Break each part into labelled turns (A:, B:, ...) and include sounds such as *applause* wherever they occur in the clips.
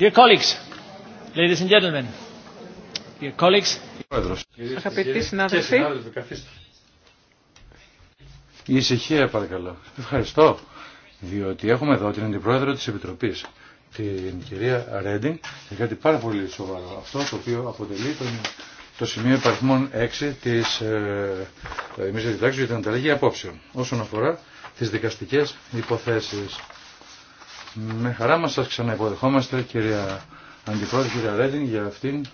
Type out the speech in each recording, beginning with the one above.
A: Dear colleagues, ladies Αγαπητοί συνάδελφοι.
B: Η ησυχία παρακαλώ. Ευχαριστώ. Διότι έχουμε εδώ την Αντιπρόεδρο της Επιτροπής, την κυρία Ρέντινγκ, για κάτι πάρα πολύ σοβαρό. Αυτό το οποίο αποτελεί τον, το σημείο υπαρχμών 6 της ε, εμείς για την ανταλλαγή απόψεων όσον αφορά τις δικαστικές υποθέσεις. Με χαρά μας σας ξαναυποδεχόμαστε κυρία Αντιπρόεδρε, κυρία Ρέντιν, για αυτήν ε,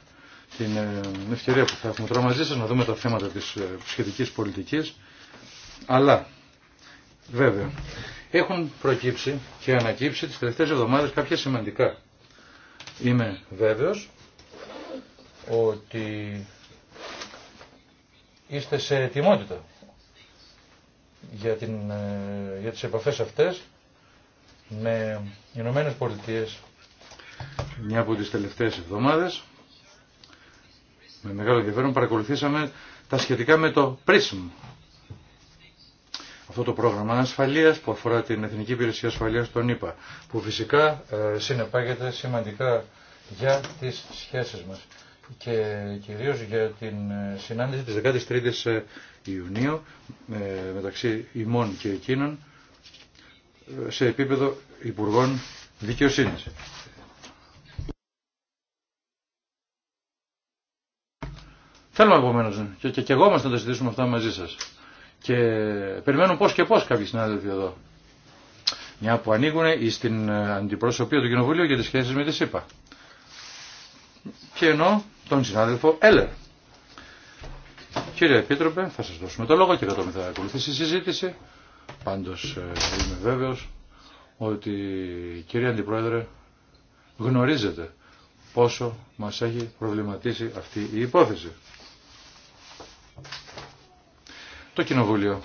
B: την ευκαιρία που θα έχουμε τώρα μαζί σας να δούμε τα θέματα της ε, σχετικής πολιτικής. Αλλά, βέβαια, έχουν προκύψει και ανακύψει τις τελευταίες εβδομάδες κάποια σημαντικά. Είμαι βέβαιος ότι είστε σε ετοιμότητα για, την, ε, για τις επαφές αυτές με Ηνωμένε Πολιτείε. Μια από τι τελευταίες εβδομάδες, με μεγάλο ενδιαφέρον, παρακολουθήσαμε τα σχετικά με το PRISM. Αυτό το πρόγραμμα ασφαλείας που αφορά την Εθνική Υπηρεσία Ασφαλείας των ΗΠΑ, που φυσικά ε, συνεπάγεται σημαντικά για τις σχέσεις μας και κυρίω για την ε, συνάντηση της 13ης ε, Ιουνίου μεταξύ ημών και εκείνων σε επίπεδο Υπουργών Δικαιοσύνης. Θέλουμε επομένω και, και, και εγώ μας να τα συζητήσουμε αυτά μαζί σας. Και περιμένουν πώς και πώς κάποιοι συνάδελφοι εδώ. Μια που ανοίγουν στην αντιπροσωπεία του Κοινοβουλίου για τις σχέσεις με τη ΣΥΠΑ. Και ενώ τον συνάδελφο Έλερ. Κύριε Επίτροπε, θα σας δώσουμε το λόγο και κατόπιν θα ακολουθήσει η συζήτηση. Πάντως ε, είμαι βέβαιος ότι κυρία Αντιπρόεδρε γνωρίζετε πόσο μας έχει προβληματίσει αυτή η υπόθεση. Το Κοινοβούλιο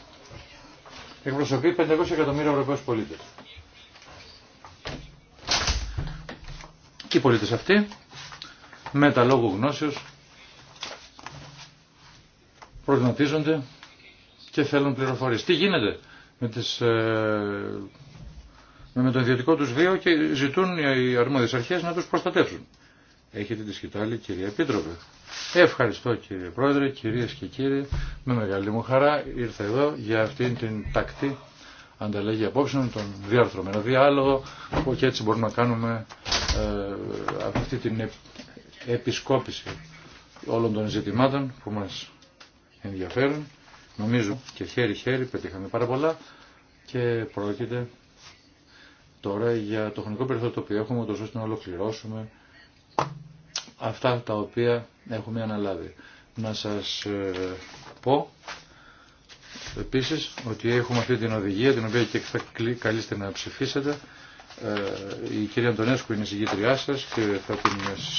B: εκπροσωπεί 500 εκατομμύρια Ευρωπαίους πολίτες. Και οι πολίτες αυτοί με τα λόγου γνώσεως προβληματίζονται και θέλουν πληροφορίες. Τι γίνεται με, τις, ε, με τον ιδιωτικό τους βίο και ζητούν οι αρμόδιες αρχές να τους προστατεύσουν. Έχετε τη σκητάλη κυρία Επίτροπε. Ευχαριστώ κύριε Πρόεδρε, κυρίες και κύριοι. Με μεγάλη μου χαρά ήρθα εδώ για αυτήν την τακτή ανταλλαγή απόψεων, τον διάρθρωμενο διάλογο που και έτσι μπορούμε να κάνουμε ε, αυτή την επισκόπηση όλων των ζητημάτων που μας ενδιαφέρουν Νομίζω και χέρι-χέρι πετύχαμε πάρα πολλά και πρόκειται τώρα για το χρονικό περιθώριο το οποίο έχουμε, τόσο ώστε να ολοκληρώσουμε αυτά τα οποία έχουμε αναλάβει. Να σας ε, πω επίσης ότι έχουμε αυτή την οδηγία την οποία και θα καλείστε να ψηφίσετε. Ε, η κυρία Αντωνέσκου είναι η συγκήτριά σας και θα την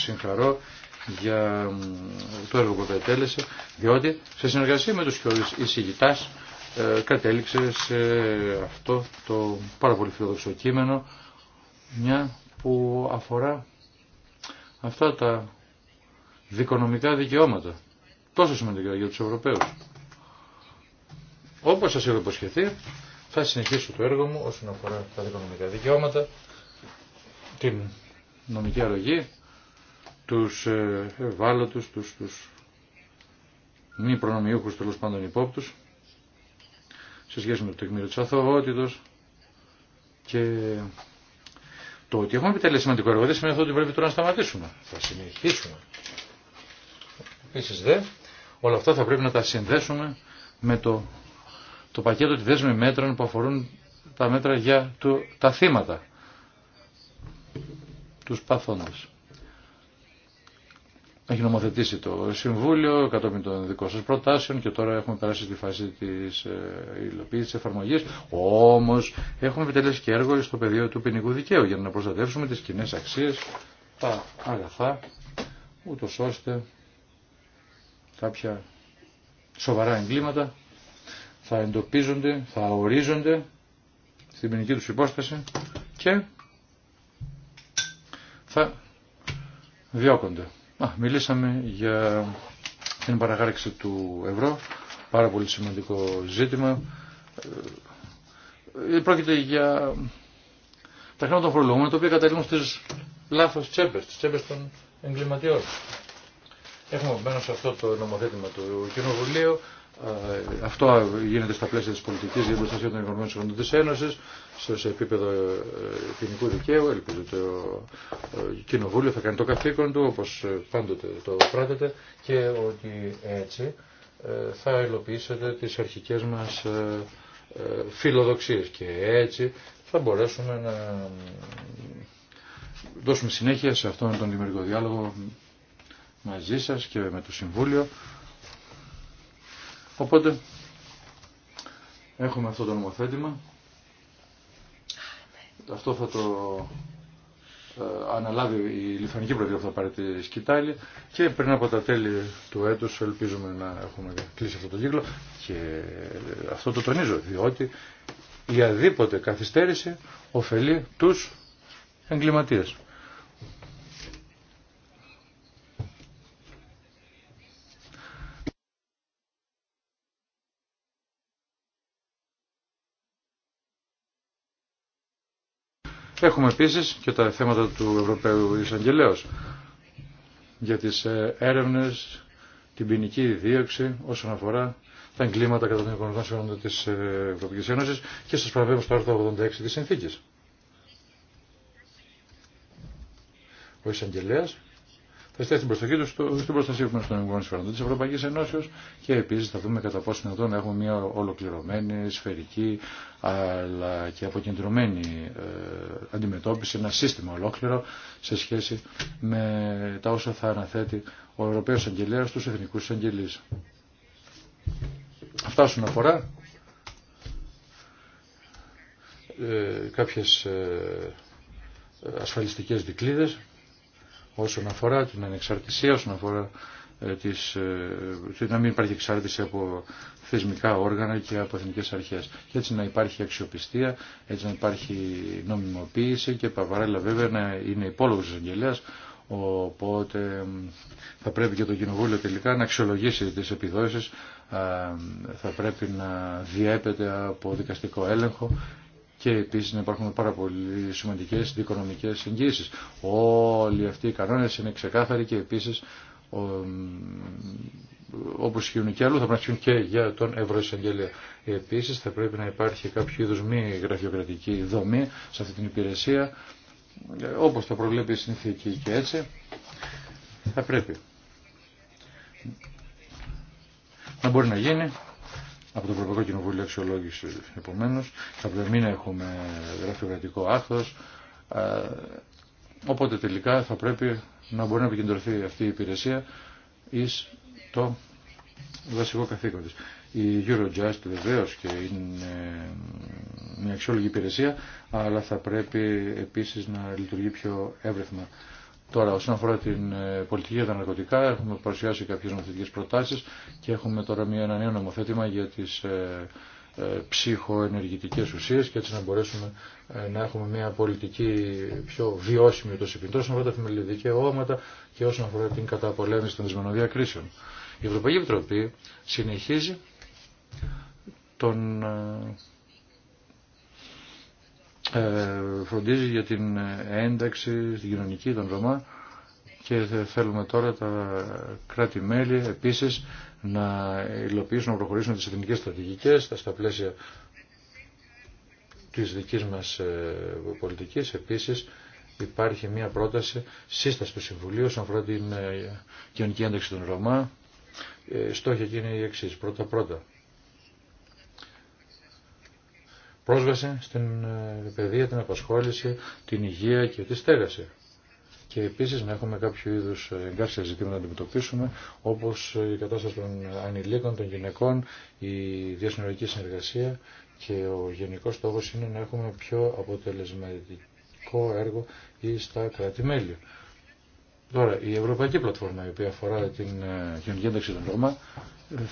B: συγχαρώ για το έργο που επετέλεσε, διότι σε συνεργασία με τους χιόλους εισηγητάς ε, κατέληξε σε αυτό το πάρα πολύ φιλοδοξό κείμενο, μια που αφορά αυτά τα δικονομικά δικαιώματα, τόσο σημαντικά για τους Ευρωπαίους. Όπως σας έχω υποσχεθεί, θα συνεχίσω το έργο μου όσον αφορά τα δικονομικά δικαιώματα, την νομική αρρωγή, τους ε, ευάλωτους, τους, τους μη προνομιούχους τέλο πάντων υπόπτους σε σχέση με το τεκμήριο της αθωότητος και το ότι έχουμε επιτελεί σημαντικό έργο δεν σημαίνει ότι πρέπει τώρα να σταματήσουμε. Θα συνεχίσουμε. Επίσης δε, όλα αυτά θα πρέπει να τα συνδέσουμε με το, το πακέτο τη δέσμη μέτρων που αφορούν τα μέτρα για το, τα θύματα, τους παθόντες έχει νομοθετήσει το Συμβούλιο κατόπιν των δικών σας προτάσεων και τώρα έχουμε περάσει στη φάση της ε, υλοποίησης της εφαρμογής. Όμως έχουμε επιτελέσει και έργο στο πεδίο του ποινικού δικαίου για να προστατεύσουμε τις κοινέ αξίες, τα αγαθά, ούτω ώστε κάποια σοβαρά εγκλήματα θα εντοπίζονται, θα ορίζονται στην ποινική τους υπόσταση και θα διώκονται μιλήσαμε για την παραγάριξη του ευρώ, πάρα πολύ σημαντικό ζήτημα. Ε, πρόκειται για τα χρήματα των φορολογούμενων, τα οποία καταλήγουν στις λάθος τσέπες, τσέπες των εγκληματιών. Έχουμε μπαίνει σε αυτό το νομοθέτημα του Κοινοβουλίου, ε, αυτό γίνεται στα πλαίσια της πολιτικής για την προστασία των οικονομικών συμφωνών της Ένωσης, σε επίπεδο ε, ποινικού δικαίου. Ελπίζω ότι το Κοινοβούλιο θα κάνει το καθήκον του, όπως ε, πάντοτε το πράτεται, και ότι έτσι θα υλοποιήσετε τις αρχικές μας φιλοδοξίες και έτσι θα μπορέσουμε να δώσουμε συνέχεια σε αυτόν τον δημιουργικό διάλογο μαζί σας και με το Συμβούλιο Οπότε έχουμε αυτό το νομοθέτημα. Αυτό θα το ε, αναλάβει η Λιθανική Προεδρία που θα πάρει τη σκητάλη και πριν από τα τέλη του έτους ελπίζουμε να έχουμε κλείσει αυτό το κύκλο και ε, αυτό το τονίζω διότι η αδίποτε καθυστέρηση ωφελεί τους εγκληματίες. Έχουμε επίσης και τα θέματα του Ευρωπαίου Ισαγγελέως για τις ε, έρευνες, την ποινική δίωξη όσον αφορά τα εγκλήματα κατά των οικονομικών συμφωνών της ε, Ευρωπαϊκής Ένωσης και σας παραβέβω στο άρθρο 86 της Συνθήκης. Ο Ισαγγελέας θα στέλνει την προσοχή του στην προστασία των οικονομικών συμφερόντων τη Ευρωπαϊκή Ενώσεω και επίση θα δούμε κατά πόσο δυνατόν να έχουμε μια ολοκληρωμένη, σφαιρική αλλά και αποκεντρωμένη ε, αντιμετώπιση, ένα σύστημα ολόκληρο σε σχέση με τα όσα θα αναθέτει ο Ευρωπαίο Αγγελέα στους Εθνικού Αγγελείς. Αυτά όσον αφορά ε, κάποιες ε, ασφαλιστικές δικλείδες όσον αφορά την ανεξαρτησία, όσον αφορά ε, ε, να μην υπάρχει εξάρτηση από θεσμικά όργανα και από εθνικές αρχές. Και έτσι να υπάρχει αξιοπιστία, έτσι να υπάρχει νομιμοποίηση και παράλληλα βέβαια να είναι υπόλογος της οπότε θα πρέπει και το Κοινοβούλιο τελικά να αξιολογήσει τις επιδόσεις, θα πρέπει να διέπεται από δικαστικό έλεγχο και επίση να υπάρχουν πάρα πολύ σημαντικέ δικονομικέ εγγύσει. Όλοι αυτοί οι κανόνε είναι ξεκάθαροι και επίσης όπως ισχύουν και αλλού θα πρέπει να ισχύουν και για τον Ευρωεισαγγελέα. Επίση θα πρέπει να υπάρχει κάποιο είδου μη γραφειοκρατική δομή σε αυτή την υπηρεσία όπω το προβλέπει η συνθήκη και έτσι θα πρέπει να μπορεί να γίνει από το Ευρωπαϊκό Κοινοβούλιο αξιολόγηση. Επομένω, θα πρέπει να έχουμε γραφειοκρατικό άθο ε, Οπότε τελικά θα πρέπει να μπορεί να επικεντρωθεί αυτή η υπηρεσία ει το βασικό καθήκον της. Η Eurojust βεβαίω και είναι μια αξιόλογη υπηρεσία, αλλά θα πρέπει επίσης να λειτουργεί πιο εύρεθμα. Τώρα, όσον αφορά την ε, πολιτική για τα ναρκωτικά, έχουμε παρουσιάσει κάποιε νομοθετικέ προτάσει και έχουμε τώρα μια, ένα νέο νομοθέτημα για τι ψυχοενεργητικέ ψυχοενεργητικές ουσίες και έτσι να μπορέσουμε ε, να έχουμε μια πολιτική πιο βιώσιμη Η επί. Όσον αφορά τα θεμελιώδη δικαιώματα και όσον αφορά την καταπολέμηση των δυσμενοδιακρίσεων. Η Ευρωπαϊκή Επιτροπή συνεχίζει τον ε, ε, φροντίζει για την ένταξη στην κοινωνική των Ρωμά και θέλουμε τώρα τα κράτη-μέλη επίσης να υλοποιήσουν, να προχωρήσουν τις εθνικές στρατηγικές στα πλαίσια της δικής μας ε, πολιτικής. Επίσης υπάρχει μια πρόταση σύσταση του Συμβουλίου όσον αφορά την ε, κοινωνική ένταξη των Ρωμά. εκεί είναι οι εξή. Πρώτα-πρώτα πρόσβαση στην ε, παιδεία, την απασχόληση, την υγεία και τη στέγαση. Και επίση να έχουμε κάποιο είδου ε, εγκάρσια ζητήματα να αντιμετωπίσουμε, όπω ε, η κατάσταση των ανηλίκων, των γυναικών, η διασυνορική συνεργασία και ο γενικό στόχο είναι να έχουμε πιο αποτελεσματικό έργο ή στα κράτη-μέλη. Τώρα, η Ευρωπαϊκή Πλατφόρμα, η οποία αφορά την κοινωνική ένταξη των Ρώμα,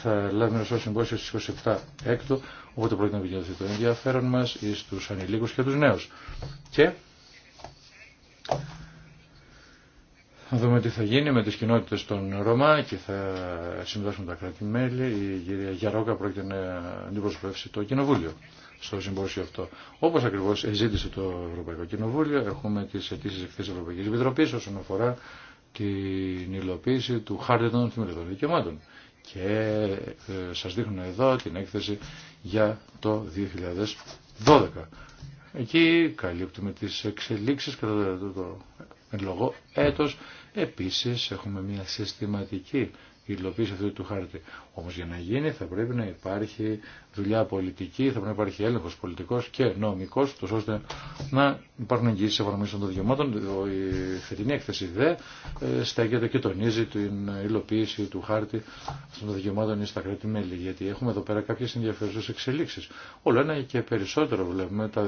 B: θα λάβει μέρο στο συμπόσιο στι 27 έκτο, οπότε πρόκειται να επικεντρωθεί το ενδιαφέρον μα του ανηλίκου και του νέου. Και θα δούμε τι θα γίνει με τι κοινότητε των Ρωμά και θα συμμετάσχουν τα κράτη-μέλη. Η κυρία Γιαρόκα πρόκειται να αντιπροσωπεύσει το Κοινοβούλιο στο συμπόσιο αυτό. Όπω ακριβώ ζήτησε το Ευρωπαϊκό Κοινοβούλιο, έχουμε τι αιτήσει εκθέσει τη Ευρωπαϊκή Επιτροπή όσον αφορά την υλοποίηση του χάρτη των θεμελιωδών δικαιωμάτων και ε, σας δείχνω εδώ την έκθεση για το 2012. Εκεί καλύπτουμε τις εξελίξεις κατά το, το, το έτος. Επίσης έχουμε μια συστηματική η υλοποίηση αυτού του χάρτη. Όμως για να γίνει θα πρέπει να υπάρχει δουλειά πολιτική, θα πρέπει να υπάρχει έλεγχος πολιτικός και νομικός, τόσο ώστε να υπάρχουν εγγυήσεις εφαρμογής των δικαιωμάτων. Η φετινή έκθεση δε ε, στέκεται και τονίζει την υλοποίηση του χάρτη αυτών των δικαιωμάτων στα κράτη-μέλη, γιατί έχουμε εδώ πέρα κάποιες ενδιαφέρουσες εξελίξεις. Όλο ένα και περισσότερο βλέπουμε τα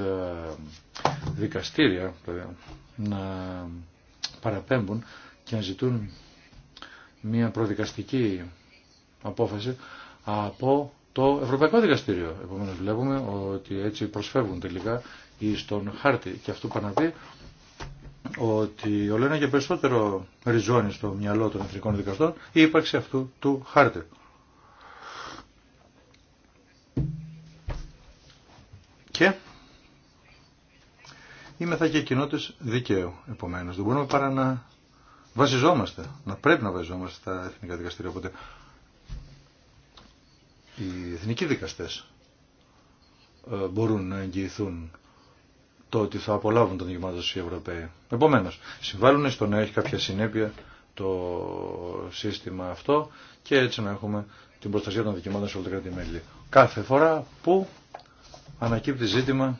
B: δικαστήρια να παραπέμπουν και να ζητούν μια προδικαστική απόφαση από το Ευρωπαϊκό Δικαστήριο. Επομένως βλέπουμε ότι έτσι προσφεύγουν τελικά ή στον χάρτη και αυτό παναδεί ότι όλο ένα και περισσότερο ριζώνει στο μυαλό των εθνικών δικαστών η ύπαρξη αυτού του χάρτη. Και είμαι θα και κοινότητες δικαίου, επομένως. Δεν μπορούμε παρά να βασιζόμαστε, να πρέπει να βασιζόμαστε στα εθνικά δικαστήρια. Οπότε οι εθνικοί δικαστές ε, μπορούν να εγγυηθούν το ότι θα απολάβουν τον δικαιωμάτων τους οι Ευρωπαίοι. Επομένως, συμβάλλουν στο να έχει κάποια συνέπεια το σύστημα αυτό και έτσι να έχουμε την προστασία των δικαιωμάτων σε όλα τα κράτη-μέλη. Κάθε φορά που ανακύπτει ζήτημα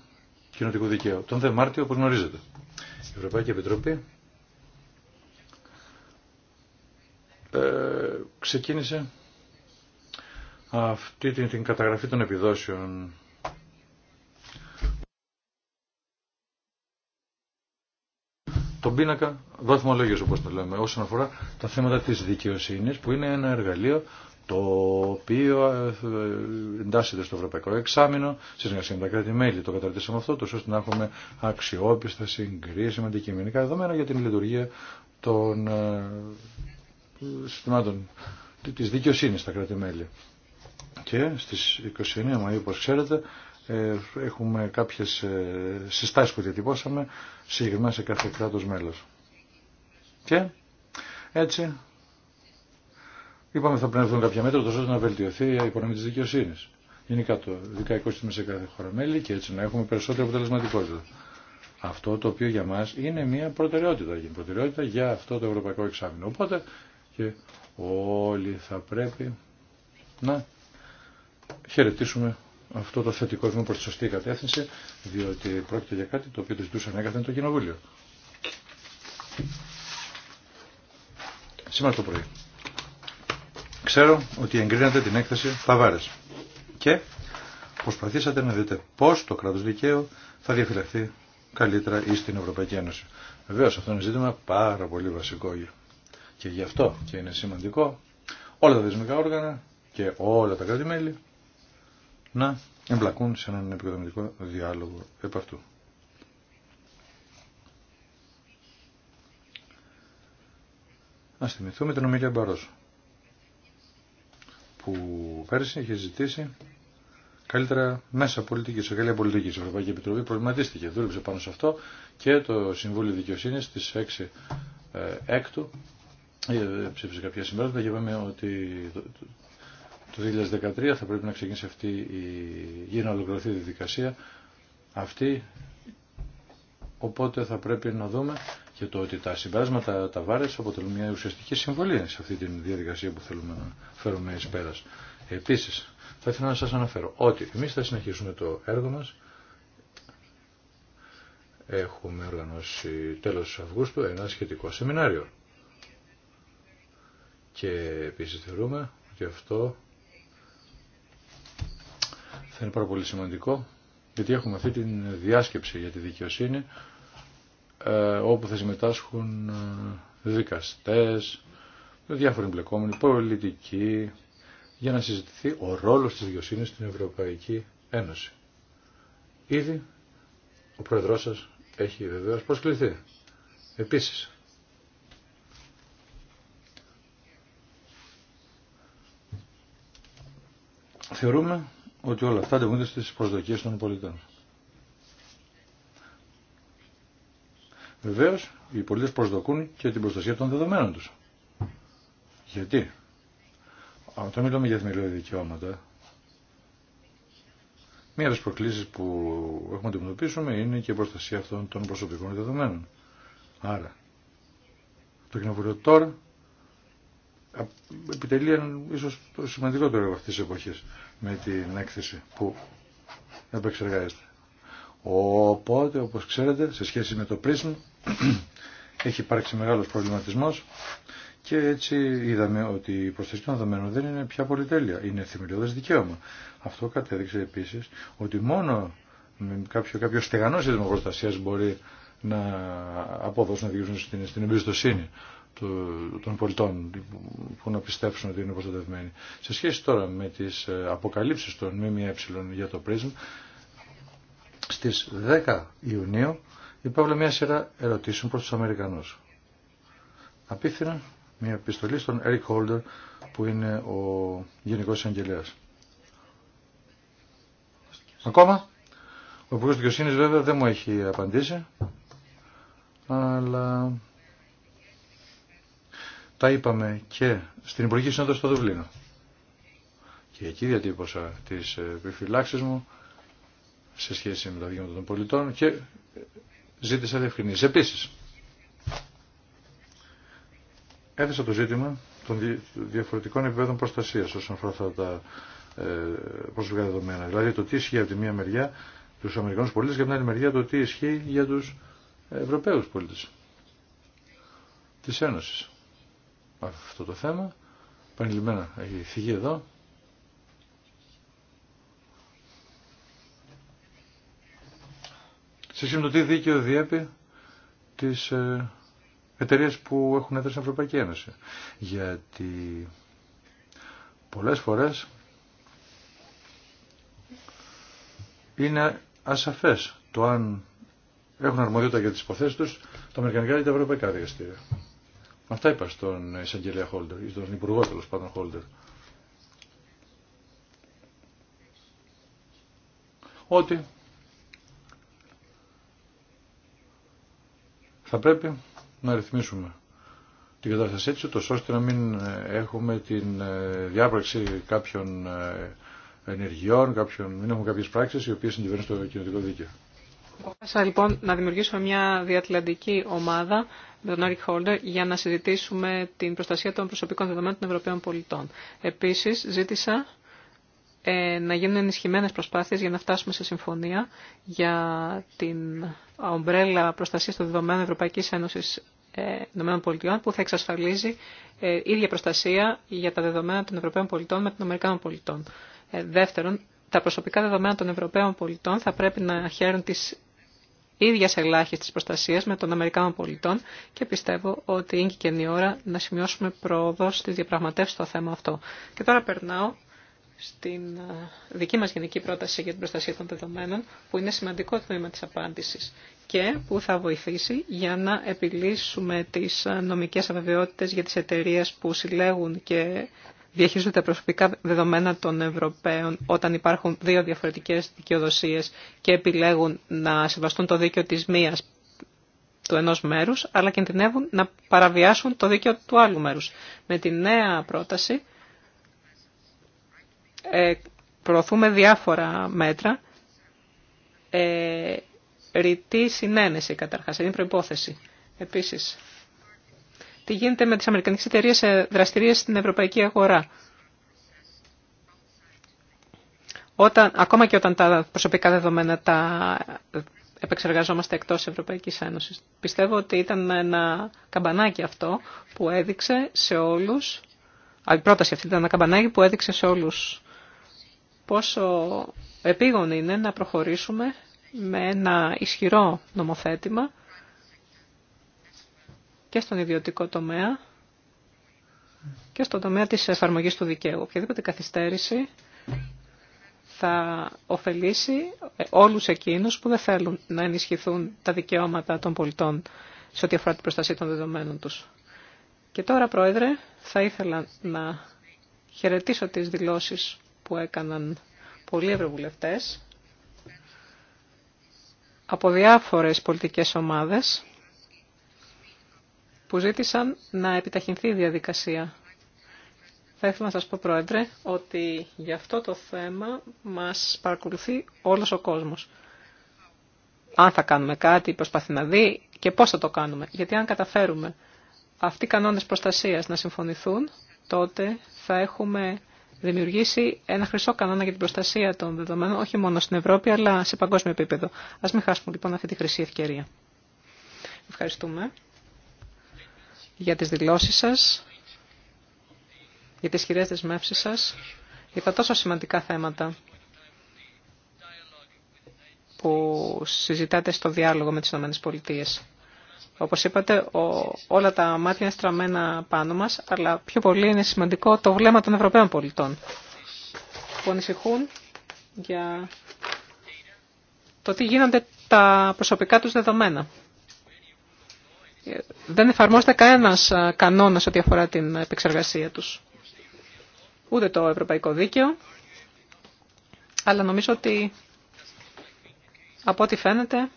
B: κοινοτικού δικαίου. Τον δε Μάρτιο, όπω γνωρίζετε. Η Ευρωπαϊκή Επιτροπή Ε, ξεκίνησε αυτή την, την καταγραφή των επιδόσεων. Τον πίνακα βαθμολόγιο όπω το λέμε όσον αφορά τα θέματα της δικαιοσύνη που είναι ένα εργαλείο το οποίο ε, εντάσσεται στο Ευρωπαϊκό Εξάμεινο, σε συνεργασία με τα κράτη-μέλη. Το καταρτήσαμε αυτό, τόσο ώστε να έχουμε αξιόπιστα, συγκρίσιμα, αντικειμενικά δεδομένα για την λειτουργία των ε, συστημάτων της δικαιοσύνης στα κράτη-μέλη. Και στις 29 Μαΐου, όπως ξέρετε, ε, έχουμε κάποιες ε, συστάσεις που διατυπώσαμε συγκεκριμένα σε κάθε κράτο μέλος. Και έτσι είπαμε θα πρέπει να κάποια μέτρα ώστε να βελτιωθεί η οικονομία της δικαιοσύνης. Γενικά το δικά σύστημα σε κάθε χώρα μέλη και έτσι να έχουμε περισσότερη αποτελεσματικότητα. Αυτό το οποίο για μας είναι μια προτεραιότητα. Είναι προτεραιότητα για αυτό το ευρωπαϊκό εξάμεινο. Οπότε και όλοι θα πρέπει να χαιρετήσουμε αυτό το θετικό βήμα προς τη σωστή κατεύθυνση, διότι πρόκειται για κάτι το οποίο το ζητούσαν έκαθεν το Κοινοβούλιο. Σήμερα το πρωί. Ξέρω ότι εγκρίνατε την έκθεση Ταβάρες και προσπαθήσατε να δείτε πώς το κράτος δικαίου θα διαφυλαχθεί καλύτερα ή στην Ευρωπαϊκή Ένωση. Βεβαίως αυτό είναι ζήτημα πάρα πολύ βασικό και γι' αυτό και είναι σημαντικό όλα τα δεσμικά όργανα και όλα τα κράτη-μέλη να εμπλακούν σε έναν επικοδομητικό διάλογο επ' αυτού. Ας θυμηθούμε την ομιλία Μπαρός που πέρσι είχε ζητήσει καλύτερα μέσα πολιτικής, σε καλή πολιτική. Η Ευρωπαϊκή Επιτροπή προβληματίστηκε, δούλεψε πάνω σε αυτό και το Συμβούλιο Δικαιοσύνης στις 6 ε, ψήφισε κάποια συμπέρασματα και είπαμε ότι το 2013 θα πρέπει να ξεκινήσει αυτή η, για να ολοκληρωθεί η διαδικασία αυτή οπότε θα πρέπει να δούμε και το ότι τα συμπεράσματα, τα βάρες αποτελούν μια ουσιαστική συμβολή σε αυτή τη διαδικασία που θέλουμε να φέρουμε εις πέρας. Επίσης, θα ήθελα να σας αναφέρω ότι εμείς θα συνεχίσουμε το έργο μας έχουμε οργανώσει τέλος Αυγούστου ένα σχετικό σεμινάριο και επίσης θεωρούμε ότι αυτό θα είναι πάρα πολύ σημαντικό γιατί έχουμε αυτή τη διάσκεψη για τη δικαιοσύνη ε, όπου θα συμμετάσχουν ε, δικαστές, διάφοροι εμπλεκόμενοι, πολιτικοί, για να συζητηθεί ο ρόλος της δικαιοσύνης στην Ευρωπαϊκή Ένωση. Ήδη ο Πρόεδρός σας έχει βεβαίως προσκληθεί. Επίσης, Θεωρούμε ότι όλα αυτά αντιμετωπίζονται στις προσδοκίες των πολιτών. Βεβαίω, οι πολίτε προσδοκούν και την προστασία των δεδομένων του. Γιατί, όταν μιλούμε για θεμελιώδη δικαιώματα, μία από τι προκλήσει που έχουμε να αντιμετωπίσουμε είναι και η προστασία αυτών των προσωπικών δεδομένων. Άρα, το κοινοβούλιο τώρα επιτελεί ίσως το σημαντικότερο από αυτής της με την έκθεση που επεξεργάζεται. Οπότε, όπως ξέρετε, σε σχέση με το πρίσμ *clears throat* έχει υπάρξει μεγάλος προβληματισμός και έτσι είδαμε ότι η προστασία των δεδομένων δεν είναι πια πολυτέλεια, είναι θεμελιώδες δικαίωμα. Αυτό κατέδειξε επίσης ότι μόνο με κάποιο, κάποιο στεγανό σύστημα προστασία μπορεί να αποδώσουν να διηγήσουν στην, στην εμπιστοσύνη των πολιτών που να πιστέψουν ότι είναι προστατευμένοι. Σε σχέση τώρα με τις ε, αποκαλύψεις των ΜΜΕ για το πρίσμ, στις 10 Ιουνίου υπάρχει μια σειρά ερωτήσεων προς τους Αμερικανούς. Απίθυνα μια επιστολή στον Eric Holder που είναι ο Γενικός Αγγελέας. Ακόμα, ο Υπουργός Δικαιοσύνης βέβαια δεν μου έχει απαντήσει, αλλά τα είπαμε και στην Υπουργική Σύνοδο στο Δουβλίνο. Και εκεί διατύπωσα τις ε, επιφυλάξει μου σε σχέση με τα δικαιώματα των πολιτών και ε, ζήτησα διευκρινήσεις. Επίσης, έθεσα το ζήτημα των διαφορετικών επιπέδων προστασία όσον αφορά αυτά τα ε, προσωπικά δεδομένα. Δηλαδή το τι ισχύει από τη μία μεριά του Αμερικανού πολίτε και από την άλλη μεριά το τι ισχύει για του Ευρωπαίου πολίτε τη Ένωση αυτό το θέμα. Πανελειμμένα η φυγεί εδώ. Σε σύμπτωτη δίκαιο διέπει τις ε, εταιρείες που έχουν έδρα στην Ευρωπαϊκή Ένωση. Γιατί πολλές φορές είναι ασαφές το αν έχουν αρμοδιότητα για τις υποθέσεις τους τα Αμερικανικά ή τα Ευρωπαϊκά Δικαστήρια. Αυτά είπα στον εισαγγελέα Χόλτερ, ή στον υπουργό τέλο πάντων Χόλτερ. Ότι θα πρέπει να ρυθμίσουμε την κατάσταση έτσι, ώστε να μην ε, έχουμε την ε, διάπραξη κάποιων ε, ενεργειών, κάποιων, μην έχουμε κάποιες πράξεις οι οποίες συμβαίνουν στο κοινωτικό δίκαιο.
C: Αποφάσισα λοιπόν να δημιουργήσουμε μια διατλαντική ομάδα με τον Eric Holder για να συζητήσουμε την προστασία των προσωπικών δεδομένων των Ευρωπαίων πολιτών. Επίσης ζήτησα ε, να γίνουν ενισχυμένε προσπάθειες για να φτάσουμε σε συμφωνία για την ομπρέλα προστασία των δεδομένων Ευρωπαϊκής Ένωσης ε, ΗΠΑ που θα εξασφαλίζει ε, ίδια προστασία για τα δεδομένα των Ευρωπαίων πολιτών με των Αμερικάνων πολιτών. Δεύτερον, τα προσωπικά δεδομένα των Ευρωπαίων πολιτών θα πρέπει να χαίρουν τις ίδια ελάχιστη προστασία με των Αμερικάνων πολιτών και πιστεύω ότι είναι και η ώρα να σημειώσουμε πρόοδο στη διαπραγματεύση στο θέμα αυτό. Και τώρα περνάω στην ε, δική μα γενική πρόταση για την προστασία των δεδομένων, που είναι σημαντικό τμήμα τη απάντηση και που θα βοηθήσει για να επιλύσουμε τι ε, νομικέ αβεβαιότητε για τι εταιρείε που συλλέγουν και διαχειρίζονται προσωπικά δεδομένα των Ευρωπαίων όταν υπάρχουν δύο διαφορετικές δικαιοδοσίες και επιλέγουν να συμβαστούν το δίκαιο της μίας του ενός μέρους, αλλά κινδυνεύουν να παραβιάσουν το δίκαιο του άλλου μέρους. Με τη νέα πρόταση ε, προωθούμε διάφορα μέτρα. Ε, ρητή συνένεση καταρχάς, είναι προϋπόθεση. Επίσης, τι γίνεται με τις αμερικανικές εταιρείες δραστηρίες στην ευρωπαϊκή αγορά. Όταν, ακόμα και όταν τα προσωπικά δεδομένα τα επεξεργαζόμαστε εκτός Ευρωπαϊκής Ένωσης. Πιστεύω ότι ήταν ένα καμπανάκι αυτό που έδειξε σε όλους, η πρόταση αυτή ήταν ένα καμπανάκι που έδειξε σε όλους πόσο επίγον είναι να προχωρήσουμε με ένα ισχυρό νομοθέτημα και στον ιδιωτικό τομέα και στον τομέα της εφαρμογής του δικαίου. Οποιαδήποτε καθυστέρηση θα ωφελήσει ε, όλους εκείνους που δεν θέλουν να ενισχυθούν τα δικαιώματα των πολιτών σε ό,τι αφορά την προστασία των δεδομένων τους. Και τώρα, Πρόεδρε, θα ήθελα να χαιρετήσω τις δηλώσεις που έκαναν πολλοί ευρωβουλευτές από διάφορες πολιτικές ομάδες που ζήτησαν να επιταχυνθεί η διαδικασία. Θα ήθελα να σας πω, Πρόεδρε, ότι για αυτό το θέμα μας παρακολουθεί όλος ο κόσμος. Αν θα κάνουμε κάτι, προσπαθεί να δει και πώς θα το κάνουμε. Γιατί αν καταφέρουμε αυτοί οι κανόνες προστασίας να συμφωνηθούν, τότε θα έχουμε δημιουργήσει ένα χρυσό κανόνα για την προστασία των δεδομένων, όχι μόνο στην Ευρώπη, αλλά σε παγκόσμιο επίπεδο. Ας μην χάσουμε λοιπόν αυτή τη χρυσή ευκαιρία. Ευχαριστούμε για τις δηλώσεις σας, για τις χειρές δεσμεύσεις σας, για τα τόσο σημαντικά θέματα που συζητάτε στο διάλογο με τις ΗΠΑ. Όπως είπατε, όλα τα μάτια είναι στραμμένα πάνω μας, αλλά πιο πολύ είναι σημαντικό το βλέμμα των Ευρωπαίων πολιτών, που ανησυχούν για το τι γίνονται τα προσωπικά τους δεδομένα δεν εφαρμόζεται κανένας ε, κανόνας ό,τι αφορά την επεξεργασία τους. Ούτε το ευρωπαϊκό δίκαιο, αλλά νομίζω ότι από ό,τι φαίνεται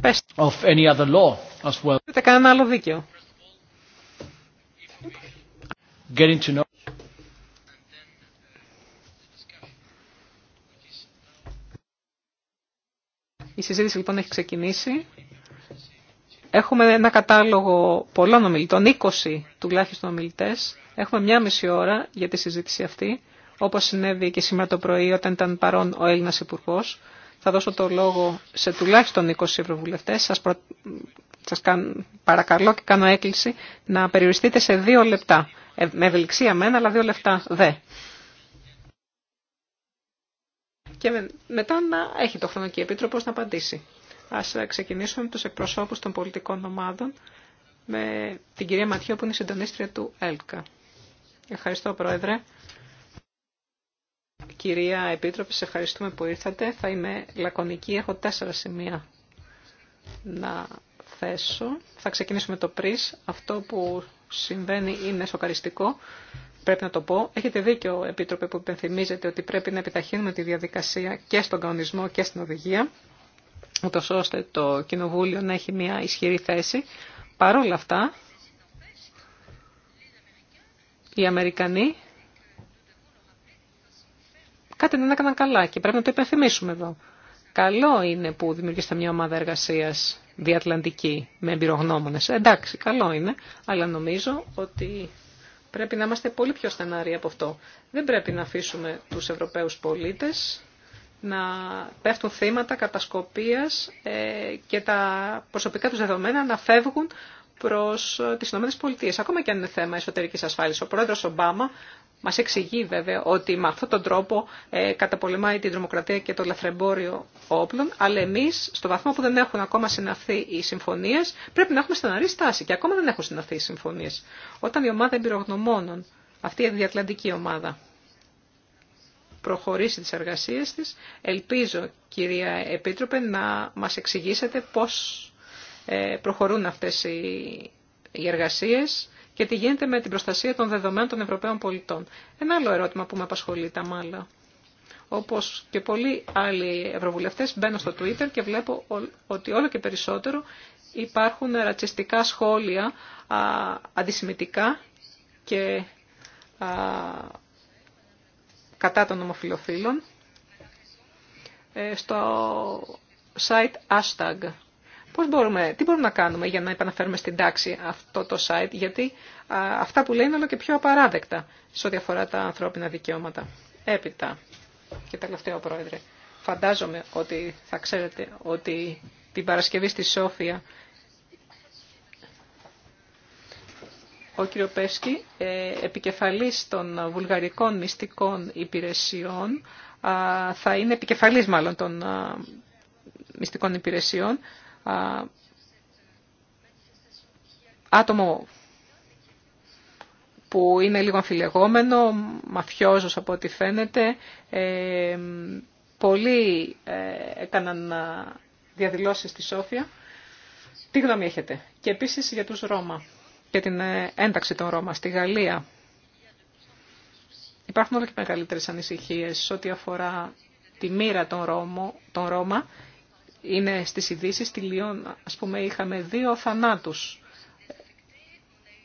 A: πέστε. Ούτε κανένα άλλο δίκαιο.
C: Η συζήτηση λοιπόν έχει ξεκινήσει. Έχουμε ένα κατάλογο πολλών ομιλητών, 20 τουλάχιστον ομιλητέ. Έχουμε μια μισή ώρα για τη συζήτηση αυτή, όπως συνέβη και σήμερα το πρωί όταν ήταν παρόν ο Έλληνα υπουργό. Θα δώσω το λόγο σε τουλάχιστον 20 ευρωβουλευτέ. Σα σας παρακαλώ και κάνω έκκληση να περιοριστείτε σε δύο λεπτά. Ε, με ευελιξία μένα, αλλά δύο λεπτά δε. Και μετά να έχει το χρόνο και η Επίτροπος να απαντήσει. Ας ξεκινήσουμε με τους εκπροσώπους των πολιτικών ομάδων, με την κυρία Ματιό που είναι συντονίστρια του ΕΛΚΑ. Ευχαριστώ Πρόεδρε. Κυρία Επίτροπη, σε ευχαριστούμε που ήρθατε. Θα είμαι λακωνική, έχω τέσσερα σημεία να θέσω. Θα ξεκινήσουμε το ΠΡΙΣ. Αυτό που συμβαίνει είναι σοκαριστικό, πρέπει να το πω. Έχετε δίκιο, Επίτροπε, που υπενθυμίζετε ότι πρέπει να επιταχύνουμε τη διαδικασία και στον κανονισμό και στην οδηγία ούτως ώστε το Κοινοβούλιο να έχει μια ισχυρή θέση. Παρ' όλα αυτά, οι Αμερικανοί κάτι δεν έκαναν καλά και πρέπει να το υπενθυμίσουμε εδώ. Καλό είναι που δημιουργήσατε μια ομάδα εργασίας διατλαντική με εμπειρογνώμονε. Εντάξει, καλό είναι, αλλά νομίζω ότι πρέπει να είμαστε πολύ πιο στενάροι από αυτό. Δεν πρέπει να αφήσουμε τους Ευρωπαίους πολίτες, να πέφτουν θύματα κατασκοπίας ε, και τα προσωπικά τους δεδομένα να φεύγουν προς ε, τις Πολιτείες. ακόμα και αν είναι θέμα εσωτερικής ασφάλειας. Ο πρόεδρος Ομπάμα μας εξηγεί βέβαια ότι με αυτόν τον τρόπο ε, καταπολεμάει την τρομοκρατία και το λαθρεμπόριο όπλων, αλλά εμείς στο βαθμό που δεν έχουν ακόμα συναυθεί οι συμφωνίες πρέπει να έχουμε στεναρή στάση και ακόμα δεν έχουν συναυθεί οι συμφωνίες. Όταν η ομάδα εμπειρογνωμόνων, αυτή η διατλαντική ομάδα, προχωρήσει τις εργασίες της. Ελπίζω, κυρία Επίτροπε, να μας εξηγήσετε πώς ε, προχωρούν αυτές οι εργασίες και τι γίνεται με την προστασία των δεδομένων των Ευρωπαίων πολιτών. Ένα άλλο ερώτημα που με απασχολεί τα μάλλα. Όπως και πολλοί άλλοι ευρωβουλευτές μπαίνω στο Twitter και βλέπω ότι όλο και περισσότερο υπάρχουν ρατσιστικά σχόλια, αντισημητικά και κατά των ομοφιλοφίλων ε, στο site hashtag. Πώς μπορούμε, τι μπορούμε να κάνουμε για να επαναφέρουμε στην τάξη αυτό το site, γιατί αυτά που λέει είναι όλο και πιο απαράδεκτα σε ό,τι αφορά τα ανθρώπινα δικαιώματα. Έπειτα, και τελευταίο πρόεδρε, φαντάζομαι ότι θα ξέρετε ότι την Παρασκευή στη Σόφια Ο κύριο Πέσκι, ε, επικεφαλής των βουλγαρικών μυστικών υπηρεσιών, θα είναι επικεφαλής μάλλον των μυστικών υπηρεσιών, άτομο που είναι λίγο αμφιλεγόμενο, μαφιόζος από ό,τι φαίνεται. Ε, πολλοί ε, έκαναν διαδηλώσεις στη Σόφια. Τι γνώμη έχετε. Και επίσης για τους Ρώμα και την ε, ένταξη των Ρώμα στη Γαλλία. Υπάρχουν όλο και μεγαλύτερες ανησυχίες ό,τι αφορά τη μοίρα των, Ρώμο, των Ρώμα. Είναι στις ειδήσει στη Λιόν, ας πούμε, είχαμε δύο θανάτους.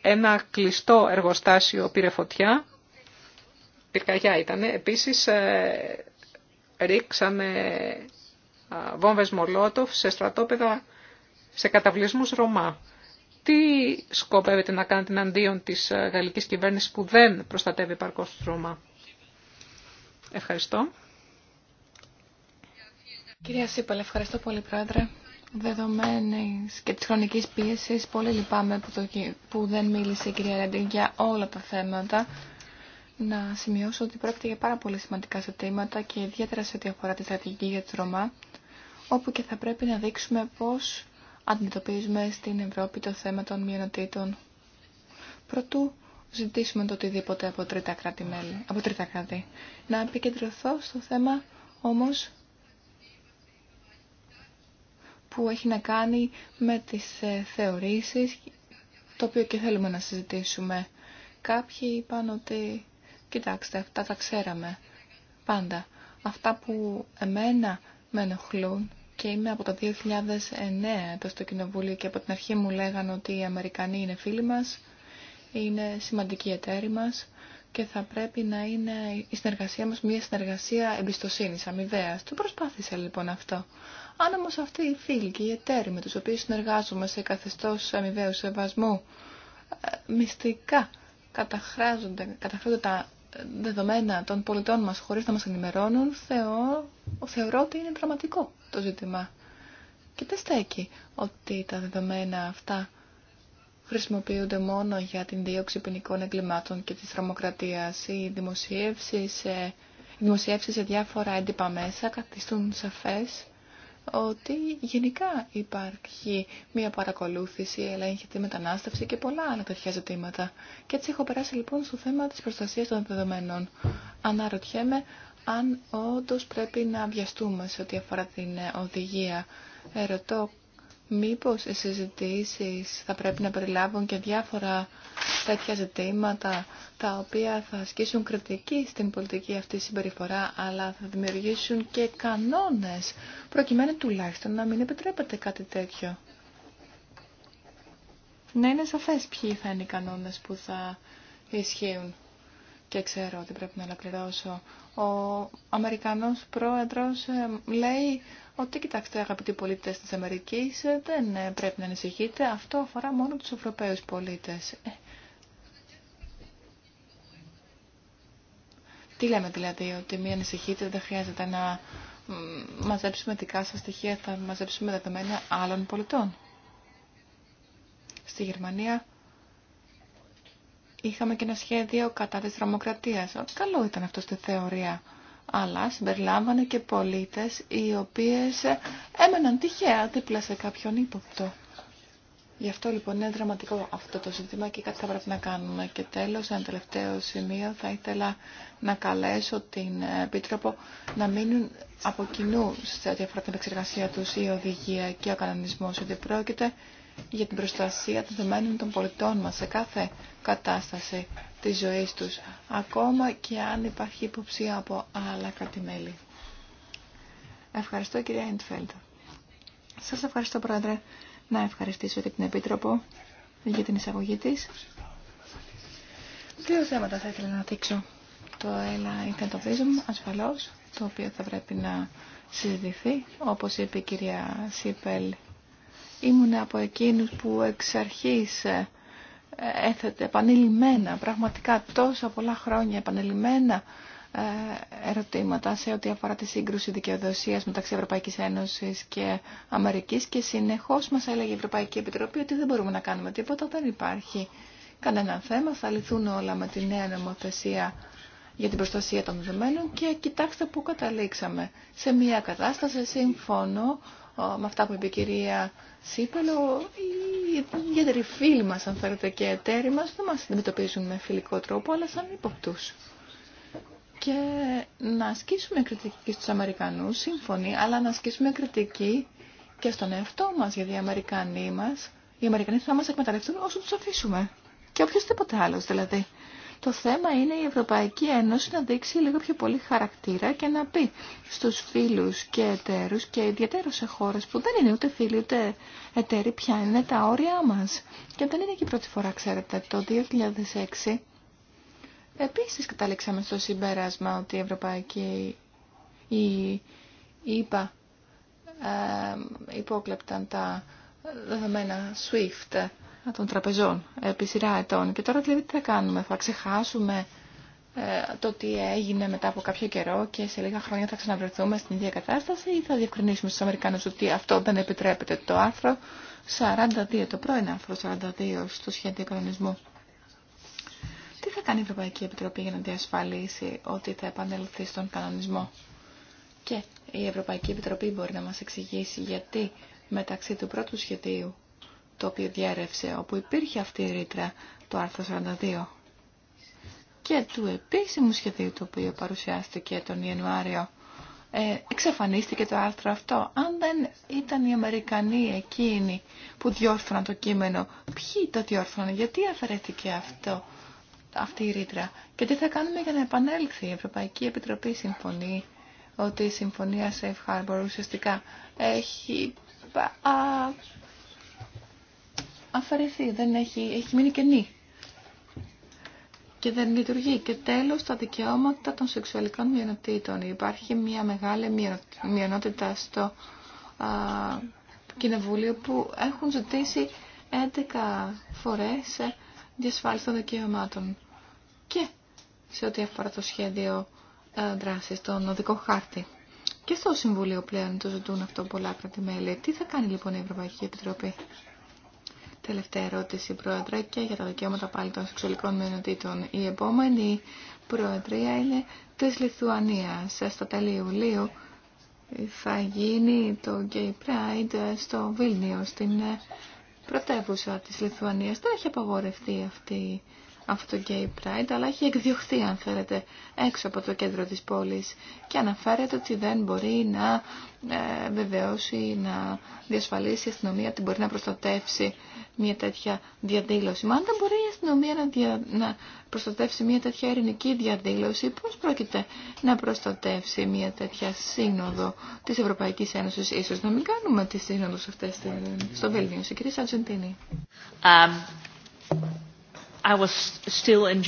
C: Ένα κλειστό εργοστάσιο πήρε φωτιά, πυρκαγιά ήταν. Επίσης, ε, ρίξανε βόμβες Μολότοφ σε στρατόπεδα, σε καταβλισμούς Ρωμά. Τι σκοπεύετε να κάνετε εναντίον της ε, γαλλικής κυβέρνησης που δεν προστατεύει επαρκώς τους Ρώμα. Ευχαριστώ.
D: Κυρία Σίπελ, ευχαριστώ πολύ Πρόεδρε. Δεδομένης και της χρονικής πίεσης, πολύ λυπάμαι που, που δεν μίλησε η κυρία Ρέντινγκ για όλα τα θέματα. Να σημειώσω ότι πρόκειται για πάρα πολύ σημαντικά ζητήματα και ιδιαίτερα σε ό,τι αφορά τη στρατηγική για το Ρωμά, όπου και θα πρέπει να δείξουμε πώς αντιμετωπίζουμε στην Ευρώπη το θέμα των μειονοτήτων. Πρωτού ζητήσουμε το οτιδήποτε από τρίτα κράτη μέλη, από τρίτα κράτη. Να επικεντρωθώ στο θέμα όμως που έχει να κάνει με τις ε, θεωρήσεις, το οποίο και θέλουμε να συζητήσουμε. Κάποιοι είπαν ότι, κοιτάξτε, αυτά τα ξέραμε πάντα. Αυτά που εμένα με ενοχλούν και είμαι από το 2009 εδώ στο Κοινοβούλιο και από την αρχή μου λέγανε ότι οι Αμερικανοί είναι φίλοι μας, είναι σημαντικοί εταίροι μας και θα πρέπει να είναι η συνεργασία μας μια συνεργασία εμπιστοσύνης, αμοιβαίας. Του προσπάθησα λοιπόν αυτό. Αν όμως αυτοί οι φίλοι και οι εταίροι με τους οποίους συνεργάζομαι σε καθεστώς αμοιβαίου σεβασμού ε, μυστικά καταχράζονται, καταχράζονται τα δεδομένα των πολιτών μας χωρίς να μας ενημερώνουν, θεωρώ, ότι είναι δραματικό το ζήτημα. Και δεν στέκει ότι τα δεδομένα αυτά χρησιμοποιούνται μόνο για την δίωξη ποινικών εγκλημάτων και της τρομοκρατίας. Οι δημοσιεύσεις, σε σε διάφορα έντυπα μέσα καθιστούν σαφές ότι γενικά υπάρχει μία παρακολούθηση, ελέγχεται μετανάστευση και πολλά άλλα τέτοια ζητήματα. Και έτσι έχω περάσει λοιπόν στο θέμα της προστασίας των δεδομένων. Αναρωτιέμαι αν όντω πρέπει να βιαστούμε σε ό,τι αφορά την ε, οδηγία. Ερωτώ Μήπως οι συζητήσει θα πρέπει να περιλάβουν και διάφορα τέτοια ζητήματα τα οποία θα ασκήσουν κριτική στην πολιτική αυτή συμπεριφορά αλλά θα δημιουργήσουν και κανόνες προκειμένου τουλάχιστον να μην επιτρέπεται κάτι τέτοιο. Να είναι σαφές ποιοι θα είναι οι κανόνες που θα ισχύουν. Και ξέρω ότι πρέπει να ολοκληρώσω. Ο Αμερικανός πρόεδρος ε, λέει ότι κοιτάξτε αγαπητοί πολίτες της Αμερικής δεν πρέπει να ανησυχείτε, αυτό αφορά μόνο τους Ευρωπαίους πολίτες. Ε. Τι λέμε δηλαδή, ότι μη ανησυχείτε, δεν χρειάζεται να μαζέψουμε δικά σας στοιχεία, θα μαζέψουμε δεδομένα άλλων πολιτών. Στη Γερμανία είχαμε και ένα σχέδιο κατά της δημοκρατίας. Καλό ήταν αυτό στη θεωρία αλλά συμπεριλάμβανε και πολίτες οι οποίες έμεναν τυχαία δίπλα σε κάποιον ύποπτο. Γι' αυτό λοιπόν είναι δραματικό αυτό το ζήτημα και κάτι θα πρέπει να κάνουμε. Και τέλος, ένα τελευταίο σημείο, θα ήθελα να καλέσω την Επίτροπο να μείνουν από κοινού σε ό,τι αφορά την επεξεργασία τους η οδηγία και ο κανονισμός ότι πρόκειται για την προστασία των δεμένων των πολιτών μας σε κάθε κατάσταση της ζωής τους, ακόμα και αν υπάρχει υποψία από άλλα μέλη. Ευχαριστώ κυρία Ιντφέλτ. Σας ευχαριστώ πρόεδρε να ευχαριστήσω και την Επίτροπο για την εισαγωγή της. Δύο θέματα θα ήθελα να δείξω. Το ένα ήταν το μου, ασφαλώς, το οποίο θα πρέπει να συζητηθεί. Όπως είπε η κυρία Σίπελ, ήμουν από εκείνους που εξ αρχής ε, έθετε επανειλημμένα, πραγματικά τόσα πολλά χρόνια επανειλημμένα ε, ερωτήματα σε ό,τι αφορά τη σύγκρουση δικαιοδοσίας μεταξύ Ευρωπαϊκής Ένωσης και Αμερικής και συνεχώς μας έλεγε η Ευρωπαϊκή Επιτροπή ότι δεν μπορούμε να κάνουμε τίποτα, δεν υπάρχει κανένα θέμα, θα λυθούν όλα με τη νέα νομοθεσία για την προστασία των δεδομένων και κοιτάξτε πού καταλήξαμε. Σε μια κατάσταση σύμφωνο με αυτά που είπε η κυρία Σίπελο, οι ιδιαίτεροι φίλοι μας, αν θέλετε, και εταίροι μας, δεν μας αντιμετωπίζουν με φιλικό τρόπο, αλλά σαν υποπτούς. Και να ασκήσουμε κριτική στους Αμερικανούς, σύμφωνοι, αλλά να ασκήσουμε κριτική και στον εαυτό μας, γιατί οι Αμερικανοί μας, οι Αμερικανοί θα μας εκμεταλλευτούν όσο τους αφήσουμε. Και οποιοδήποτε άλλος δηλαδή. Το θέμα είναι η Ευρωπαϊκή Ένωση να δείξει λίγο πιο πολύ χαρακτήρα και να πει στους φίλους και εταίρους και ιδιαίτερα σε χώρες που δεν είναι ούτε φίλοι ούτε εταίροι ποια είναι τα όρια μας. Και δεν είναι και η πρώτη φορά, ξέρετε, το 2006 επίσης καταλήξαμε στο συμπέρασμα ότι η Ευρωπαϊκή η, ε, υπόκλεπταν τα δεδομένα SWIFT των τραπεζών επί σειρά ετών. Και τώρα δηλαδή τι θα κάνουμε, θα ξεχάσουμε ε, το τι έγινε μετά από κάποιο καιρό και σε λίγα χρόνια θα ξαναβρεθούμε στην ίδια κατάσταση ή θα διευκρινίσουμε στους Αμερικάνους ότι αυτό δεν επιτρέπεται. Το άρθρο 42, το πρώην άρθρο 42 στο σχέδιο κανονισμού. Τι θα κάνει η Ευρωπαϊκή Επιτροπή για να διασφαλίσει ότι θα επανέλθει στον κανονισμό. Και η Ευρωπαϊκή Επιτροπή μπορεί να μας εξηγήσει γιατί μεταξύ του πρώτου σχεδίου το οποίο διέρευσε, όπου υπήρχε αυτή η ρήτρα, το άρθρο 42 και του επίσημου σχεδίου το οποίο παρουσιάστηκε τον Ιανουάριο ε, εξαφανίστηκε το άρθρο αυτό. Αν δεν ήταν οι Αμερικανοί εκείνοι που διόρθωναν το κείμενο, ποιοι το διόρθωναν, γιατί αφαιρέθηκε αυτό, αυτή η ρήτρα και τι θα κάνουμε για να επανέλθει. Η Ευρωπαϊκή Επιτροπή συμφωνεί ότι η Συμφωνία Safe Harbor ουσιαστικά έχει αφαιρεθεί, δεν έχει, έχει μείνει κενή και δεν λειτουργεί. Και τέλο τα δικαιώματα των σεξουαλικών μειονοτήτων. Υπάρχει μια μεγάλη μειονότητα στο α, κοινοβούλιο που έχουν ζητήσει 11 φορέ διασφάλιση των δικαιωμάτων. Και σε ό,τι αφορά το σχέδιο ε, δράση τον οδικό χάρτη. Και στο Συμβούλιο πλέον το ζητούν αυτό πολλά κρατημέλη. Τι θα κάνει λοιπόν η Ευρωπαϊκή Επιτροπή. Τελευταία ερώτηση, Πρόεδρε, και για τα δικαιώματα πάλι των σεξουαλικών μειονοτήτων. Η επόμενη Προεδρία είναι της Λιθουανίας. Στα τέλη Ιουλίου θα γίνει το Gay Pride στο Βίλνιο, στην πρωτεύουσα της Λιθουανίας. Δεν έχει απαγορευτεί αυτή αυτό το Gay Pride, αλλά έχει εκδιωχθεί, αν θέλετε, έξω από το κέντρο της πόλης και αναφέρεται ότι δεν μπορεί να ε, βεβαιώσει, να διασφαλίσει η αστυνομία ότι μπορεί να προστατεύσει μια τέτοια διαδήλωση. Μα αν δεν μπορεί η αστυνομία να, δια, να προστατεύσει μια τέτοια ειρηνική διαδήλωση, πώς πρόκειται να προστατεύσει μια τέτοια σύνοδο της Ευρωπαϊκής Ένωσης, ίσως να μην κάνουμε τη σύνοδο αυτές στο Βέλγιο, η κυρία Σαντζεντίνη.
B: Um... I was still in...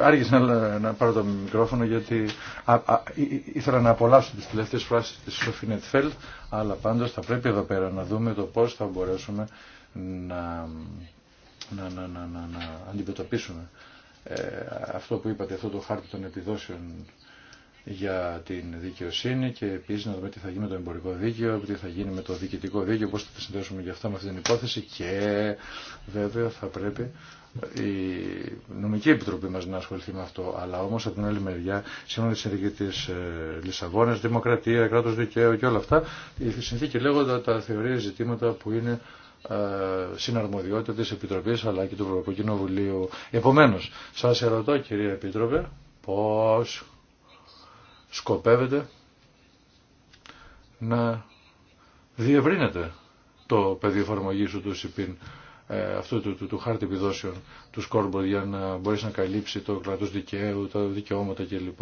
B: Ε, να, να πάρω το μικρόφωνο γιατί α, α, ήθελα να απολαύσω τις τελευταίες φράσεις της Σοφίνετ Φέλτ αλλά πάντως θα πρέπει εδώ πέρα να δούμε το πώς θα μπορέσουμε να, να, να, να, να αντιμετωπίσουμε ε, αυτό που είπατε, αυτό το χάρτη των επιδόσεων για την δικαιοσύνη και επίση να δούμε τι θα γίνει με το εμπορικό δίκαιο, τι θα γίνει με το διοικητικό δίκαιο, πώ θα τα συνδέσουμε για αυτά με αυτή την υπόθεση και βέβαια θα πρέπει η νομική επιτροπή μα να ασχοληθεί με αυτό. Αλλά όμω από την άλλη μεριά, σύμφωνα με τη συνθήκη της ε, Λισαβόνα, δημοκρατία, κράτο δικαίου και όλα αυτά, η συνθήκη λέγοντα τα θεωρεί ζητήματα που είναι ε, συναρμοδιότητα της Επιτροπής αλλά και του Ευρωπαϊκού Κοινοβουλίου. Επομένως, σας ερωτώ κυρία Επίτροπε, πώς Σκοπεύεται να διευρύνεται το πεδίο εφαρμογή του ΣΥΠΗΝ ε, αυτού του, του, του, χάρτη επιδόσεων του Σκόρμπορ για να μπορείς να καλύψει το κράτος δικαίου, τα δικαιώματα κλπ.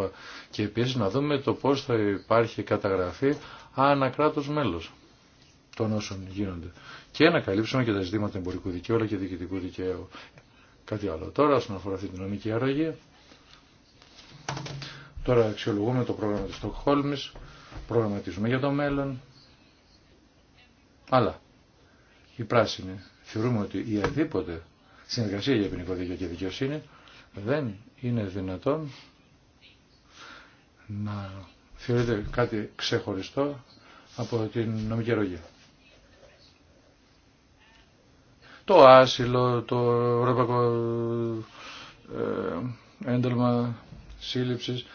B: Και επίσης να δούμε το πώς θα υπάρχει καταγραφή κράτος μέλος των όσων γίνονται. Και να καλύψουμε και τα ζητήματα εμπορικού δικαίου αλλά και διοικητικού δικαίου. Κάτι άλλο τώρα, όσον αφορά αυτή την νομική αρρωγή, Τώρα αξιολογούμε το πρόγραμμα της Στοκχόλμης, προγραμματίζουμε για το μέλλον. Αλλά η πράσινη θεωρούμε ότι η αδίποτε συνεργασία για ποινικό δίκαιο και δικαιοσύνη δεν είναι δυνατόν να θεωρείται κάτι ξεχωριστό από την νομική ρογή. Το άσυλο, το ευρωπαϊκό ε, ένταλμα σύλληψης,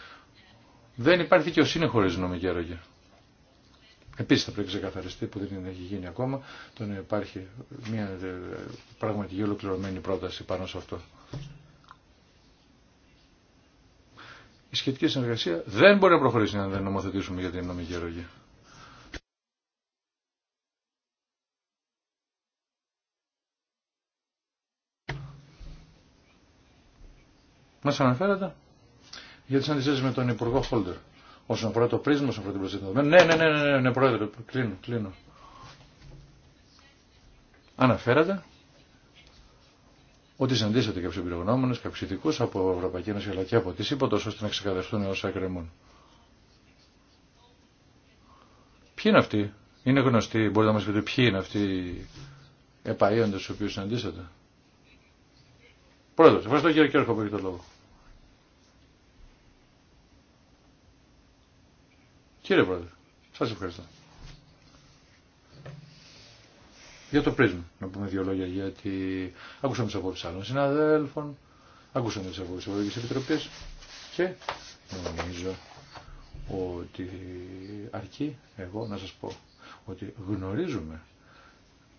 B: δεν υπάρχει δικαιοσύνη χωρί νομική αρρωγή. Επίση θα πρέπει να ξεκαθαριστεί που δεν έχει γίνει ακόμα το να υπάρχει μια ε, πραγματική ολοκληρωμένη πρόταση πάνω σε αυτό. Η σχετική συνεργασία δεν μπορεί να προχωρήσει αν δεν νομοθετήσουμε για την νομική αρρωγή. Μας αναφέρατε γιατί τι με τον Υπουργό Χόλτερ. Όσον αφορά το πρίσμα, όσον αφορά την προσέγγιση των δεδομένων. Ναι, ναι, ναι, ναι, ναι, πρόεδρε, κλείνω, κλείνω. Αναφέρατε ότι συναντήσατε κάποιου εμπειρογνώμονε, κάποιου ειδικού από Ευρωπαϊκή Ένωση αλλά και από τη ΣΥΠΑ, ώστε να ξεκαθαριστούν όσα εκκρεμούν. Ποιοι είναι αυτοί, είναι γνωστοί, μπορείτε να μα πείτε ποιοι είναι αυτοί οι επαείοντε του οποίου συναντήσατε. Πρόεδρε, ευχαριστώ κύριε Κέρκο που έχει το λόγο. Κύριε Πρόεδρε, σας ευχαριστώ. Για το πρίσμα, να πούμε δύο λόγια, γιατί ακούσαμε τις απόψεις άλλων συναδέλφων, ακούσαμε τις απόψεις της Ευρωπαϊκής Επιτροπής και νομίζω ότι αρκεί εγώ να σας πω ότι γνωρίζουμε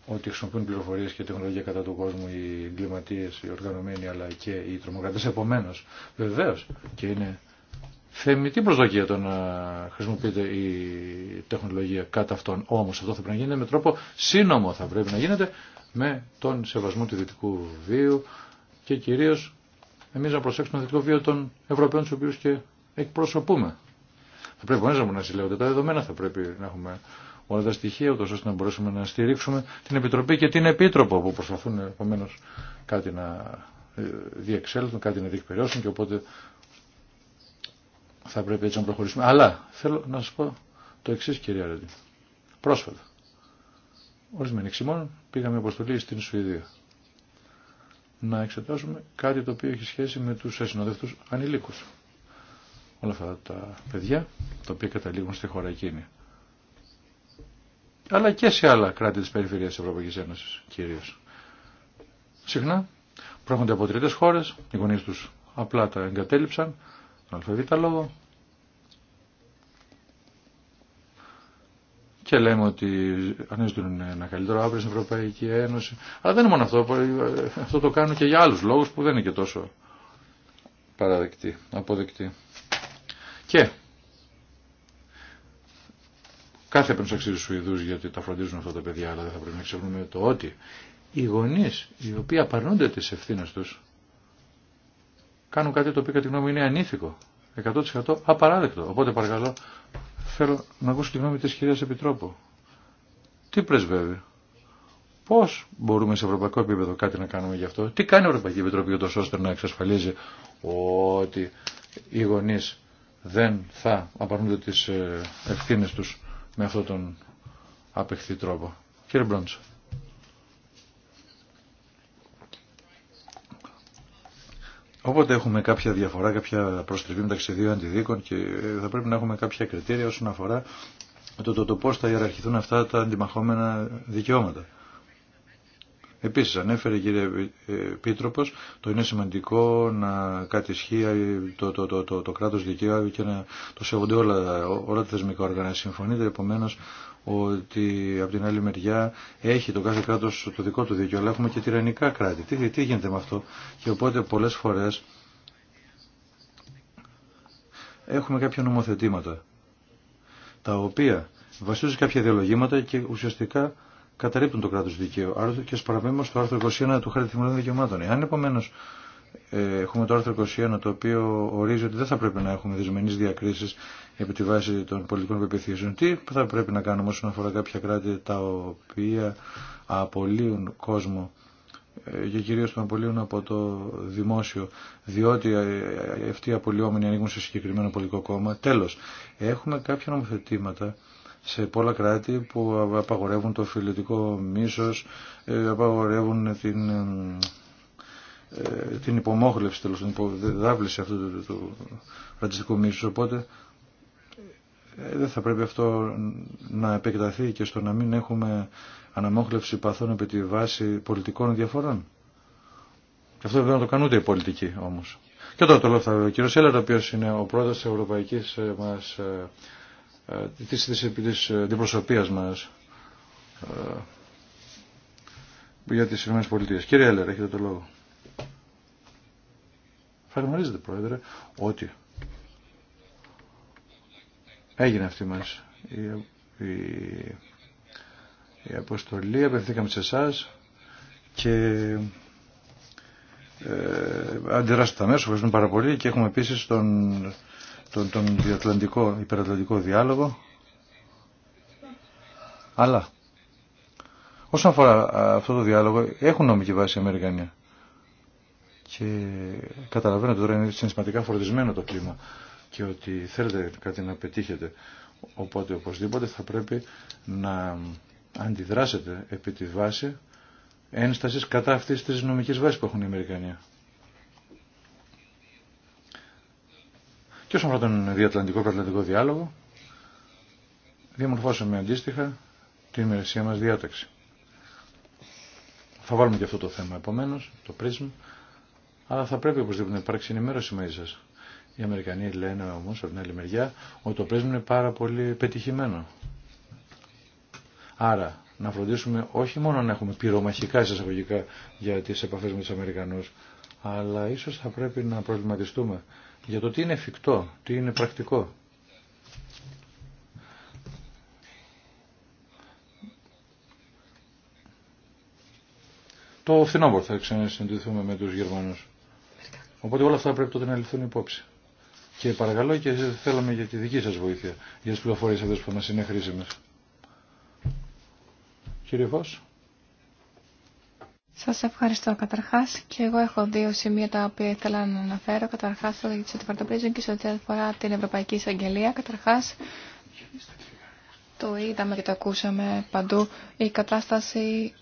B: ότι χρησιμοποιούν πληροφορίε και τεχνολογία κατά τον κόσμο οι εγκληματίε, οι οργανωμένοι αλλά και οι τρομοκρατέ. Επομένω, βεβαίω και είναι θεμητή προσδοκία το να χρησιμοποιείται η τεχνολογία κατά αυτόν. Όμως αυτό θα πρέπει να γίνεται με τρόπο σύνομο θα πρέπει να γίνεται με τον σεβασμό του δυτικού βίου και κυρίως εμείς να προσέξουμε το δυτικό βίο των Ευρωπαίων του οποίους και εκπροσωπούμε. Θα πρέπει να μπορούμε να συλλέγονται τα δεδομένα, θα πρέπει να έχουμε όλα τα στοιχεία, ώστε να μπορέσουμε να στηρίξουμε την Επιτροπή και την Επίτροπο που προσπαθούν επομένω κάτι να ε, διεξέλθουν, κάτι να διεκπαιρεώσουν και οπότε θα πρέπει έτσι να προχωρήσουμε. Αλλά θέλω να σας πω το εξή κυρία Ρέντι. Πρόσφατα, ορισμένοι εξημών πήγαμε αποστολή στην Σουηδία να εξετάσουμε κάτι το οποίο έχει σχέση με τους ασυνοδεύτους ανηλίκους. Όλα αυτά τα παιδιά τα οποία καταλήγουν στη χώρα εκείνη. Αλλά και σε άλλα κράτη της περιφερειάς τη Ευρωπαϊκή Ένωση κυρίω. Συχνά προέρχονται από τρίτε χώρες, οι γονεί του απλά τα εγκατέλειψαν αλφαβήτα λόγο και λέμε ότι ανέζητουν ένα καλύτερο αύριο στην Ευρωπαϊκή Ένωση. Αλλά δεν είναι μόνο αυτό, αυτό το κάνουν και για άλλους λόγους που δεν είναι και τόσο παραδεκτή, αποδεκτή. Και κάθε πρέπει να αξίζει γιατί τα φροντίζουν αυτά τα παιδιά, αλλά δεν θα πρέπει να ξεχνούμε το ότι οι γονείς οι οποίοι απαρνούνται τις ευθύνες τους κάνουν κάτι το οποίο κατά τη γνώμη είναι ανήθικο. 100% απαράδεκτο. Οπότε παρακαλώ θέλω να ακούσω τη γνώμη της κυρίας Επιτρόπου. Τι πρεσβεύει. Πώς μπορούμε σε ευρωπαϊκό επίπεδο κάτι να κάνουμε γι' αυτό. Τι κάνει η Ευρωπαϊκή Επιτροπή για το ώστε να εξασφαλίζει ότι οι γονεί δεν θα απαρνούνται τις ε, ευθύνες τους με αυτόν τον απεχθή τρόπο. Κύριε Μπρόντσο. Όποτε έχουμε κάποια διαφορά, κάποια προστριβή μεταξύ δύο αντιδίκων και ε, θα πρέπει να έχουμε κάποια κριτήρια όσον αφορά το, το, το πώς θα ιεραρχηθούν αυτά τα αντιμαχόμενα δικαιώματα. Επίσης ανέφερε κύριε πίτροπος, το είναι σημαντικό να κατησχύει το, το, το, το, το κράτος δικαίου και να το σέβονται όλα, όλα τα θεσμικά όργανα. Συμφωνείτε επομένως ότι από την άλλη μεριά έχει το κάθε κράτος το δικό του δίκαιο, αλλά έχουμε και τυραννικά κράτη. Τι, τι γίνεται με αυτό. Και οπότε πολλές φορές έχουμε κάποια νομοθετήματα τα οποία βασίζονται σε κάποια ιδεολογήματα και ουσιαστικά καταρρύπτουν το κράτο δικαίου. Άρα και σπαραμένουμε στο άρθρο 21 του Χάρτη Δικαιωμάτων. Αν επομένω ε, έχουμε το άρθρο 21 το οποίο ορίζει ότι δεν θα πρέπει να έχουμε δυσμενεί διακρίσει επί τη βάση των πολιτικών πεπιθήσεων. Τι θα πρέπει να κάνουμε όσον αφορά κάποια κράτη τα οποία απολύουν κόσμο ε, και κυρίω τον απολύουν από το δημόσιο, διότι ε, αυτοί οι απολυόμενοι ανήκουν σε συγκεκριμένο πολιτικό κόμμα. Τέλος, έχουμε κάποια νομοθετήματα σε πολλά κράτη που απαγορεύουν το φιλετικό μίσος, ε, απαγορεύουν την, ε, ε, την υπομόχλευση, τέλος, την υποδάβληση αυτού του, του, ρατσιστικού μίσους. Οπότε δεν θα πρέπει αυτό να επεκταθεί και στο να μην έχουμε αναμόχλευση παθών επί τη βάση πολιτικών διαφορών. Και αυτό δεν το κάνουν ούτε οι πολιτικοί όμως. Και τώρα το λέω θα ο κύριος Έλλερ, ο οποίος είναι ο πρόεδρος της Ευρωπαϊκής μας ε, της, της, της αντιπροσωπείας μας ε, για τις ΗΠΑ. Κύριε Έλερ, έχετε το λόγο. Θα Πρόεδρε, ότι έγινε αυτή μας η, η, η αποστολή, απευθύνθηκαμε σε εσά και ε, αντιδράσατε αμέσως, ευχαριστούμε πάρα πολύ και έχουμε επίσης τον τον, τον διατλαντικό, υπερατλαντικό διάλογο. Αλλά όσον αφορά αυτό το διάλογο έχουν νομική βάση οι Αμερικανοί. Και καταλαβαίνω ότι τώρα είναι συναισθηματικά φορτισμένο το κλίμα και ότι θέλετε κάτι να πετύχετε. Οπότε οπωσδήποτε θα πρέπει να αντιδράσετε επί τη βάση ένστασης κατά αυτής της νομικής βάσης που έχουν οι Αμερικανοί. Και όσον αφορά τον διατλαντικό και ατλαντικό διάλογο, διαμορφώσαμε αντίστοιχα την ημερησία μας διάταξη. Θα βάλουμε και αυτό το θέμα επομένω, το πρίσμα, αλλά θα πρέπει οπωσδήποτε να υπάρξει ενημέρωση μαζί σα. Οι Αμερικανοί λένε όμω από την άλλη μεριά ότι το πρίσμα είναι πάρα πολύ πετυχημένο. Άρα να φροντίσουμε όχι μόνο να έχουμε πυρομαχικά εισαγωγικά για τι επαφέ με του Αμερικανού, αλλά ίσω θα πρέπει να προβληματιστούμε για το τι είναι εφικτό, τι είναι πρακτικό. Το φθινόπωρο θα ξανασυντηθούμε με τους Γερμανούς. Οπότε όλα αυτά πρέπει τότε να ληφθούν υπόψη. Και παρακαλώ και θέλαμε για τη δική σας βοήθεια, για τις πληροφορίες αυτές που μας είναι χρήσιμες. Κύριε Φώσου.
D: Σας ευχαριστώ καταρχάς και εγώ έχω δύο σημεία τα οποία ήθελα να αναφέρω. Καταρχάς το σε αντιμετωπίζουν και σε ό,τι αφορά την Ευρωπαϊκή Εισαγγελία. Καταρχάς το είδαμε και το ακούσαμε παντού. Η κατάσταση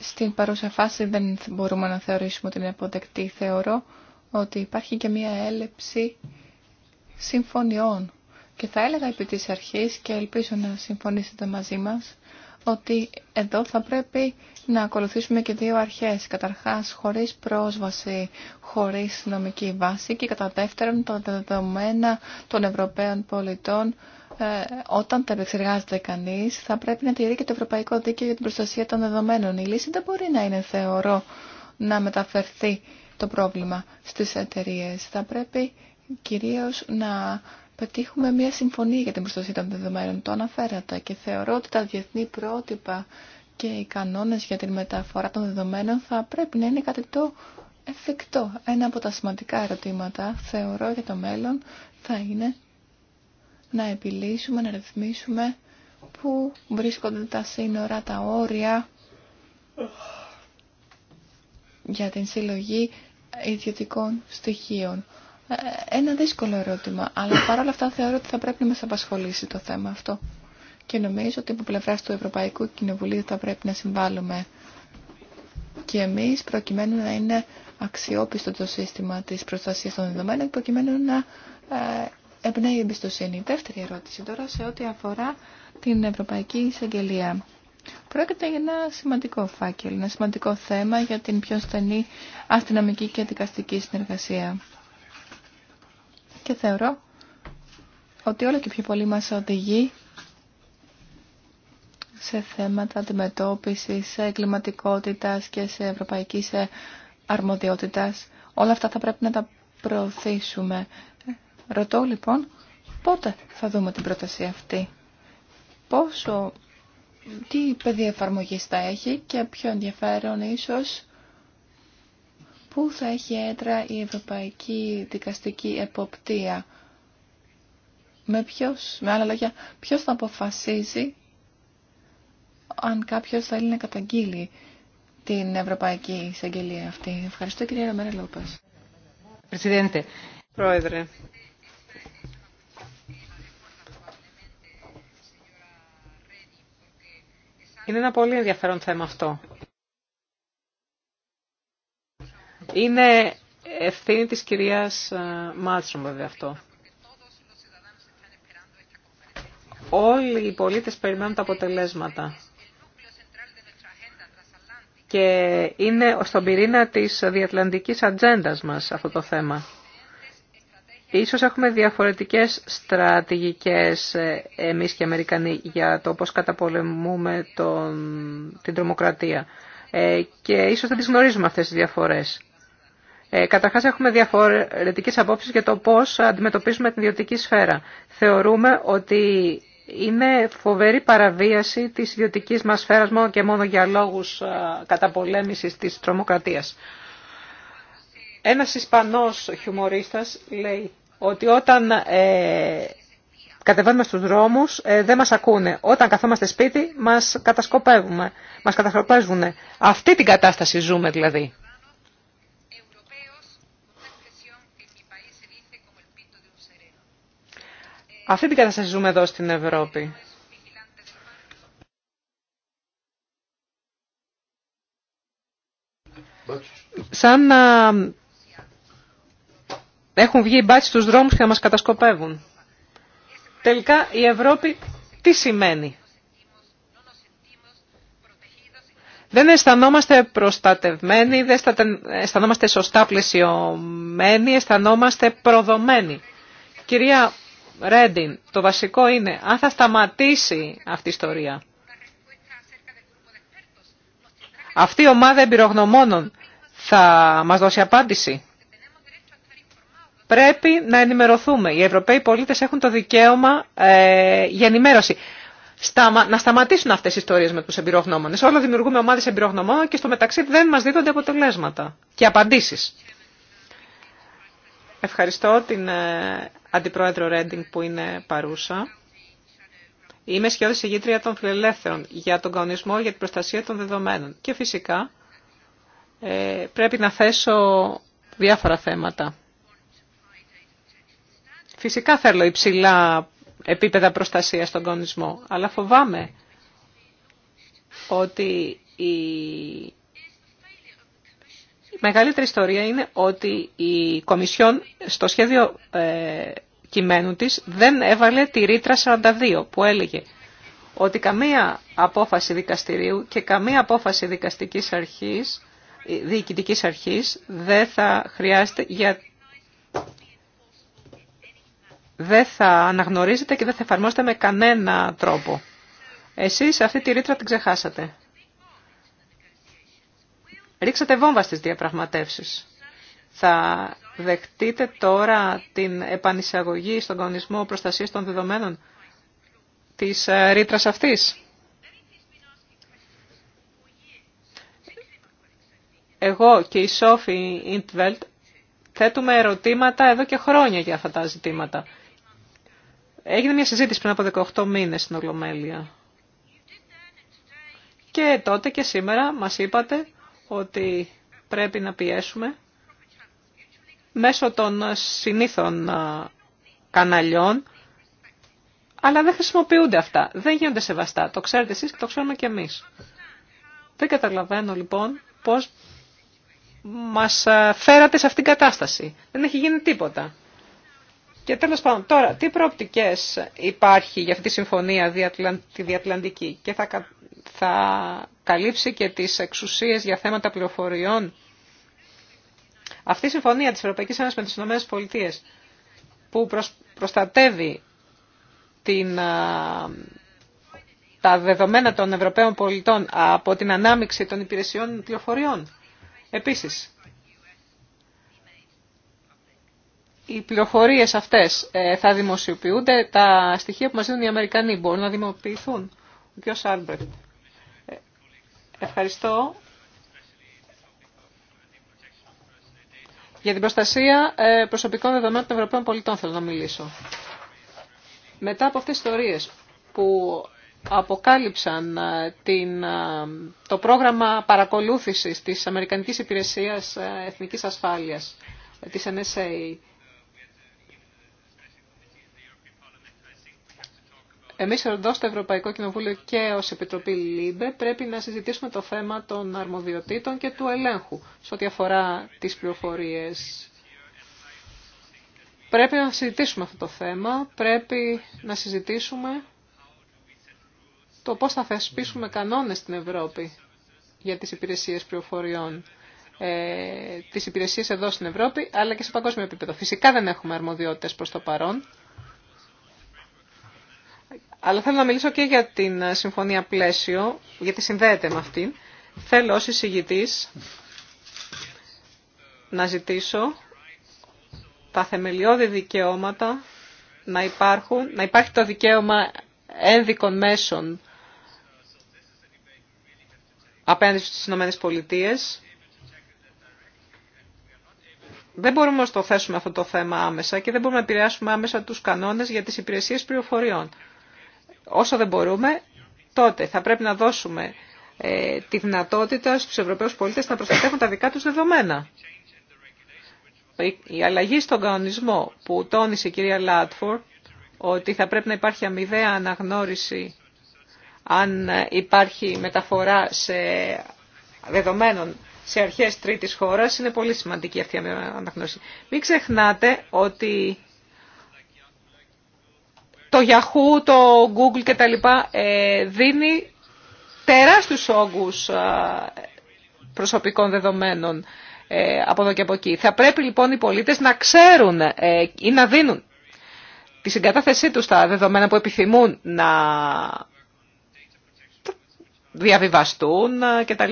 D: στην παρούσα φάση δεν μπορούμε να θεωρήσουμε ότι είναι αποδεκτή. Θεωρώ ότι υπάρχει και μία έλλειψη συμφωνιών. Και θα έλεγα επί της αρχής και ελπίζω να συμφωνήσετε μαζί μας ότι εδώ θα πρέπει να ακολουθήσουμε και δύο αρχές. Καταρχάς, χωρίς πρόσβαση, χωρίς νομική βάση και κατά δεύτερον τα δεδομένα των Ευρωπαίων πολιτών ε, όταν τα επεξεργάζεται κανείς θα πρέπει να τηρεί και το Ευρωπαϊκό Δίκαιο για την προστασία των δεδομένων. Η λύση δεν μπορεί να είναι, θεωρώ, να μεταφερθεί το πρόβλημα στις εταιρείε. Θα πρέπει κυρίως να πετύχουμε μια συμφωνία για την προστασία των δεδομένων. Το αναφέρατε και θεωρώ ότι τα διεθνή πρότυπα και οι κανόνες για την μεταφορά των δεδομένων θα πρέπει να είναι κάτι το εφικτό. Ένα από τα σημαντικά ερωτήματα, θεωρώ για το μέλλον, θα είναι να επιλύσουμε, να ρυθμίσουμε πού βρίσκονται τα σύνορα, τα όρια για την συλλογή ιδιωτικών στοιχείων. Ε, ένα δύσκολο ερώτημα, αλλά παρόλα αυτά θεωρώ ότι θα πρέπει να μας απασχολήσει το θέμα αυτό. Και νομίζω ότι από πλευρά του Ευρωπαϊκού Κοινοβουλίου θα πρέπει να συμβάλλουμε και εμείς προκειμένου να είναι αξιόπιστο το σύστημα της προστασίας των δεδομένων και προκειμένου να ε, εμπνέει η εμπιστοσύνη. Δεύτερη ερώτηση τώρα σε ό,τι αφορά την Ευρωπαϊκή Εισαγγελία. Πρόκειται για ένα σημαντικό φάκελο, ένα σημαντικό θέμα για την πιο στενή αστυνομική και δικαστική συνεργασία και θεωρώ ότι όλο και πιο πολύ μας οδηγεί σε θέματα αντιμετώπισης, εγκληματικότητας και σε σε αρμοδιότητας. Όλα αυτά θα πρέπει να τα προωθήσουμε. Ρωτώ λοιπόν πότε θα δούμε την πρόταση αυτή. Πόσο, τι παιδί εφαρμογής θα έχει και ποιο ενδιαφέρον ίσως Πού θα έχει έντρα η Ευρωπαϊκή Δικαστική Εποπτεία. Με ποιος, με άλλα λόγια, ποιος θα αποφασίζει αν κάποιος θέλει να καταγγείλει την Ευρωπαϊκή Εισαγγελία αυτή. Ευχαριστώ κυρία Ρωμέρα Λόπας.
C: Πρόεδρε. Είναι ένα πολύ ενδιαφέρον θέμα αυτό. Είναι ευθύνη της κυρίας ε, Μάλτσρομ βέβαια αυτό. Όλοι οι πολίτες περιμένουν τα αποτελέσματα. Και είναι στον πυρήνα της διατλαντικής ατζέντα μας αυτό το θέμα. Ίσως έχουμε διαφορετικές στρατηγικές ε, εμείς και οι Αμερικανοί για το πώς καταπολεμούμε τον, την τρομοκρατία. Ε, και ίσως δεν τις γνωρίζουμε αυτές τις διαφορές. Ε, καταρχάς έχουμε διαφορετικές απόψεις για το πώς αντιμετωπίζουμε την ιδιωτική σφαίρα. Θεωρούμε ότι είναι φοβερή παραβίαση της ιδιωτικής μας σφαίρας μόνο και μόνο για λόγους καταπολέμησης της τρομοκρατίας. Ένας Ισπανός χιουμορίστας λέει ότι όταν ε, κατεβαίνουμε στους δρόμους ε, δεν μας ακούνε. Όταν καθόμαστε σπίτι μας κατασκοπεύουμε, μας κατασκοπεύουν. Αυτή την κατάσταση ζούμε δηλαδή. Αυτή την κατάσταση ζούμε εδώ στην Ευρώπη. Σαν να έχουν βγει οι μπάτσοι στους δρόμους και να μας κατασκοπεύουν. Τελικά η Ευρώπη τι σημαίνει. Δεν αισθανόμαστε προστατευμένοι, δεν αισθανόμαστε σωστά πλαισιωμένοι, αισθανόμαστε προδομένοι. Κυρία Ρέντιν, το βασικό είναι αν θα σταματήσει αυτή η ιστορία. Αυτή η ομάδα εμπειρογνωμόνων θα μας δώσει απάντηση. Πρέπει να ενημερωθούμε. Οι Ευρωπαίοι πολίτες έχουν το δικαίωμα ε, για ενημέρωση. να σταματήσουν αυτές οι ιστορίες με τους εμπειρογνώμονες. Όλο δημιουργούμε ομάδες εμπειρογνωμόνων και στο μεταξύ δεν μας δίδονται αποτελέσματα και απαντήσεις. Ευχαριστώ την ε, Αντιπρόεδρο Ρέντινγκ που είναι παρούσα. Είμαι σχεδόν ηγήτρια των φιλελεύθερων για τον κανονισμό για την προστασία των δεδομένων. Και φυσικά ε, πρέπει να θέσω διάφορα θέματα. Φυσικά θέλω υψηλά επίπεδα προστασία στον κανονισμό, αλλά φοβάμαι ότι η η μεγαλύτερη ιστορία είναι ότι η Κομισιόν στο σχέδιο ε, κειμένου της δεν έβαλε τη ρήτρα 42 που έλεγε ότι καμία απόφαση δικαστηρίου και καμία απόφαση δικαστικής αρχής, ε, διοικητικής αρχής δεν θα χρειάζεται για δεν θα αναγνωρίζεται και δεν θα εφαρμόζεται με κανένα τρόπο. Εσείς αυτή τη ρήτρα την ξεχάσατε ρίξατε βόμβα στις διαπραγματεύσεις. Θα δεχτείτε τώρα την επανεισαγωγή στον κανονισμό προστασίας των δεδομένων της ε, ρήτρας αυτής. Εγώ και η Σόφη Ιντβελτ θέτουμε ερωτήματα εδώ και χρόνια για αυτά τα ζητήματα. Έγινε μια συζήτηση πριν από 18 μήνες στην Ολομέλεια. Και τότε και σήμερα μας είπατε ότι πρέπει να πιέσουμε μέσω των συνήθων καναλιών, αλλά δεν χρησιμοποιούνται αυτά, δεν γίνονται σεβαστά. Το ξέρετε εσείς και το ξέρουμε και εμείς. Δεν καταλαβαίνω λοιπόν πώς μας φέρατε σε αυτήν την κατάσταση. Δεν έχει γίνει τίποτα. Και τέλος πάντων, τώρα, τι προοπτικές υπάρχει για αυτή τη συμφωνία τη διατλαντική και θα θα καλύψει και τις εξουσίες για θέματα πληροφοριών. Αυτή η συμφωνία της Ευρωπαϊκής Ένωσης με τις ΗΠΑ που προστατεύει την, τα δεδομένα των Ευρωπαίων πολιτών από την ανάμειξη των υπηρεσιών πληροφοριών. Επίσης, οι πληροφορίες αυτές ε, θα δημοσιοποιούνται, τα στοιχεία που μας δίνουν οι Αμερικανοί μπορούν να δημοποιηθούν. Ο κ. Ευχαριστώ για την προστασία ε, προσωπικών δεδομένων των Ευρωπαίων πολιτών θέλω να μιλήσω. Μετά από αυτές τις ιστορίες που αποκάλυψαν ε, την, ε, το πρόγραμμα παρακολούθησης της Αμερικανικής Υπηρεσίας Εθνικής Ασφάλειας, της NSA, Εμείς εδώ στο Ευρωπαϊκό Κοινοβούλιο και ως Επιτροπή ΛΥΜΠΕ πρέπει να συζητήσουμε το θέμα των αρμοδιοτήτων και του ελέγχου σε ό,τι αφορά τις πληροφορίες. Πρέπει να συζητήσουμε αυτό το θέμα, πρέπει να συζητήσουμε το πώς θα θεσπίσουμε κανόνες στην Ευρώπη για τις υπηρεσίες πληροφοριών ε, τις υπηρεσίες εδώ στην Ευρώπη αλλά και σε παγκόσμιο επίπεδο. Φυσικά δεν έχουμε αρμοδιότητες προς το παρόν. Αλλά θέλω να μιλήσω και για την ε, συμφωνία πλαίσιο, γιατί συνδέεται με αυτήν. Θέλω ως εισηγητής να ζητήσω τα θεμελιώδη δικαιώματα να υπάρχουν, να υπάρχει το δικαίωμα ένδικων μέσων απέναντι στις Ηνωμένες Πολιτείες. Δεν μπορούμε να το θέσουμε αυτό το θέμα άμεσα και δεν μπορούμε να επηρεάσουμε άμεσα τους κανόνες για τις υπηρεσίες πληροφοριών όσο δεν μπορούμε, τότε θα πρέπει να δώσουμε ε, τη δυνατότητα στους Ευρωπαίους πολίτες να προστατεύουν τα δικά τους δεδομένα. Η αλλαγή στον κανονισμό που τόνισε η κυρία Λάτφορ, ότι θα πρέπει να υπάρχει αμοιβαία αναγνώριση αν ε, υπάρχει μεταφορά σε δεδομένων σε αρχές τρίτης χώρας, είναι πολύ σημαντική αυτή η αναγνώριση. Μην ξεχνάτε ότι το Yahoo, το Google κτλ. Ε, δίνει τεράστιους όγκους προσωπικών δεδομένων ε, από εδώ και από εκεί. Θα πρέπει λοιπόν οι πολίτες να ξέρουν ε, ή να δίνουν τη συγκατάθεσή τους στα δεδομένα που επιθυμούν να διαβιβαστούν κτλ.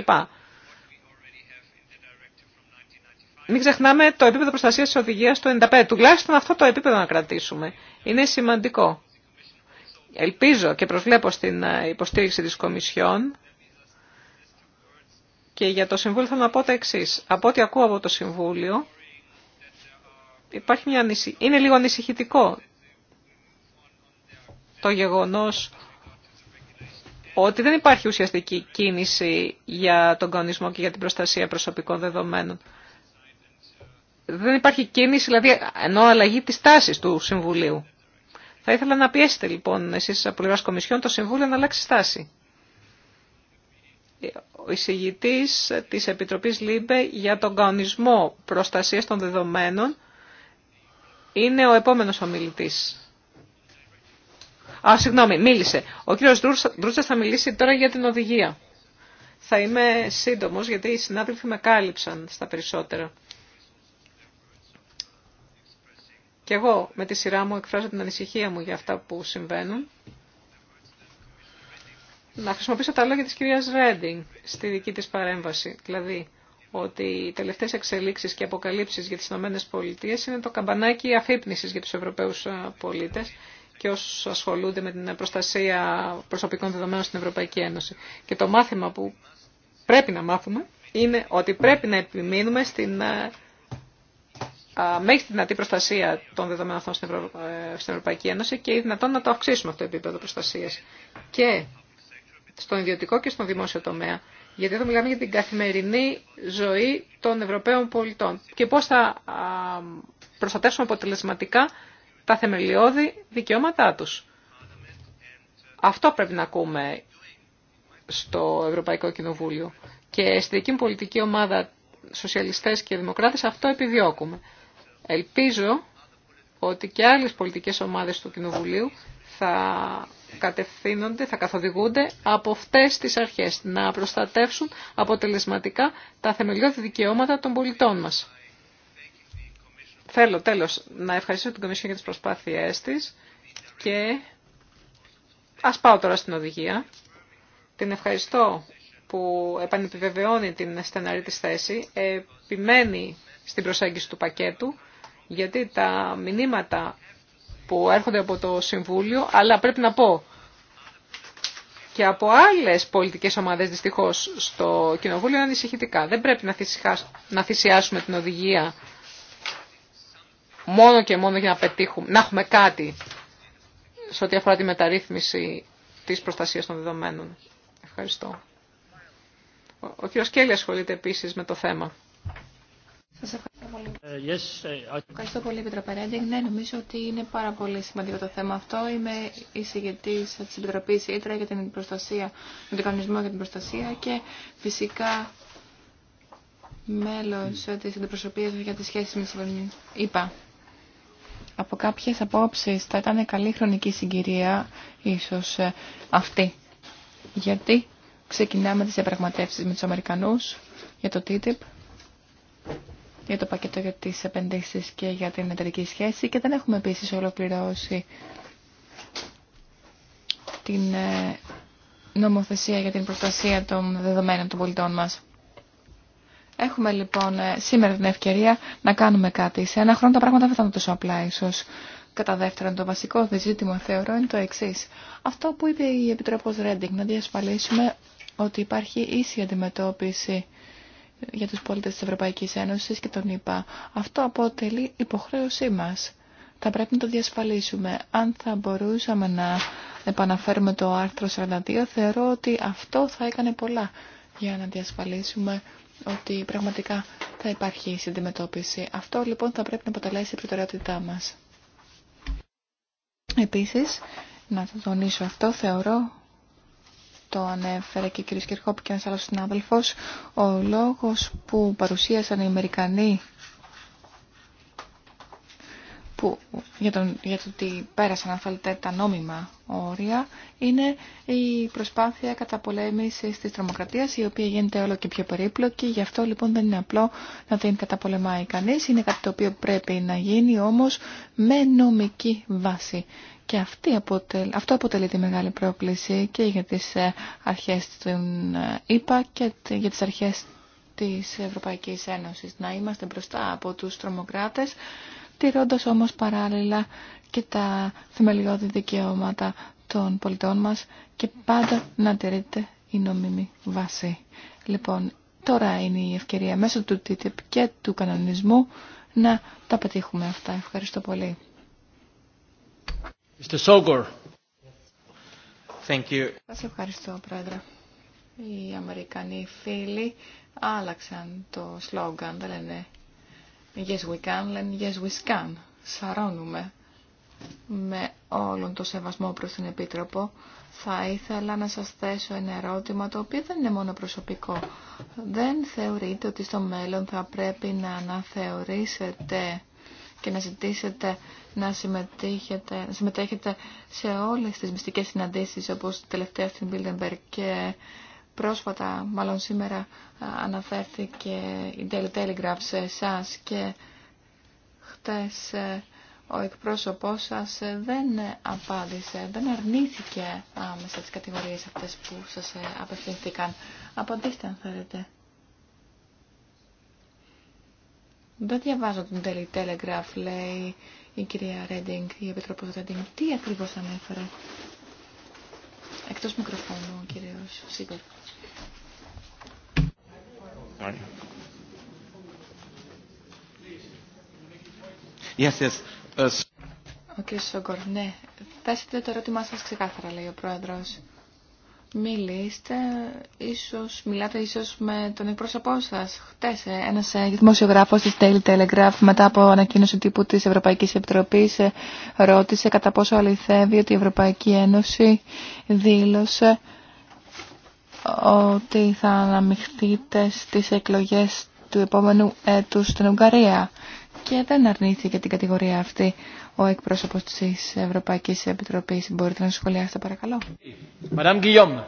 C: Μην ξεχνάμε το επίπεδο προστασίας της οδηγίας του 95. Τουλάχιστον αυτό το επίπεδο να κρατήσουμε. Είναι σημαντικό ελπίζω και προσβλέπω στην ε, υποστήριξη της Κομισιόν και για το Συμβούλιο θα να πω τα εξή. Από ό,τι ακούω από το Συμβούλιο, υπάρχει μια είναι λίγο ανησυχητικό το γεγονός ότι δεν υπάρχει ουσιαστική κίνηση για τον κανονισμό και για την προστασία προσωπικών δεδομένων. Δεν υπάρχει κίνηση, δηλαδή, ενώ αλλαγή της τάσης του Συμβουλίου. Θα ήθελα να πιέσετε λοιπόν εσείς από πλευρά Κομισιόν το Συμβούλιο να αλλάξει στάση. Ο εισηγητή της Επιτροπής ΛΥΜΠΕ για τον καονισμό προστασίας των δεδομένων είναι ο επόμενος ομιλητή. Α, συγγνώμη, μίλησε. Ο κύριος Ντρούτσας θα μιλήσει τώρα για την οδηγία. Θα είμαι σύντομος γιατί οι συνάδελφοι με κάλυψαν στα περισσότερα. Και εγώ με τη σειρά μου εκφράζω την ανησυχία μου για αυτά που συμβαίνουν. Να χρησιμοποιήσω τα λόγια της κυρίας Ρέντινγκ στη δική της παρέμβαση. Δηλαδή ότι οι τελευταίες εξελίξεις και αποκαλύψεις για τις ΗΠΑ Πολιτείες είναι το καμπανάκι αφύπνισης για τους Ευρωπαίους ε, πολίτες και όσου ασχολούνται με την προστασία προσωπικών δεδομένων στην Ευρωπαϊκή Ένωση. Και το μάθημα που πρέπει να μάθουμε είναι ότι πρέπει να επιμείνουμε στην ε, μέχρι τη δυνατή προστασία των δεδομένων αυτών στην, ε, Ευρωπαϊκή Ένωση και δυνατόν να το αυξήσουμε αυτό το επίπεδο προστασία. Και στον ιδιωτικό και στον δημόσιο τομέα. Γιατί εδώ μιλάμε για την καθημερινή ζωή των Ευρωπαίων πολιτών και πώ θα προστατεύσουμε αποτελεσματικά τα θεμελιώδη δικαιώματά του. Αυτό πρέπει να ακούμε στο Ευρωπαϊκό Κοινοβούλιο. Και στη δική μου πολιτική ομάδα, σοσιαλιστές και δημοκράτες, αυτό επιδιώκουμε. Ελπίζω ότι και άλλες πολιτικές ομάδες του Κοινοβουλίου θα κατευθύνονται, θα καθοδηγούνται από αυτές τις αρχές, να προστατεύσουν αποτελεσματικά τα θεμελιώδη δικαιώματα των πολιτών μας. Θέλω τέλος να ευχαριστήσω την Κομισιόν για τις προσπάθειές της και ας πάω τώρα στην οδηγία. Την ευχαριστώ που επανεπιβεβαιώνει την στεναρή της θέση, επιμένει στην προσέγγιση του πακέτου γιατί τα μηνύματα που έρχονται από το Συμβούλιο, αλλά πρέπει να πω και από άλλες πολιτικές ομάδες δυστυχώς στο Κοινοβούλιο είναι ανησυχητικά. Δεν πρέπει να θυσιάσουμε την οδηγία μόνο και μόνο για να πετύχουμε, να έχουμε κάτι σε ό,τι αφορά τη μεταρρύθμιση της προστασίας των δεδομένων. Ευχαριστώ. Ο, κ. κύριος ασχολείται επίσης με το θέμα. Σας ευχαριστώ πολύ.
A: Ε, yes, ε, I... Ευχαριστώ
D: πολύ, Επιτροπέ Ρέντινγκ. Ναι, νομίζω ότι είναι πάρα πολύ σημαντικό το θέμα αυτό. Είμαι εισηγητή τη Επιτροπή Ήτρα για την προστασία, για τον κανονισμό για την προστασία και φυσικά μέλο τη αντιπροσωπεία για τη σχέση με την Είπα. Από κάποιε απόψει θα ήταν καλή χρονική συγκυρία, ίσω ε, αυτή. Γιατί ξεκινάμε τι διαπραγματεύσει με του Αμερικανού για το TTIP για το πακέτο για τις επενδύσεις και για την εταιρική σχέση και δεν έχουμε επίση ολοκληρώσει την ε, νομοθεσία για την προστασία των δεδομένων των πολιτών μας. Έχουμε λοιπόν ε, σήμερα την ευκαιρία να κάνουμε κάτι. Σε ένα χρόνο τα πράγματα δεν θα είναι τόσο απλά ίσως. Κατά δεύτερον, το βασικό ζήτημα θεωρώ είναι το εξή. Αυτό που είπε η Επιτροπή Ρέντινγκ, να διασφαλίσουμε ότι υπάρχει ίση αντιμετώπιση για τους πολίτες της Ευρωπαϊκής Ένωσης και τον είπα. Αυτό αποτελεί υποχρέωσή μας. Θα πρέπει να το διασφαλίσουμε. Αν θα μπορούσαμε να επαναφέρουμε το άρθρο 42, θεωρώ ότι αυτό θα έκανε πολλά για να διασφαλίσουμε ότι πραγματικά θα υπάρχει συντιμετώπιση. Αυτό λοιπόν θα πρέπει να αποτελέσει η προτεραιότητά μας. Επίσης, να το τονίσω αυτό, θεωρώ το ανέφερε και ο κ. Κερχόπη και ένας άλλος συνάδελφος, ο λόγος που παρουσίασαν οι Αμερικανοί που, για, τον, για το ότι πέρασαν αν θέλετε τα νόμιμα όρια είναι η προσπάθεια καταπολέμησης της τρομοκρατίας η οποία γίνεται όλο και πιο περίπλοκη γι' αυτό λοιπόν δεν είναι απλό να την καταπολεμάει κανείς είναι κάτι το οποίο πρέπει να γίνει όμως με νομική βάση και αυτή αποτελ... αυτό αποτελεί τη μεγάλη πρόκληση και για τις ε, αρχές του ε, ΗΠΑ και για τις αρχές της Ευρωπαϊκής Ένωσης. Να είμαστε μπροστά από τους τρομοκράτες, τηρώντας όμως παράλληλα και τα θεμελιώδη δικαιώματα των πολιτών μας και πάντα να τηρείται η νομίμη βάση. Λοιπόν, τώρα είναι η ευκαιρία μέσω του TTIP και του κανονισμού να τα πετύχουμε αυτά. Ευχαριστώ πολύ.
E: Mr. Sogor. Thank you.
D: ευχαριστώ, Πρόεδρε. Οι Αμερικανοί φίλοι άλλαξαν το σλόγγαν, δεν λένε Yes we can, λένε Yes we can». Σαρώνουμε. Με όλον το σεβασμό προς την Επίτροπο θα ήθελα να σας θέσω ένα ερώτημα το οποίο δεν είναι μόνο προσωπικό. Δεν θεωρείτε ότι στο μέλλον θα πρέπει να αναθεωρήσετε και να ζητήσετε να συμμετέχετε, να συμμετέχετε σε όλες τις μυστικές συναντήσεις όπως τελευταία στην Bilderberg και πρόσφατα, μάλλον σήμερα αναφέρθηκε η Daily Telegraph σε εσά και χτες ε, ο εκπρόσωπός σας ε, δεν απάντησε, δεν αρνήθηκε άμεσα τις κατηγορίες αυτές που σας ε, απευθυνθήκαν. Απαντήστε αν θέλετε. Δεν διαβάζω την Daily Telegraph, λέει η κυρία Ρέντινγκ, η Επιτροπή, Ρέντινγκ, τι ακριβώ ανέφερε. Εκτό μικροφώνου, ο κύριο Σίγκορ.
F: Yes, yes.
D: Ο κύριο Σόγκορ, ναι. Θέσετε το ερώτημά σα ξεκάθαρα, λέει ο πρόεδρο. Μιλήστε, ίσως, μιλάτε ίσως με τον εκπρόσωπό σας. Χτες ε, ένας ε, δημοσιογράφος της Daily Telegraph μετά από ανακοίνωση τύπου της Ευρωπαϊκής Επιτροπής ε, ρώτησε κατά πόσο αληθεύει ότι η Ευρωπαϊκή Ένωση δήλωσε ότι θα αναμειχθείτε στις εκλογές του επόμενου έτους στην Ουγγαρία και δεν αρνήθηκε την κατηγορία αυτή ο εκπρόσωπος της Ευρωπαϊκής Επιτροπής. Μπορείτε να σχολιάσετε παρακαλώ.
A: Madame Guillaume.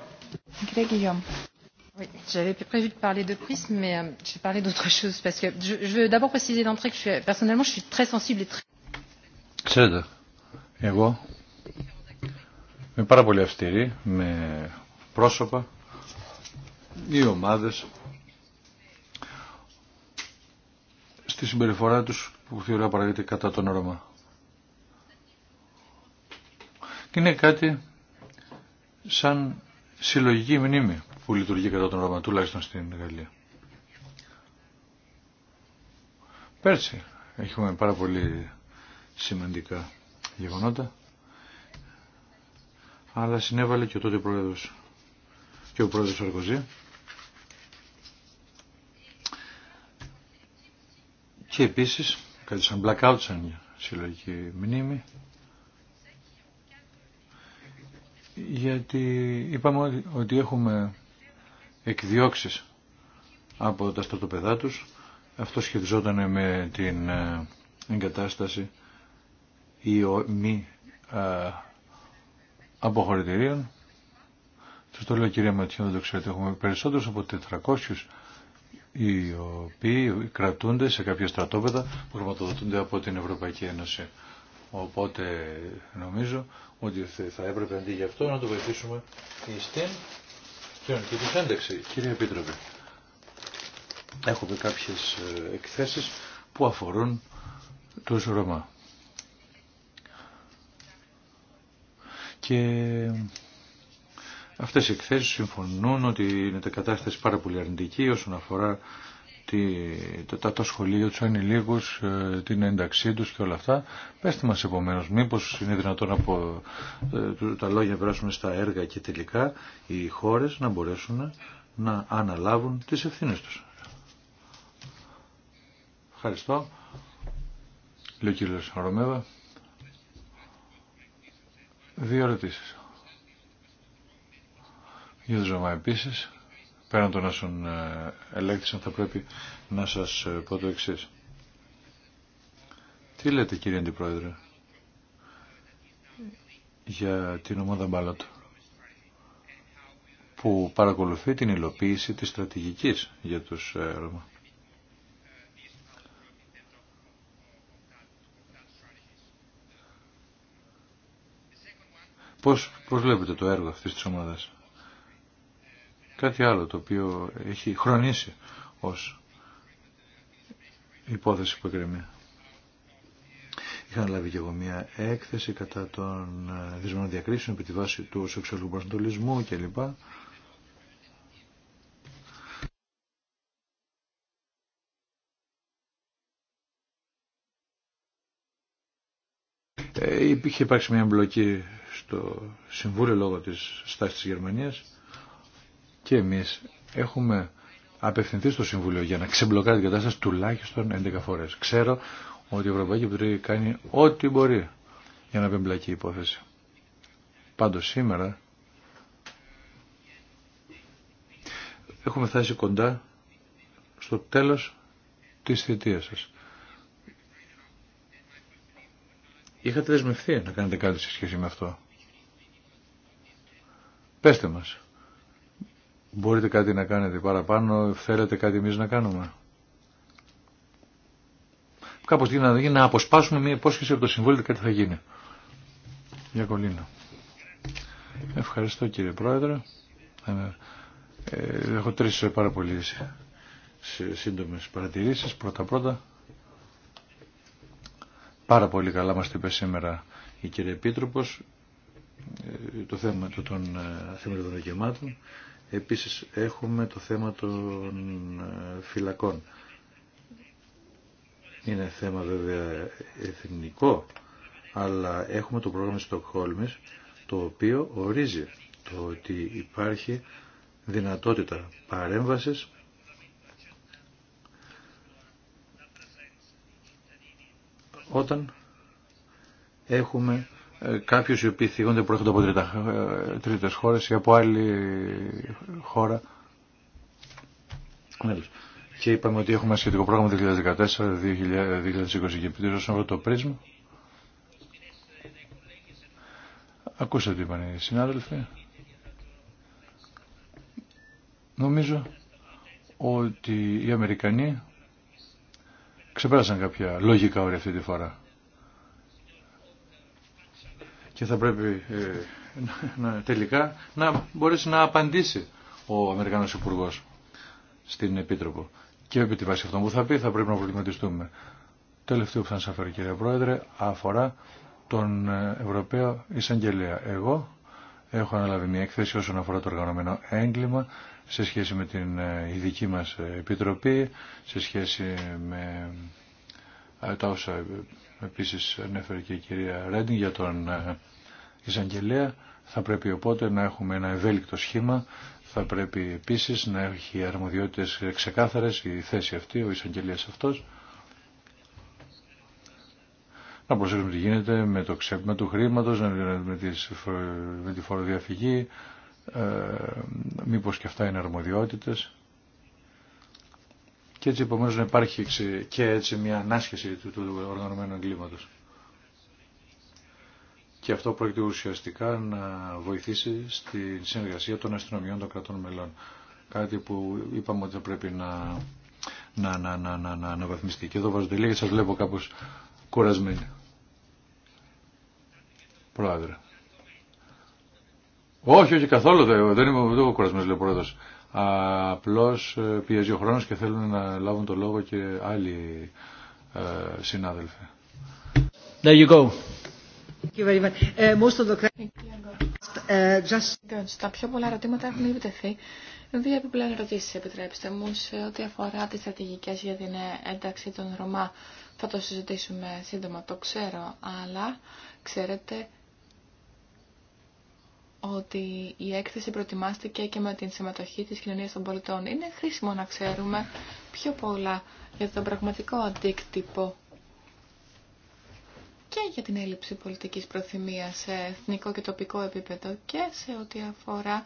C: Κύριε Guillaume. Oui, j'avais prévu de parler de prisme, mais euh, j'ai parlé d'autre chose parce que je, je veux d'abord préciser d'entrée que je suis, personnellement, je suis très sensible et très.
B: Ξέρετε, εγώ είμαι πάρα πολύ αυστηρή με πρόσωπα ή ομάδε στη συμπεριφορά του που θεωρώ παραγωγείται κατά τον όρομα είναι κάτι σαν συλλογική μνήμη που λειτουργεί κατά τον Ρώμα, τουλάχιστον στην Γαλλία. Πέρσι έχουμε πάρα πολύ σημαντικά γεγονότα, αλλά συνέβαλε και τότε ο πρόεδρος και ο πρόεδρος Αργοζή και επίσης κάτι σαν blackout, σαν συλλογική μνήμη γιατί είπαμε ότι έχουμε εκδιώξεις από τα στρατοπεδά τους. Αυτό σχετιζόταν με την ε, εγκατάσταση ή μη ε, αποχωρητηρίων. Σας το λέω κυρία δεν το ξέρετε, έχουμε περισσότερους από 400 οι οποίοι κρατούνται σε κάποια στρατόπεδα που χρηματοδοτούνται από την Ευρωπαϊκή Ένωση. Οπότε νομίζω ότι θα έπρεπε αντί για αυτό να το βοηθήσουμε στην κοινωνική του ένταξη. Κύριε Επίτροπε, έχουμε κάποιες ε, εκθέσεις που αφορούν τους Ρωμά. Και αυτές οι εκθέσεις συμφωνούν ότι είναι τα κατάσταση πάρα πολύ αρνητική όσον αφορά το τα, του σχολεία είναι ε, την ένταξή τους και όλα αυτά. Πεςτε μας επομένως, μήπως είναι δυνατόν από ε, τα λόγια να περάσουμε στα έργα και τελικά οι χώρες να μπορέσουν να αναλάβουν τις ευθύνες τους. Ευχαριστώ. Λέω κύριε Ρωμέβα. Δύο ερωτήσεις. Για ζώμα πέραν των όσων ε, ελέγχθησαν θα πρέπει να σας ε, πω το εξή. Τι λέτε κύριε Αντιπρόεδρε για την ομάδα Μπάλατο που παρακολουθεί την υλοποίηση της στρατηγικής για τους ε, Ρωμα. Πώς, πώς βλέπετε το έργο αυτής της ομάδας. Κάτι άλλο το οποίο έχει χρονίσει ως υπόθεση που εκκρεμεί. Είχα λάβει και εγώ μια έκθεση κατά των ε, δυσμένων διακρίσεων επί τη βάση του σεξουαλικού προσανατολισμού κλπ. Ε, υπήρχε υπάρξει μια εμπλοκή στο Συμβούλιο λόγω της στάσης της Γερμανίας και εμείς έχουμε απευθυνθεί στο Συμβουλίο για να ξεμπλοκάρει την κατάσταση τουλάχιστον 11 φορές. Ξέρω ότι η Ευρωπαϊκή Επιτροπή κάνει ό,τι μπορεί για να απεμπλακεί η υπόθεση. Πάντως σήμερα έχουμε φτάσει κοντά στο τέλος της θητείας σας. Είχατε δεσμευθεί να κάνετε κάτι σε σχέση με αυτό. Πέστε μας. Μπορείτε κάτι να κάνετε παραπάνω, θέλετε κάτι εμείς να κάνουμε. Κάπως τι να γίνει, να αποσπάσουμε μια υπόσχεση από το Συμβούλιο κάτι θα γίνει. Για κολλήνω. Ευχαριστώ κύριε Πρόεδρε. Ε, ε, έχω τρεις πάρα πολύ σύντομες παρατηρήσεις. Πρώτα πρώτα. Πάρα πολύ καλά μας είπε σήμερα η κύριε Επίτροπος ε, το θέμα των θεμελιωδών δικαιωμάτων Επίσης έχουμε το θέμα των ε, φυλακών. Είναι θέμα βέβαια εθνικό, αλλά έχουμε το πρόγραμμα Στοκχόλμης, το οποίο ορίζει το ότι υπάρχει δυνατότητα παρέμβασης όταν έχουμε ε, κάποιους οι οποίοι θυγόνται προέρχονται από τρίτα, ε, τρίτες χώρες ή από άλλη χώρα. Και είπαμε ότι ένα σχετικό πρόγραμμα 2014-2020 και όσον το πρίσμα. Ακούσατε τι είπαν οι συνάδελφοι. Νομίζω ότι οι Αμερικανοί ξεπέρασαν κάποια λογικά όρια αυτή τη φορά και θα πρέπει ε, να, τελικά να μπορέσει να απαντήσει ο Αμερικανός υπουργό στην Επίτροπο. Και επί τη βάση αυτών που θα πει θα πρέπει να προβληματιστούμε. Τελευταίο που θα σα αφαιρεί κύριε Πρόεδρε αφορά τον ε, Ευρωπαίο Εισαγγελέα. Εγώ έχω αναλάβει μια έκθεση όσον αφορά το οργανωμένο έγκλημα σε σχέση με την ε, ειδική μας ε, επιτροπή, σε σχέση με τα όσα επίσης ανέφερε και η κυρία Ρέντινγκ για τον ε, εισαγγελέα, θα πρέπει οπότε να έχουμε ένα ευέλικτο σχήμα, θα πρέπει επίσης να έχει αρμοδιότητες ξεκάθαρες η θέση αυτή, ο εισαγγελέας αυτός. Να προσέξουμε τι γίνεται με το ξέπημα του χρήματος, με τη φοροδιαφυγή, ε, μήπως και αυτά είναι αρμοδιότητες. Και έτσι επομένω να υπάρχει και έτσι μια ανάσχεση του, του οργανωμένου εγκλήματος. Και αυτό πρόκειται ουσιαστικά να βοηθήσει στη συνεργασία των αστυνομιών των κρατών μελών. Κάτι που είπαμε ότι θα πρέπει να, να, να, να, να, να, να Και εδώ βάζω τη γιατί σας βλέπω κάπως κουρασμένοι. Πρόεδρε. Όχι, όχι, καθόλου δεν είμαι ούτε κουρασμένος, λέει ο πρόεδρο. Απλώς ε, πιέζει ο χρόνο και θέλουν να λάβουν το λόγο και άλλοι ε, συνάδελφοι. There you go.
D: Ε, ε, Τα πιο πολλά ερωτήματα έχουν ήδη τεθεί. Δύο επιπλέον ερωτήσει, επιτρέψτε μου, σε ό,τι αφορά τι στρατηγικέ για την ένταξη των Ρωμά. Θα το συζητήσουμε σύντομα, το ξέρω, αλλά ξέρετε ότι η έκθεση προετοιμάστηκε και με την συμμετοχή της κοινωνίας των πολιτών. Είναι χρήσιμο να ξέρουμε πιο πολλά για τον πραγματικό αντίκτυπο και για την έλλειψη πολιτικής προθυμίας σε εθνικό και τοπικό επίπεδο και σε ό,τι αφορά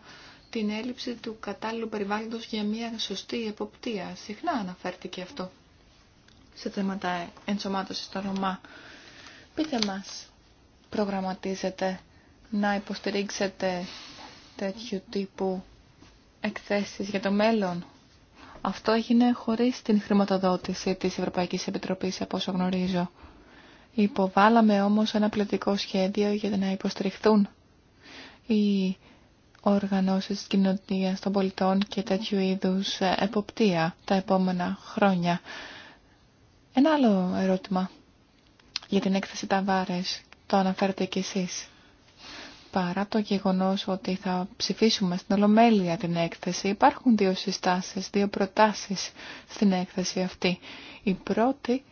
D: την έλλειψη του κατάλληλου περιβάλλοντος για μια σωστή εποπτεία. Συχνά αναφέρθηκε αυτό σε θέματα ενσωμάτωσης των Ρωμά. Πείτε μας, προγραμματίζετε να υποστηρίξετε τέτοιου τύπου εκθέσεις για το μέλλον. Αυτό έγινε χωρίς την χρηματοδότηση της Ευρωπαϊκής Επιτροπής, από όσο γνωρίζω. Υποβάλαμε όμως ένα πλαιτικό σχέδιο για να υποστηριχθούν οι οργανώσεις της κοινωνίας των πολιτών και τέτοιου είδους ε, εποπτεία τα επόμενα χρόνια. Ένα άλλο ερώτημα για την έκθεση Ταβάρες. Το αναφέρετε κι εσείς παρά το γεγονός ότι θα ψηφίσουμε στην Ολομέλεια την έκθεση, υπάρχουν δύο συστάσεις, δύο προτάσεις στην έκθεση αυτή. Η πρώτη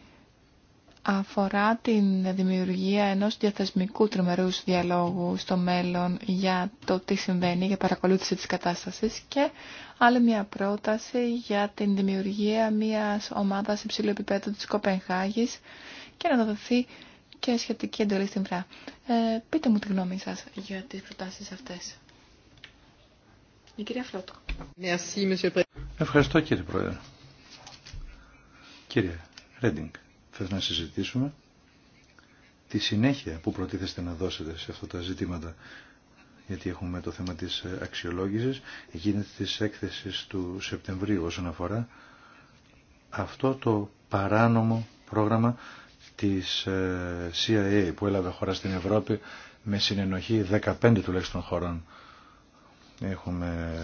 D: αφορά την δημιουργία ενός διαθεσμικού τριμερούς διαλόγου στο μέλλον για το τι συμβαίνει, για παρακολούθηση της κατάστασης και άλλη μια πρόταση για την δημιουργία μιας ομάδας υψηλού επίπεδου της Κοπενχάγης και να δοθεί και σχετική εντολή στην ΒΡΑ. Ε, πείτε μου τη γνώμη σας για τις προτάσεις αυτές. Η κυρία Φλότο.
B: Ευχαριστώ κύριε Πρόεδρε. Κύριε Ρέντινγκ, θέλω να συζητήσουμε τη συνέχεια που προτίθεστε να δώσετε σε αυτά τα ζητήματα γιατί έχουμε το θέμα της ε, αξιολόγησης, γίνεται της έκθεσης του Σεπτεμβρίου όσον αφορά αυτό το παράνομο πρόγραμμα της ε, CIA που έλαβε χώρα στην Ευρώπη με συνενοχή 15 τουλάχιστον χωρών. Έχουμε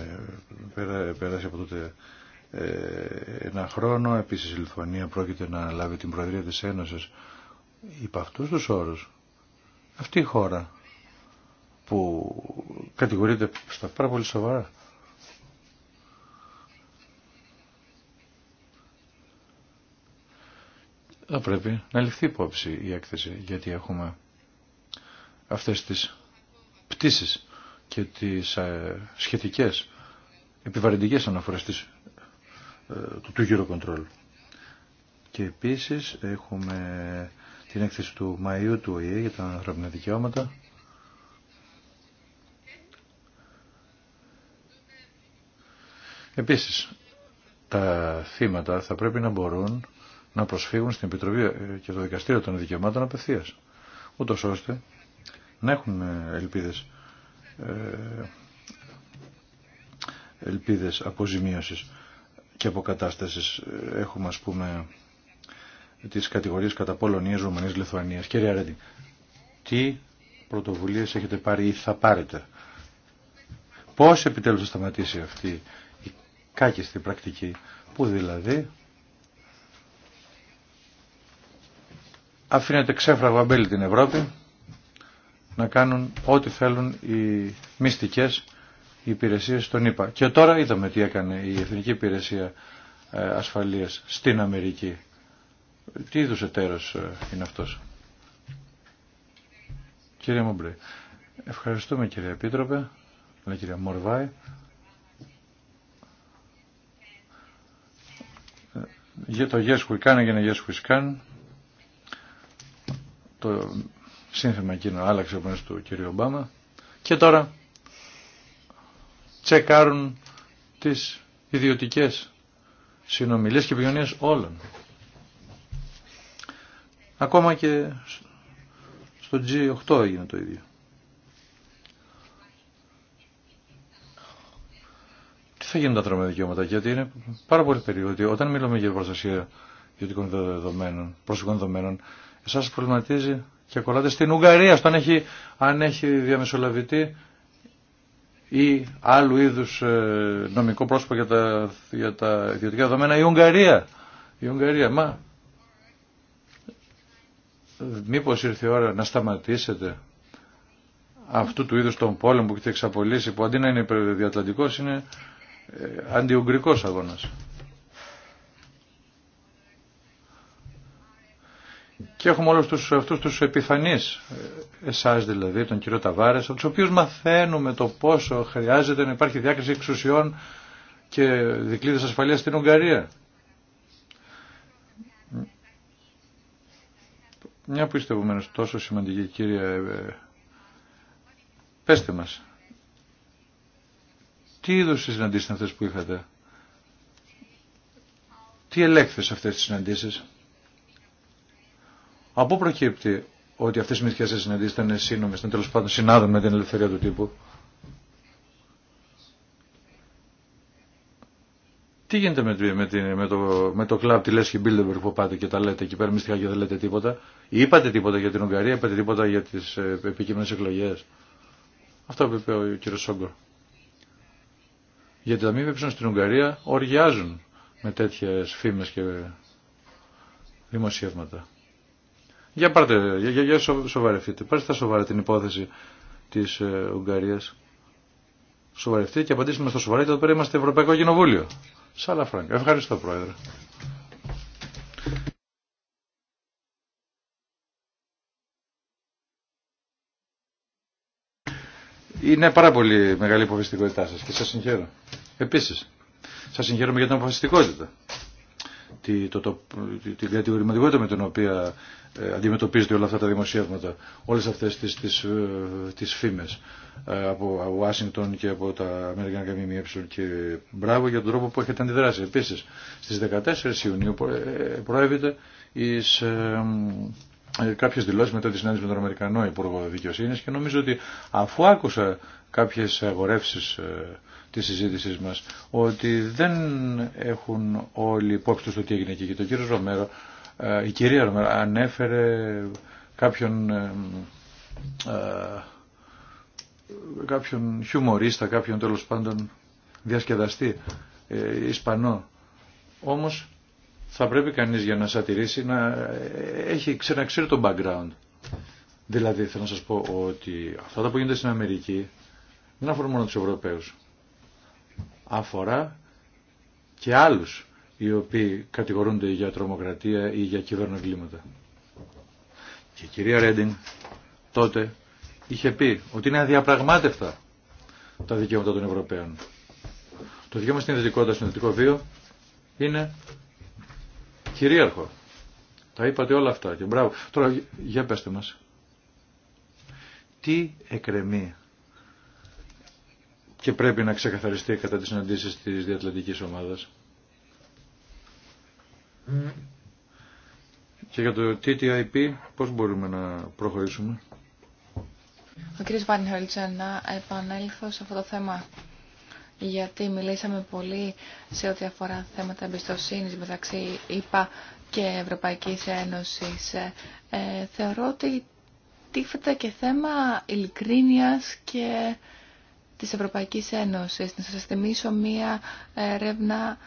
B: περάσει από τότε ε, ένα χρόνο. Επίσης η Λιθουανία πρόκειται να λάβει την Προεδρία της Ένωσης υπ' αυτούς τους όρους. Αυτή η χώρα που κατηγορείται στα πάρα πολύ σοβαρά θα πρέπει να ληφθεί υπόψη η έκθεση γιατί έχουμε αυτές τις πτήσεις και τις ε, σχετικές επιβαρυντικές αναφορές της, ε, του, του Eurocontrol. Και επίσης έχουμε την έκθεση του Μαΐου του ΟΗΕ για τα ανθρώπινα δικαιώματα Επίσης, τα θύματα θα πρέπει να μπορούν να προσφύγουν στην Επιτροπή ε, και το Δικαστήριο των Δικαιωμάτων απευθεία. Ούτω ώστε να έχουν ε, ελπίδε ε, ελπίδες αποζημίωσης και αποκατάσταση Έχουμε ας πούμε τις κατηγορίες κατά Πολωνία, Ρουμανία, Λιθουανία. Κύριε Αρέντι, τι πρωτοβουλίε έχετε πάρει ή θα πάρετε. Πώς επιτέλους θα σταματήσει αυτή η κάκιστη πρακτική που δηλαδή αφήνεται ξέφραγο αμπέλη την Ευρώπη να κάνουν ό,τι θέλουν οι μυστικές υπηρεσίες των ΗΠΑ. Και τώρα είδαμε τι έκανε η Εθνική Υπηρεσία ε, Ασφαλείας στην Αμερική. Τι είδους εταίρος ε, είναι αυτός. Κύριε Μομπρέ, ευχαριστούμε κύριε Επίτροπε, πίτροπε κυρία Μορβάη. Για ε, το yes we can, για να yes we can, το σύνθημα εκείνο άλλαξε ο του κύριου Ομπάμα και τώρα τσεκάρουν τις ιδιωτικές συνομιλίες και επικοινωνίες όλων. Ακόμα και στο G8 έγινε το ίδιο. Τι θα γίνουν τα τρομερά δικαιώματα, γιατί είναι πάρα πολύ περίοδο όταν μιλούμε για προστασία ιδιωτικών δεδομένων, προσωπικών δεδομένων, Σα προβληματίζει και κολλάτε στην Ουγγαρία, στο αν έχει, αν έχει διαμεσολαβητή ή άλλου είδους ε, νομικό πρόσωπο για τα, για τα ιδιωτικά δεδομένα η Ουγγαρία. Η Ουγγαρία, μα μήπως ήρθε η ώρα να σταματήσετε αυτού του είδους τον πόλεμο που έχετε εξαπολύσει που αντί να είναι υπερδιατλαντικό είναι ε, αντιουγγρικό αγώνα. Και έχουμε όλους τους, αυτούς τους επιφανείς, ε, εσάς δηλαδή, τον κύριο Ταβάρες, από τους οποίους μαθαίνουμε το πόσο χρειάζεται να υπάρχει διάκριση εξουσιών και δικλείδες ασφαλείας στην Ουγγαρία. Μια που είστε επομένως τόσο σημαντική κυρία, ε, πέστε μας, τι είδους συναντήσεις αυτές που είχατε, τι ελέγχθες αυτές τις συναντήσεις. Από πού προκύπτει ότι αυτέ οι μυθιαστές συναντήσει ήταν σύνομες, ήταν τέλο πάντων συνάδουν με την ελευθερία του τύπου. Τι γίνεται με, με, με, το, με το κλαμπ τη Λέσχη Μπίλτεμπεργκ που πάτε και τα λέτε εκεί πέρα μυστικά και δεν λέτε τίποτα. Είπατε τίποτα για την Ουγγαρία, είπατε τίποτα για τι ε, εκλογέ. Αυτό που είπε ο κ. Σόγκορ. Γιατί τα μη στην Ουγγαρία οργιάζουν με τέτοιες φήμες και δημοσιεύματα. Για, πάρτε, για, για σοβαρευτείτε. Πάρτε τα σοβαρά την υπόθεση της ε, Ουγγαρίας. Σοβαρευτείτε και απαντήστε στο σοβαρά γιατί εδώ πέρα είμαστε Ευρωπαϊκό Κοινοβούλιο. Σάλα Φράγκα. Ευχαριστώ Πρόεδρε. Είναι πάρα πολύ μεγάλη η αποφασιστικότητά και σα συγχαίρω. Επίση, σα συγχαίρω για την αποφασιστικότητα τη, το, το, την κατηγορηματικότητα με την οποία ε, αντιμετωπίζονται όλα αυτά τα δημοσιεύματα, όλες αυτές τις, τις, ε, τις φήμες ε, από Ουάσιγκτον και από τα Αμερικανικά ΜΜΕ και μπράβο για τον τρόπο που έχετε αντιδράσει. Επίσης, στις 14 Ιουνίου ε, προέβηται εις, ε, ε, κάποιες δηλώσεις μετά τη συνάντηση με τον Αμερικανό Υπουργό Δικαιοσύνης και νομίζω ότι αφού άκουσα κάποιες αγορεύσεις Τη συζήτησή μας ότι δεν έχουν όλοι υπόψη τους το τι έγινε εκεί. Και το κύριο Ρομέρο, ε, η κυρία Ρομέρο ανέφερε κάποιον ε, ε, κάποιον χιουμορίστα, κάποιον τέλος πάντων διασκεδαστή, Ισπανό. Όμως θα πρέπει κανείς για να σατηρήσει να έχει ξαναξύρει το background. Δηλαδή θέλω να σας πω ότι αυτά τα που γίνονται στην Αμερική δεν αφορούν μόνο τους Ευρωπαίους αφορά και άλλους οι οποίοι κατηγορούνται για τρομοκρατία ή για κυβερνοκλήματα. Και η κυρία Ρέντινγκ τότε είχε πει ότι είναι αδιαπραγμάτευτα τα δικαιώματα των Ευρωπαίων. Το δικαίωμα στην ιδιωτικότητα, στον ιδιωτικό βίο είναι κυρίαρχο. Τα είπατε όλα αυτά και μπράβο. Τώρα για πέστε μας. Τι εκρεμεί και πρέπει να ξεκαθαριστεί κατά τις συναντήσεις της διατλαντικής ομάδας. Και για το TTIP πώς μπορούμε να προχωρήσουμε.
D: Ο κ. Βάνιχολτσε, να επανέλθω σε αυτό το θέμα. Γιατί μιλήσαμε πολύ σε ό,τι αφορά θέματα εμπιστοσύνης μεταξύ ΙΠΑ και Ευρωπαϊκής Ένωσης. Ε, θεωρώ ότι τίθεται και θέμα ειλικρίνειας και της Ευρωπαϊκής Ένωσης. Να σας θυμίσω μία έρευνα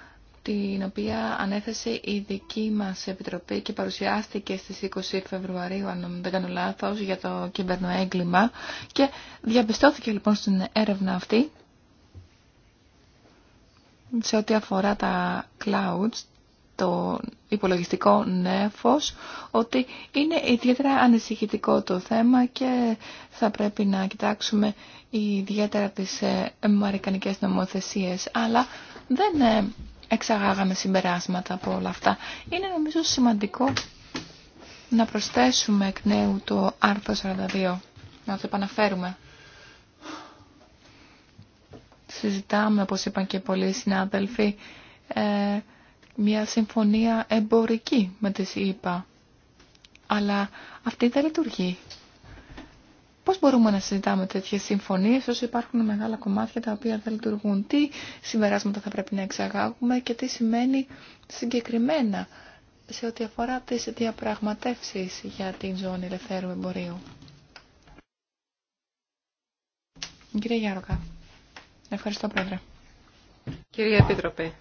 D: την οποία ανέθεσε η δική μας Επιτροπή και παρουσιάστηκε στις 20 Φεβρουαρίου, αν δεν κάνω λάθος, για το έγκλημα Και διαπιστώθηκε λοιπόν στην έρευνα αυτή, σε ό,τι αφορά τα clouds, το υπολογιστικό νέφος ότι είναι ιδιαίτερα ανησυχητικό το θέμα και θα πρέπει να κοιτάξουμε ιδιαίτερα τις ε, αμερικανικές νομοθεσίες. Αλλά δεν ε, εξαγάγαμε συμπεράσματα από όλα αυτά. Είναι νομίζω σημαντικό να προσθέσουμε εκ νέου το άρθρο 42, να το επαναφέρουμε. Συζητάμε, όπως είπαν και πολλοί συνάδελφοι, ε, μια συμφωνία εμπορική με τις ΗΠΑ. Αλλά αυτή δεν λειτουργεί. Πώς μπορούμε να συζητάμε τέτοιες συμφωνίες όσο υπάρχουν μεγάλα κομμάτια τα οποία δεν λειτουργούν. Τι συμπεράσματα θα πρέπει να εξαγάγουμε και τι σημαίνει συγκεκριμένα σε ό,τι αφορά τις διαπραγματεύσεις για την ζώνη ελευθέρου εμπορίου. Κύριε Γιάροκα, ευχαριστώ πρόεδρε.
C: Κύριε Επίτροπε,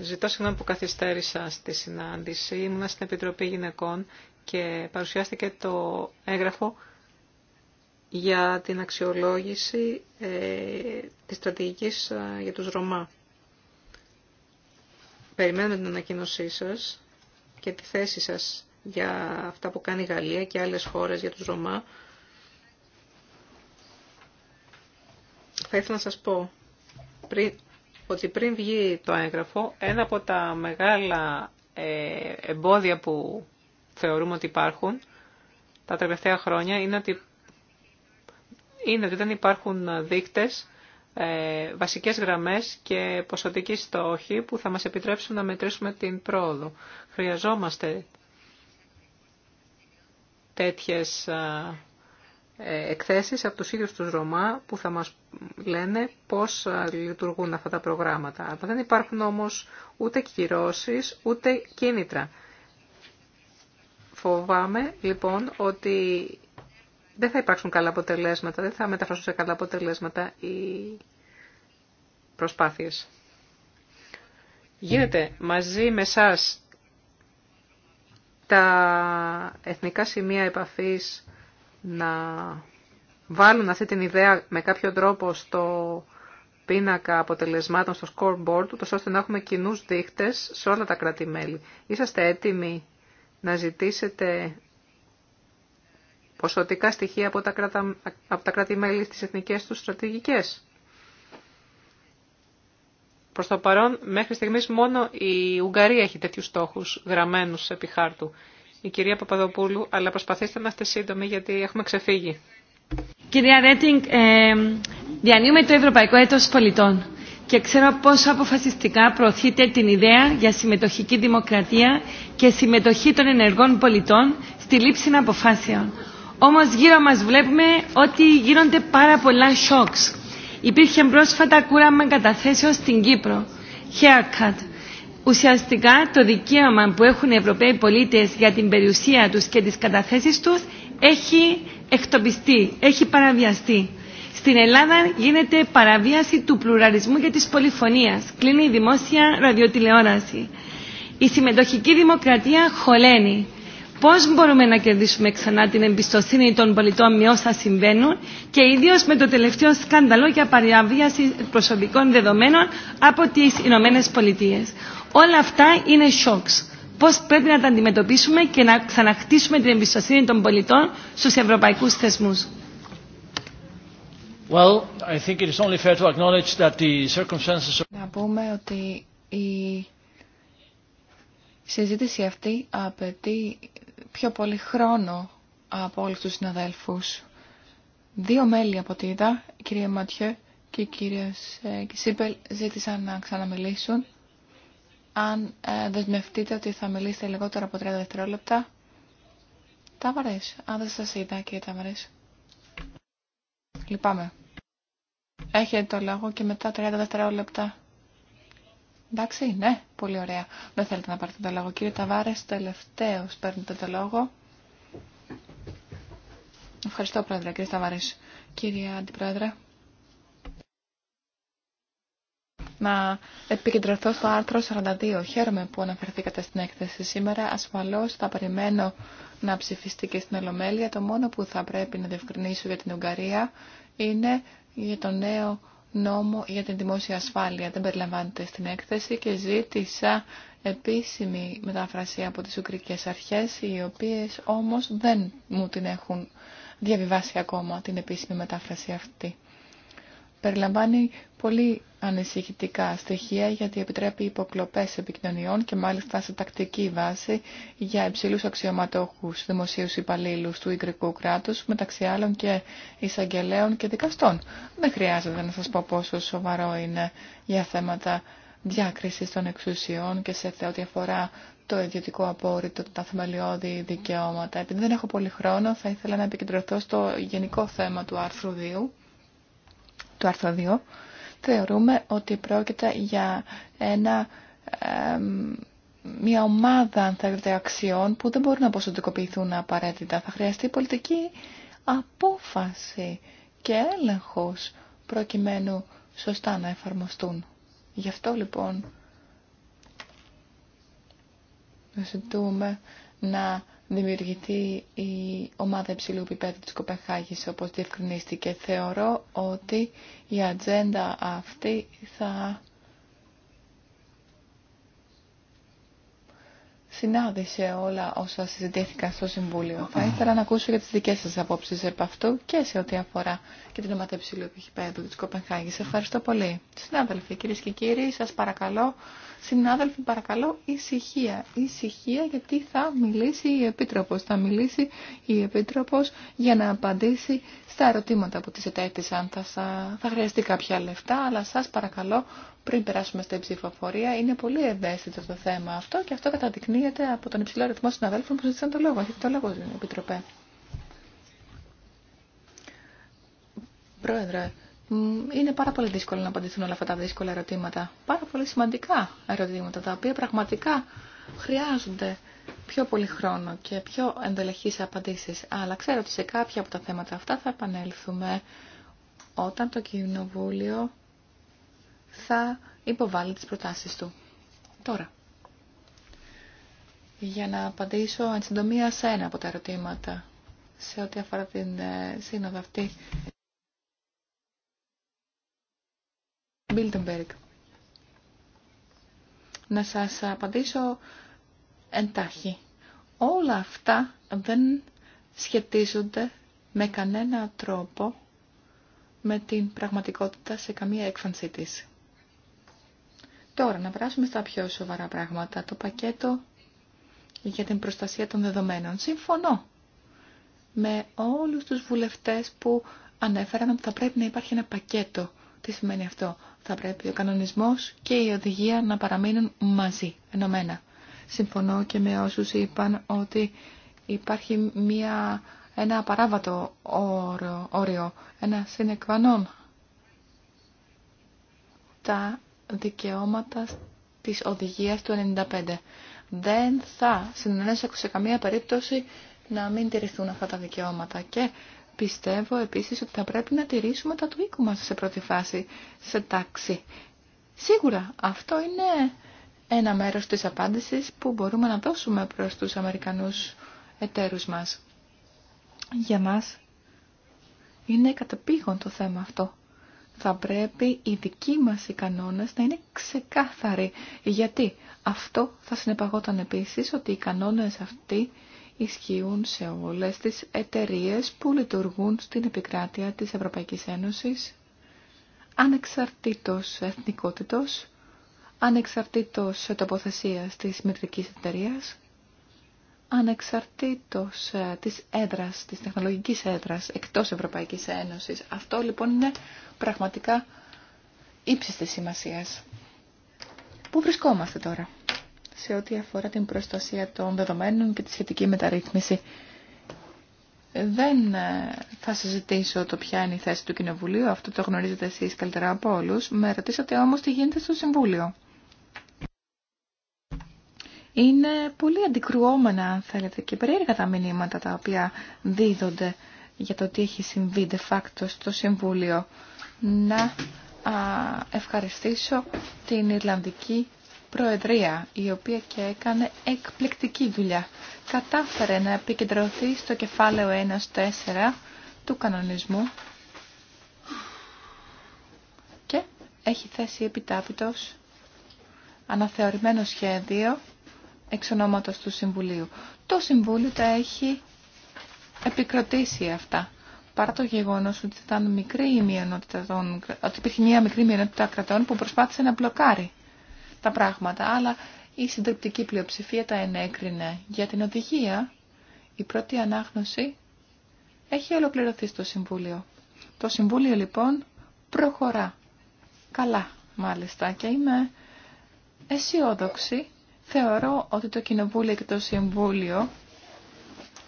C: Ζητώ συγγνώμη που καθυστέρησα στη συνάντηση. Ήμουνα στην Επιτροπή Γυναικών και παρουσιάστηκε το έγγραφο για την αξιολόγηση ε, της στρατηγικής ε, για τους Ρωμά. Περιμένουμε την ανακοίνωσή σας και τη θέση σας για αυτά που κάνει η Γαλλία και άλλες χώρες για τους Ρωμά. Θα ήθελα να σας πω πριν, ότι πριν βγει το έγγραφο, ένα από τα μεγάλα ε, εμπόδια που θεωρούμε ότι υπάρχουν τα τελευταία χρόνια είναι ότι, είναι ότι δεν υπάρχουν δείκτες, ε, βασικές γραμμές και ποσοτικοί στόχοι που θα μας επιτρέψουν να μετρήσουμε την πρόοδο. Χρειαζόμαστε τέτοιες ε, εκθέσεις από τους ίδιους τους Ρωμά που θα μας λένε πώς ε, λειτουργούν αυτά τα προγράμματα. Αλλά δεν υπάρχουν όμως ούτε κυρώσεις ούτε κίνητρα. Φοβάμαι λοιπόν ότι δεν θα υπάρξουν καλά αποτελέσματα, δεν θα μεταφράσουν σε καλά αποτελέσματα οι προσπάθειες. Γίνεται μαζί με σας τα εθνικά σημεία επαφής να βάλουν αυτή την ιδέα με κάποιο τρόπο στο πίνακα αποτελεσμάτων, στο scoreboard, του, ώστε να έχουμε κοινού δείχτες σε όλα τα κράτη-μέλη. Είσαστε έτοιμοι να ζητήσετε ποσοτικά στοιχεία από τα, κράτα, από τα κράτη-μέλη στις εθνικές τους στρατηγικές. Προς το παρόν, μέχρι στιγμής μόνο η Ουγγαρία έχει τέτοιους στόχους γραμμένους σε χάρτου η κυρία Παπαδοπούλου, αλλά προσπαθήστε να είστε σύντομοι γιατί έχουμε ξεφύγει.
G: Κυρία Ρέτινγκ, ε, διανύουμε το Ευρωπαϊκό Έτος Πολιτών και ξέρω πόσο αποφασιστικά προωθείτε την ιδέα για συμμετοχική δημοκρατία και συμμετοχή των ενεργών πολιτών στη λήψη αποφάσεων. Όμως γύρω μας βλέπουμε ότι γίνονται πάρα πολλά σοκς. Υπήρχε πρόσφατα κούραμα καταθέσεως στην Κύπρο, haircut, ουσιαστικά το δικαίωμα που έχουν οι Ευρωπαίοι πολίτες για την περιουσία τους και τις καταθέσεις τους έχει εκτοπιστεί, έχει παραβιαστεί. Στην Ελλάδα γίνεται παραβίαση του πλουραλισμού και της πολυφωνίας. Κλείνει η δημόσια ραδιοτηλεόραση. Η συμμετοχική δημοκρατία χωλαίνει. Πώς μπορούμε να κερδίσουμε ξανά την εμπιστοσύνη των πολιτών με όσα συμβαίνουν και ιδίως με το τελευταίο σκάνδαλο για παραβίαση προσωπικών δεδομένων από τις Ηνωμένε Πολιτείες. Όλα αυτά είναι σοκς. Πώς πρέπει να τα αντιμετωπίσουμε και να ξαναχτίσουμε την εμπιστοσύνη των πολιτών στους ευρωπαϊκούς θεσμούς.
A: Να πούμε ότι η
D: συζήτηση αυτή απαιτεί πιο πολύ χρόνο από όλους τους συναδέλφους. Δύο μέλη από τη ΕΔΑ, η κυρία Ματιέ και η κυρία Σίπελ, ζήτησαν να ξαναμιλήσουν αν ε, δεσμευτείτε ότι θα μιλήσετε λιγότερο από 30 δευτερόλεπτα. Ταβαρές, αν δεν σας είδα κύριε Ταβαρές. Λυπάμαι. Έχετε το λόγο και μετά 30 δευτερόλεπτα. Εντάξει, ναι, πολύ ωραία. Δεν θέλετε να πάρετε το λόγο. Κύριε Ταβάρες, τελευταίο παίρνετε το λόγο. Ευχαριστώ, Πρόεδρε, κύριε Ταβάρες. Κύριε Αντιπρόεδρε. να επικεντρωθώ στο άρθρο 42. Χαίρομαι που αναφερθήκατε στην έκθεση σήμερα. Ασφαλώς θα περιμένω να ψηφιστεί και στην Ολομέλεια. Το μόνο που θα πρέπει να διευκρινίσω για την Ουγγαρία είναι για το νέο νόμο για την δημόσια ασφάλεια. Δεν περιλαμβάνεται στην έκθεση και ζήτησα επίσημη μετάφραση από τις Ουγγρικές Αρχές, οι οποίες όμως δεν μου την έχουν διαβιβάσει ακόμα την επίσημη μετάφραση αυτή περιλαμβάνει πολύ ανησυχητικά στοιχεία γιατί επιτρέπει υποκλοπές επικοινωνιών και μάλιστα σε τακτική βάση για υψηλούς αξιωματόχους, δημοσίους υπαλλήλου του Ιγκρικού κράτους, μεταξύ άλλων και εισαγγελέων και δικαστών. Δεν χρειάζεται να σας πω πόσο σοβαρό είναι για θέματα διάκρισης των εξουσιών και σε ό,τι αφορά το ιδιωτικό απόρριτο, τα θεμελιώδη δικαιώματα. Επειδή δεν έχω πολύ χρόνο, θα ήθελα να επικεντρωθώ στο γενικό θέμα του άρθρου 2 του άρθρου 2, θεωρούμε ότι πρόκειται για ένα, μια ομάδα αξιών που δεν μπορούν να ποσοτικοποιηθούν απαραίτητα. Θα χρειαστεί πολιτική απόφαση και έλεγχος προκειμένου σωστά να εφαρμοστούν. Γι' αυτό λοιπόν ζητούμε να δημιουργηθεί η ομάδα υψηλού επίπεδου της Κοπεχάγης όπως διευκρινίστηκε. Θεωρώ ότι η ατζέντα αυτή θα συνάδει σε όλα όσα συζητήθηκαν στο Συμβούλιο. Θα ήθελα να ακούσω για τις δικές σας απόψεις επ' αυτού και σε ό,τι αφορά και την ομάδα υψηλού επιχειπέδου της Κοπενχάγης. Ευχαριστώ πολύ. Συνάδελφοι, κυρίε και κύριοι, σας παρακαλώ, συνάδελφοι, παρακαλώ, ησυχία. Ησυχία γιατί θα μιλήσει η Επίτροπος. Θα μιλήσει η Επίτροπος για να απαντήσει στα ερωτήματα που της ετέθησαν. Θα, θα χρειαστεί κάποια λεφτά, αλλά σας παρακαλώ πριν περάσουμε στην ψηφοφορία. Είναι πολύ ευαίσθητο το θέμα αυτό και αυτό καταδεικνύεται από τον υψηλό αριθμό συναδέλφων που ζήτησαν το λόγο. Έχετε το λόγο, Επιτροπέ. Πρόεδρε, είναι πάρα πολύ δύσκολο να απαντηθούν όλα αυτά τα δύσκολα ερωτήματα. Πάρα πολύ σημαντικά ερωτήματα, τα οποία πραγματικά χρειάζονται πιο πολύ χρόνο και πιο ενδελεχείς απαντήσεις. Αλλά ξέρω ότι σε κάποια από τα θέματα αυτά θα επανέλθουμε όταν το Κοινοβούλιο θα υποβάλει τις προτάσεις του. Τώρα, για να απαντήσω εν συντομία σε ένα από τα ερωτήματα σε ό,τι αφορά την ε, σύνοδο αυτή. Bildenberg. Να σας απαντήσω εντάχει. Όλα αυτά δεν σχετίζονται με κανένα τρόπο με την πραγματικότητα σε καμία έκφανσή της. Τώρα, να περάσουμε στα πιο σοβαρά πράγματα. Το πακέτο για την προστασία των δεδομένων. Συμφωνώ με όλους τους βουλευτές που ανέφεραν ότι θα πρέπει να υπάρχει ένα πακέτο. Τι σημαίνει αυτό. Θα πρέπει ο κανονισμός και η οδηγία να παραμείνουν μαζί, ενωμένα. Συμφωνώ και με όσους είπαν ότι υπάρχει μια, ένα απαράβατο όριο, ένα συνεκβανόν. Τα δικαιώματα της οδηγίας του 95. Δεν θα συνενέσω σε καμία περίπτωση να μην τηρηθούν αυτά τα δικαιώματα και πιστεύω επίσης ότι θα πρέπει να τηρήσουμε τα του οίκου μας σε πρώτη φάση, σε τάξη. Σίγουρα αυτό είναι ένα μέρος της απάντησης που μπορούμε να δώσουμε προς τους Αμερικανούς εταίρους μας. Για μας είναι κατεπήγον το θέμα αυτό θα πρέπει οι δικοί μας οι κανόνες να είναι ξεκάθαροι. Γιατί αυτό θα συνεπαγόταν επίσης ότι οι κανόνες αυτοί ισχύουν σε όλες τις εταιρείες που λειτουργούν στην επικράτεια της Ευρωπαϊκής Ένωσης, ανεξαρτήτως εθνικότητος, ανεξαρτήτως τοποθεσίας της μητρικής εταιρείας ανεξαρτήτως ε, της έδρας, της τεχνολογικής έδρας εκτός Ευρωπαϊκής Ένωσης. Αυτό λοιπόν είναι πραγματικά ύψιστη σημασία. Πού βρισκόμαστε τώρα σε ό,τι αφορά την προστασία των δεδομένων και τη σχετική μεταρρύθμιση. Δεν ε, θα συζητήσω το ποια είναι η θέση του Κοινοβουλίου, αυτό το γνωρίζετε εσείς καλύτερα από όλους. Με ρωτήσατε όμως τι γίνεται στο Συμβούλιο. Είναι πολύ αντικρουόμενα, αν θέλετε, και περίεργα τα μηνύματα τα οποία δίδονται για το τι έχει συμβεί de facto στο Συμβούλιο. Να ευχαριστήσω την Ιρλανδική Προεδρία, η οποία και έκανε εκπληκτική δουλειά. Κατάφερε να επικεντρωθεί στο κεφάλαιο 1-4 του κανονισμού και έχει θέσει επιτάπητος αναθεωρημένο σχέδιο εξ ονόματος του Συμβουλίου. Το Συμβούλιο τα έχει επικροτήσει αυτά. Παρά το γεγονό ότι, ήταν μικρή η μειονότητα ότι υπήρχε μια μικρή μειονότητα κρατών που προσπάθησε να μπλοκάρει τα πράγματα, αλλά η συντριπτική πλειοψηφία τα ενέκρινε. Για την οδηγία, η πρώτη ανάγνωση έχει ολοκληρωθεί στο Συμβούλιο. Το Συμβούλιο λοιπόν προχωρά. Καλά μάλιστα και είμαι αισιόδοξη θεωρώ ότι το Κοινοβούλιο και το Συμβούλιο,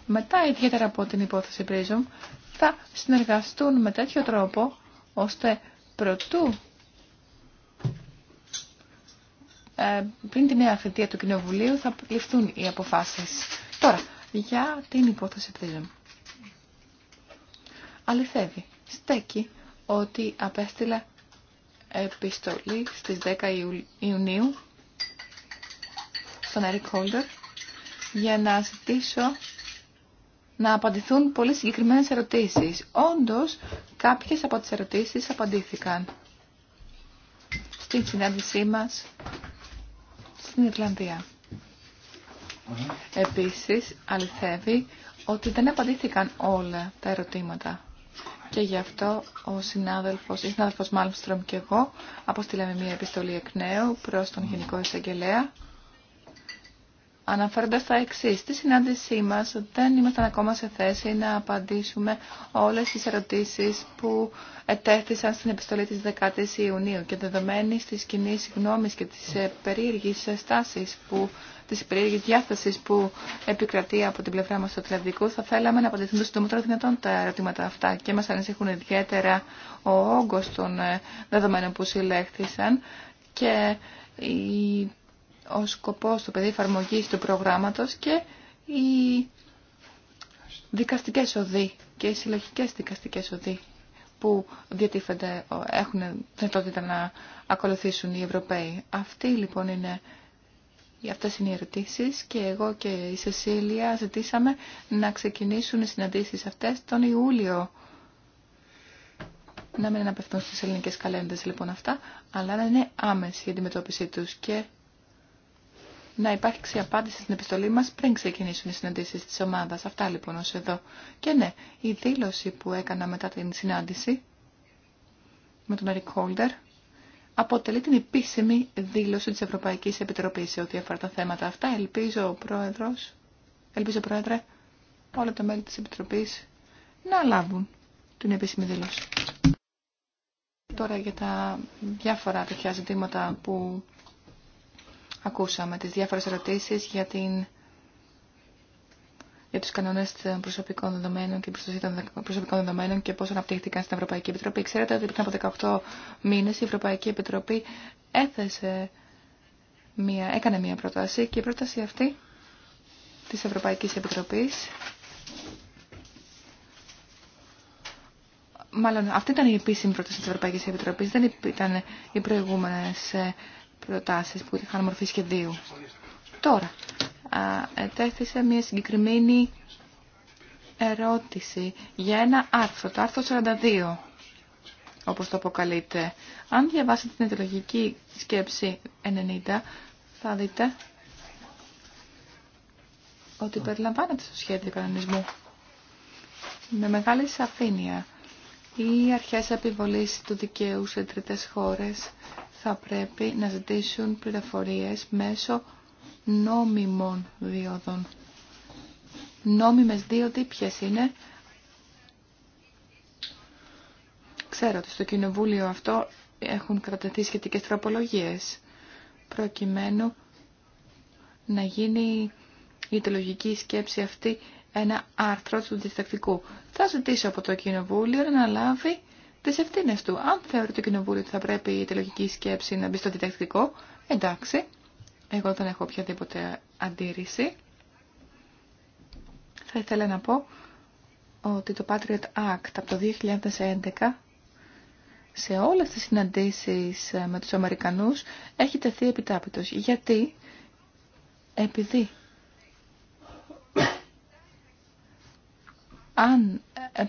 D: μετά ιδιαίτερα από την υπόθεση Prism, θα συνεργαστούν με τέτοιο τρόπο, ώστε προτού ε, πριν τη νέα θητεία του Κοινοβουλίου θα ληφθούν οι αποφάσεις. Τώρα, για την υπόθεση Prism. Αληθεύει, στέκει ότι απέστειλα επιστολή στις 10 Ιουνίου στον Eric Holder για να ζητήσω να απαντηθούν πολύ συγκεκριμένες ερωτήσεις. Όντως, κάποιες από τις ερωτήσεις απαντήθηκαν στην συνάντησή μας στην Ιρλανδία. Επίσης, αληθεύει ότι δεν απαντήθηκαν όλα τα ερωτήματα. Και γι' αυτό ο συνάδελφος, η συνάδελφος Μάλμστρομ και εγώ αποστήλαμε μια επιστολή εκ νέου προς τον Γενικό Εισαγγελέα αναφέροντα τα εξή. Στη συνάντησή μα δεν ήμασταν ακόμα σε θέση να απαντήσουμε όλε τι ερωτήσει που ετέθησαν στην επιστολή τη 10η Ιουνίου και δεδομένη τη κοινή γνώμη και τη ε, περίεργη στάση που τη περίεργη διάθεση που επικρατεί από την πλευρά μα του Ατλαντικού, θα θέλαμε να απαντηθούν το συντομότερο δυνατόν τα ερωτήματα αυτά και μα ανησυχούν ιδιαίτερα ο όγκο των ε, δεδομένων που συλλέχθησαν και η ο σκοπός του πεδίου εφαρμογή του προγράμματος και οι δικαστικές οδοί και οι συλλογικές δικαστικές οδοί που διατίθενται, έχουν δυνατότητα να ακολουθήσουν οι Ευρωπαίοι. Αυτή λοιπόν είναι Αυτέ είναι οι ερωτήσει και εγώ και η Σεσίλια ζητήσαμε να ξεκινήσουν οι συναντήσει αυτέ τον Ιούλιο. Να μην αναπευθούν στι ελληνικές καλένδε λοιπόν αυτά, αλλά να είναι άμεση η αντιμετώπιση τους και να υπάρξει απάντηση στην επιστολή μας πριν ξεκινήσουν οι συναντήσεις της ομάδας. Αυτά λοιπόν ως εδώ. Και ναι, η δήλωση που έκανα μετά την συνάντηση με τον Eric Holder αποτελεί την επίσημη δήλωση της Ευρωπαϊκής Επιτροπής σε ό,τι αφορά τα θέματα αυτά. Ελπίζω, Πρόεδρος, ελπίζω, Πρόεδρε, όλα τα μέλη της Επιτροπής να λάβουν την επίσημη δήλωση. Τώρα για τα διάφορα τέτοια ζητήματα που Ακούσαμε τις διάφορες ερωτήσεις για, την... για τους κανόνες των προσωπικών δεδομένων και προστασία των προσωπικών δεδομένων και πώς αναπτύχθηκαν στην Ευρωπαϊκή Επιτροπή. Ξέρετε ότι πριν από 18 μήνες η Ευρωπαϊκή Επιτροπή έθεσε μία, έκανε μία πρόταση και η πρόταση αυτή της Ευρωπαϊκής Επιτροπής Μάλλον αυτή ήταν η επίσημη πρόταση της Ευρωπαϊκής Επιτροπής, δεν ήταν οι προηγούμενες ε, προτάσεις που είχαν μορφή σχεδίου. Τώρα, ετέθησε μια συγκεκριμένη ερώτηση για ένα άρθρο, το άρθρο 42, όπως το αποκαλείται. Αν διαβάσετε την ιδεολογική σκέψη 90, θα δείτε ότι περιλαμβάνεται στο σχέδιο κανονισμού. Με μεγάλη σαφήνεια. Οι αρχές επιβολής του δικαίου σε τρίτες χώρες θα πρέπει να ζητήσουν πληροφορίες μέσω νόμιμων διόδων. Νόμιμες δίωδοι ποιες είναι. Ξέρω ότι στο κοινοβούλιο αυτό έχουν κρατηθεί σχετικές τροπολογίες προκειμένου να γίνει η τελογική σκέψη αυτή ένα άρθρο του διστακτικού. Θα ζητήσω από το Κοινοβούλιο να λάβει τι ευθύνε του. Αν θεωρεί το Κοινοβούλιο ότι θα πρέπει η τελογική σκέψη να μπει στο διδακτικό, εντάξει, εγώ δεν έχω οποιαδήποτε αντίρρηση. Θα ήθελα να πω ότι το Patriot Act από το 2011 σε όλες τις συναντήσεις με τους Αμερικανούς έχει τεθεί επιτάπητος. Γιατί, επειδή αν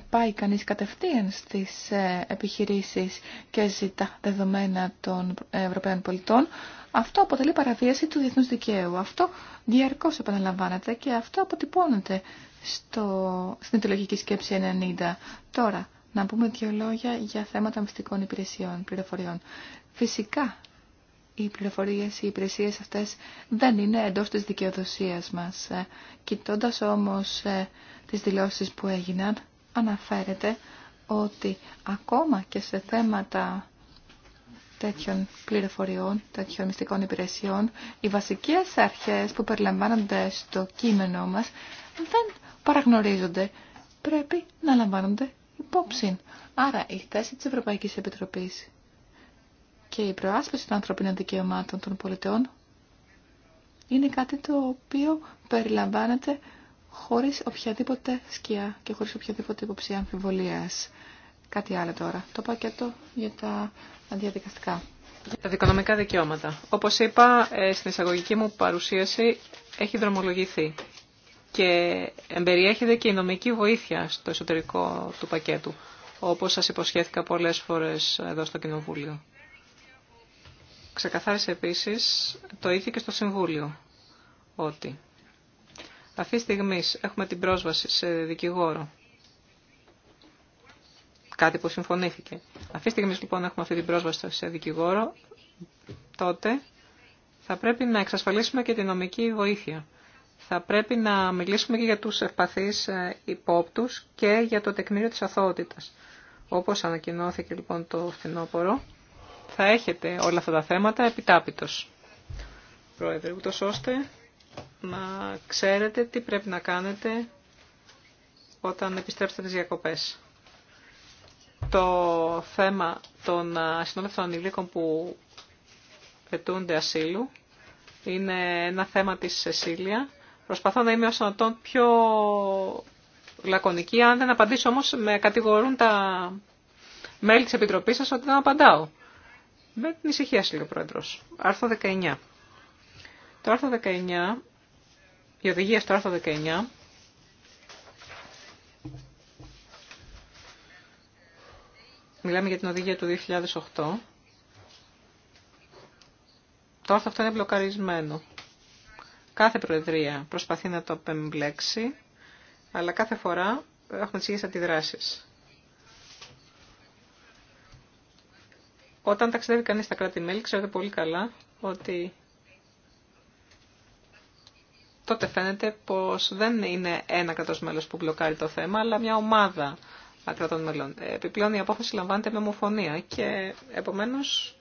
D: πάει κανείς κατευθείαν στις ε, επιχειρήσεις και ζητά δεδομένα των Ευρωπαίων πολιτών, αυτό αποτελεί παραβίαση του διεθνούς δικαίου. Αυτό διαρκώς επαναλαμβάνεται και αυτό αποτυπώνεται στο, στην ιδεολογική σκέψη 90. Τώρα, να πούμε δύο λόγια για θέματα μυστικών υπηρεσιών, πληροφοριών. Φυσικά, οι πληροφορίες, οι υπηρεσίες αυτές δεν είναι εντός της δικαιοδοσίας μας. Ε, κοιτώντας όμως ε, τις δηλώσεις που έγιναν, αναφέρεται ότι ακόμα και σε θέματα τέτοιων πληροφοριών, τέτοιων μυστικών υπηρεσιών, οι βασικές αρχές που περιλαμβάνονται στο κείμενό μας δεν παραγνωρίζονται. Πρέπει να λαμβάνονται υπόψη. Άρα η θέση της Ευρωπαϊκής Επιτροπής και η προάσπιση των ανθρωπίνων δικαιωμάτων των πολιτών είναι κάτι το οποίο περιλαμβάνεται χωρίς οποιαδήποτε σκιά και χωρίς οποιαδήποτε υποψία αμφιβολίας. Κάτι άλλο τώρα. Το πακέτο για τα διαδικαστικά.
C: τα δικονομικά δικαιώματα. Όπως είπα, ε, στην εισαγωγική μου παρουσίαση έχει δρομολογηθεί και εμπεριέχεται και η νομική βοήθεια στο εσωτερικό του πακέτου, όπως σας υποσχέθηκα πολλές φορές εδώ στο Κοινοβούλιο. Ξεκαθάρισε επίσης το ίδιο και στο Συμβούλιο, ότι αυτή τη στιγμή έχουμε την πρόσβαση σε δικηγόρο. Κάτι που συμφωνήθηκε. Αυτή τη στιγμή λοιπόν έχουμε αυτή την πρόσβαση σε δικηγόρο. Τότε θα πρέπει να εξασφαλίσουμε και τη νομική βοήθεια. Θα πρέπει να μιλήσουμε και για τους ευπαθείς ε, υπόπτους και για το τεκμήριο της αθότητας. Όπως ανακοινώθηκε λοιπόν το φθινόπωρο, θα έχετε όλα αυτά τα θέματα επιτάπητος. Πρόεδρε, ούτως ώστε να ξέρετε τι πρέπει να κάνετε όταν επιστρέψετε τις διακοπές. Το θέμα των ασυνόδευτων ανηλίκων που πετούνται ασύλου είναι ένα θέμα της Σεσίλια. Προσπαθώ να είμαι να τον πιο λακωνική. Αν δεν απαντήσω όμως με κατηγορούν τα μέλη της Επιτροπής σας ότι δεν απαντάω. Με την ησυχία σας λέει ο Πρόεδρος. Άρθρο 19. Το 19, η οδηγία στο άρθρο 19, μιλάμε για την οδηγία του 2008, το άρθρο αυτό είναι μπλοκαρισμένο. Κάθε Προεδρία προσπαθεί να το απεμπλέξει, αλλά κάθε φορά έχουμε τις ίδιες αντιδράσεις. Όταν ταξιδεύει κανείς στα κράτη-μέλη, ξέρετε πολύ καλά ότι τότε φαίνεται πως δεν είναι ένα κρατός μέλος που μπλοκάρει το θέμα, αλλά μια ομάδα κρατών μελών. Επιπλέον η απόφαση λαμβάνεται με ομοφωνία και επομένως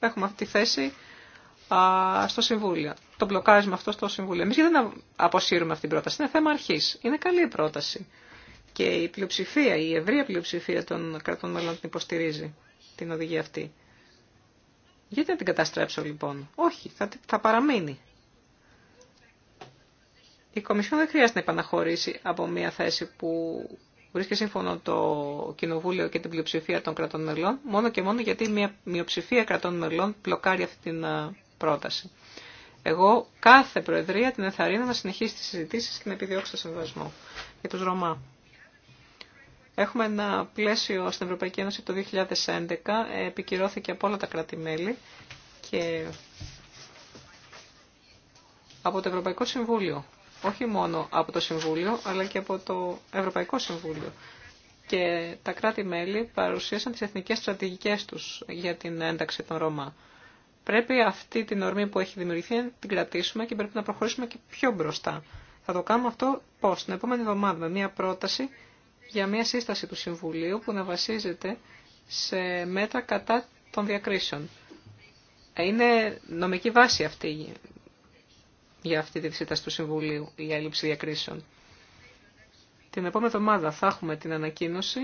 C: έχουμε αυτή τη θέση στο Συμβούλιο. Το μπλοκάρισμα αυτό στο Συμβούλιο. Εμείς δεν αποσύρουμε αυτή την πρόταση. Είναι θέμα αρχής. Είναι καλή η πρόταση. Και η πλειοψηφία, η ευρεία πλειοψηφία των κρατών μελών την υποστηρίζει την οδηγία αυτή. Γιατί να την καταστρέψω λοιπόν. Όχι, θα, θα παραμείνει. Η Κομισιόν δεν χρειάζεται να επαναχωρήσει από μια θέση που βρίσκεται σύμφωνο το Κοινοβούλιο και την πλειοψηφία των κρατών μελών, μόνο και μόνο γιατί μια μειοψηφία κρατών μελών μπλοκάρει αυτή την πρόταση. Εγώ κάθε Προεδρία την ενθαρρύνω να συνεχίσει τι συζητήσει και να επιδιώξει το συμβασμό για τους Ρωμά. Έχουμε ένα πλαίσιο στην Ευρωπαϊκή Ένωση το 2011, ε, επικυρώθηκε από όλα τα κράτη-μέλη και από το Ευρωπαϊκό Συμβούλιο όχι μόνο από το Συμβούλιο, αλλά και από το Ευρωπαϊκό Συμβούλιο. Και τα κράτη-μέλη παρουσίασαν τις εθνικές στρατηγικές τους για την ένταξη των Ρώμα. Πρέπει αυτή την ορμή που έχει δημιουργηθεί να την κρατήσουμε και πρέπει να προχωρήσουμε και πιο μπροστά. Θα το κάνουμε αυτό πώς, την επόμενη εβδομάδα, με μια πρόταση για μια σύσταση του Συμβουλίου που να βασίζεται σε μέτρα κατά των διακρίσεων. Ε, είναι νομική βάση αυτή για αυτή τη εξέταση του Συμβουλίου για έλλειψη διακρίσεων. Την επόμενη εβδομάδα θα έχουμε την ανακοίνωση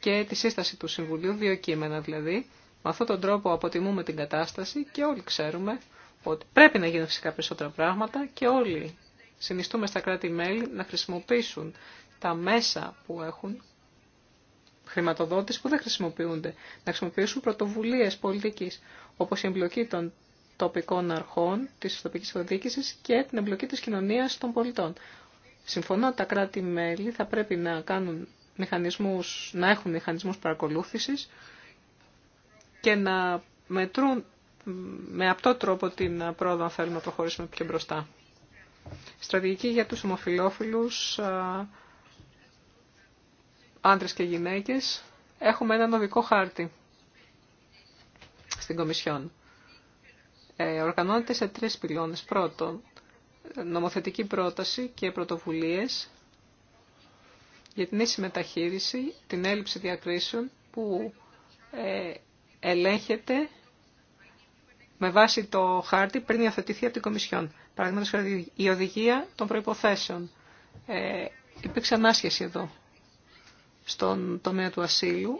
C: και τη σύσταση του Συμβουλίου, δύο κείμενα δηλαδή. Με αυτόν τον τρόπο αποτιμούμε την κατάσταση και όλοι ξέρουμε ότι πρέπει να γίνουν φυσικά περισσότερα πράγματα και όλοι συνιστούμε στα κράτη-μέλη να χρησιμοποιήσουν τα μέσα που έχουν χρηματοδότης που δεν χρησιμοποιούνται, να χρησιμοποιήσουν πρωτοβουλίες πολιτικής, όπως η εμπλοκή των τοπικών αρχών, της τοπικής διοίκησης και την εμπλοκή της κοινωνίας των πολιτών. Συμφωνώ ότι τα κράτη-μέλη θα πρέπει να, κάνουν μηχανισμούς, να έχουν μηχανισμούς παρακολούθησης και να μετρούν με αυτό τρόπο την πρόοδο αν θέλουμε να προχωρήσουμε πιο μπροστά. Στρατηγική για τους ομοφιλόφιλους, άντρες και γυναίκες, έχουμε έναν οδικό χάρτη στην Κομισιόν. Ε, οργανώνεται σε τρεις πυλώνες. Πρώτον, νομοθετική πρόταση και πρωτοβουλίες για την ίση μεταχείριση, την έλλειψη διακρίσεων που ε, ελέγχεται με βάση το χάρτη πριν υιοθετηθεί από την Κομισιόν. Παραδείγματο χάρη η οδηγία των προποθέσεων. Ε, υπήρξε ανάσχεση εδώ στον τομέα του ασύλου,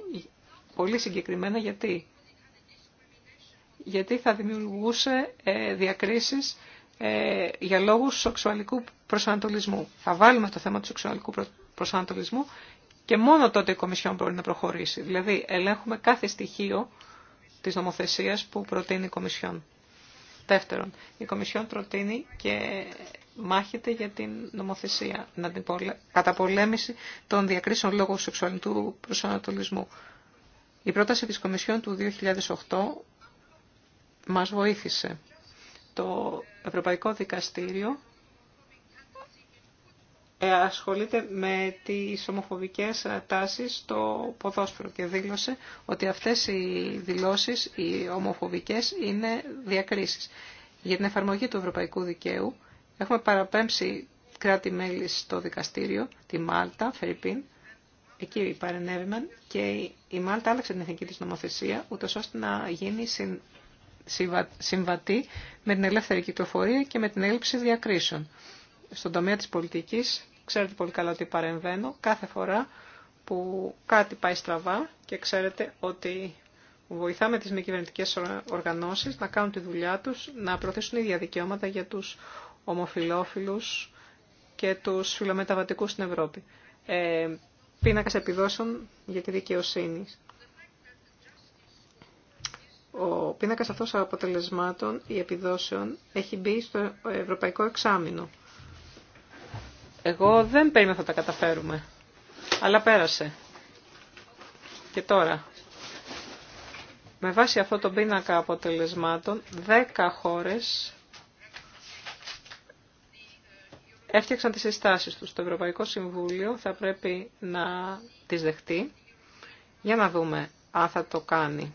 C: πολύ συγκεκριμένα γιατί γιατί θα δημιουργούσε ε, διακρίσεις ε, για λόγους σεξουαλικού προσανατολισμού. Θα βάλουμε το θέμα του σεξουαλικού προσανατολισμού και μόνο τότε η Κομισιόν μπορεί να προχωρήσει. Δηλαδή, ελέγχουμε κάθε στοιχείο της νομοθεσίας που προτείνει η Κομισιόν. Δεύτερον, η Κομισιόν προτείνει και μάχεται για την νομοθεσία, να την καταπολέμηση των διακρίσεων λόγω σεξουαλικού προσανατολισμού. Η πρόταση της Κομισιόν του 2008 μας βοήθησε. Το Ευρωπαϊκό Δικαστήριο ε, ασχολείται με τις ομοφοβικές τάσεις στο ποδόσφαιρο και δήλωσε ότι αυτές οι δηλώσεις, οι ομοφοβικές, είναι διακρίσεις. Για την εφαρμογή του ευρωπαϊκού δικαίου έχουμε παραπέμψει κράτη-μέλη στο δικαστήριο, τη Μάλτα, Φερρυπίν, εκεί παρενέβημαν και η Μάλτα άλλαξε την εθνική της νομοθεσία, ούτως ώστε να γίνει συμβατεί με την ελεύθερη κυκλοφορία και με την έλλειψη διακρίσεων. Στον τομέα της πολιτικής, ξέρετε πολύ καλά ότι παρεμβαίνω κάθε φορά που κάτι πάει στραβά και ξέρετε ότι βοηθάμε τις μη κυβερνητικέ οργανώσεις να κάνουν τη δουλειά τους, να προωθήσουν ίδια δικαιώματα για τους ομοφιλόφιλους και τους φιλομεταβατικούς στην Ευρώπη. Ε, πίνακας επιδόσεων για τη δικαιοσύνη. Ο πίνακας αυτός αποτελεσμάτων ή επιδόσεων έχει μπει στο ευρωπαϊκό εξάμεινο. Εγώ δεν περίμενα θα τα καταφέρουμε. Αλλά πέρασε. Και τώρα. Με βάση αυτό το πίνακα αποτελεσμάτων, 10 χώρες έφτιαξαν τις συστάσεις τους. Το Ευρωπαϊκό Συμβούλιο θα πρέπει να τις δεχτεί για να δούμε αν θα το κάνει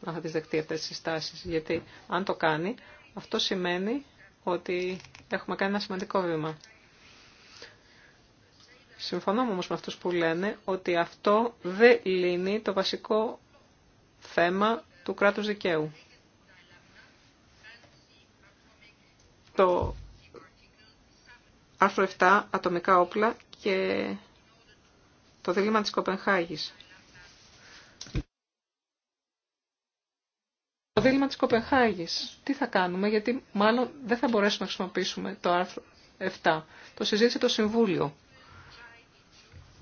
C: να θα τις δεχτεί αυτές τις συστάσεις. Γιατί αν το κάνει, αυτό σημαίνει ότι έχουμε κάνει ένα σημαντικό βήμα. Συμφωνώ όμως με αυτούς που λένε ότι αυτό δεν λύνει το βασικό θέμα του κράτους δικαίου. Το άρθρο 7, ατομικά όπλα και το δίλημα της Κοπενχάγης. Το δίλημα της Κοπενχάγης. Τι θα κάνουμε, γιατί μάλλον δεν θα μπορέσουμε να χρησιμοποιήσουμε το άρθρο 7. Το συζήτησε το Συμβούλιο.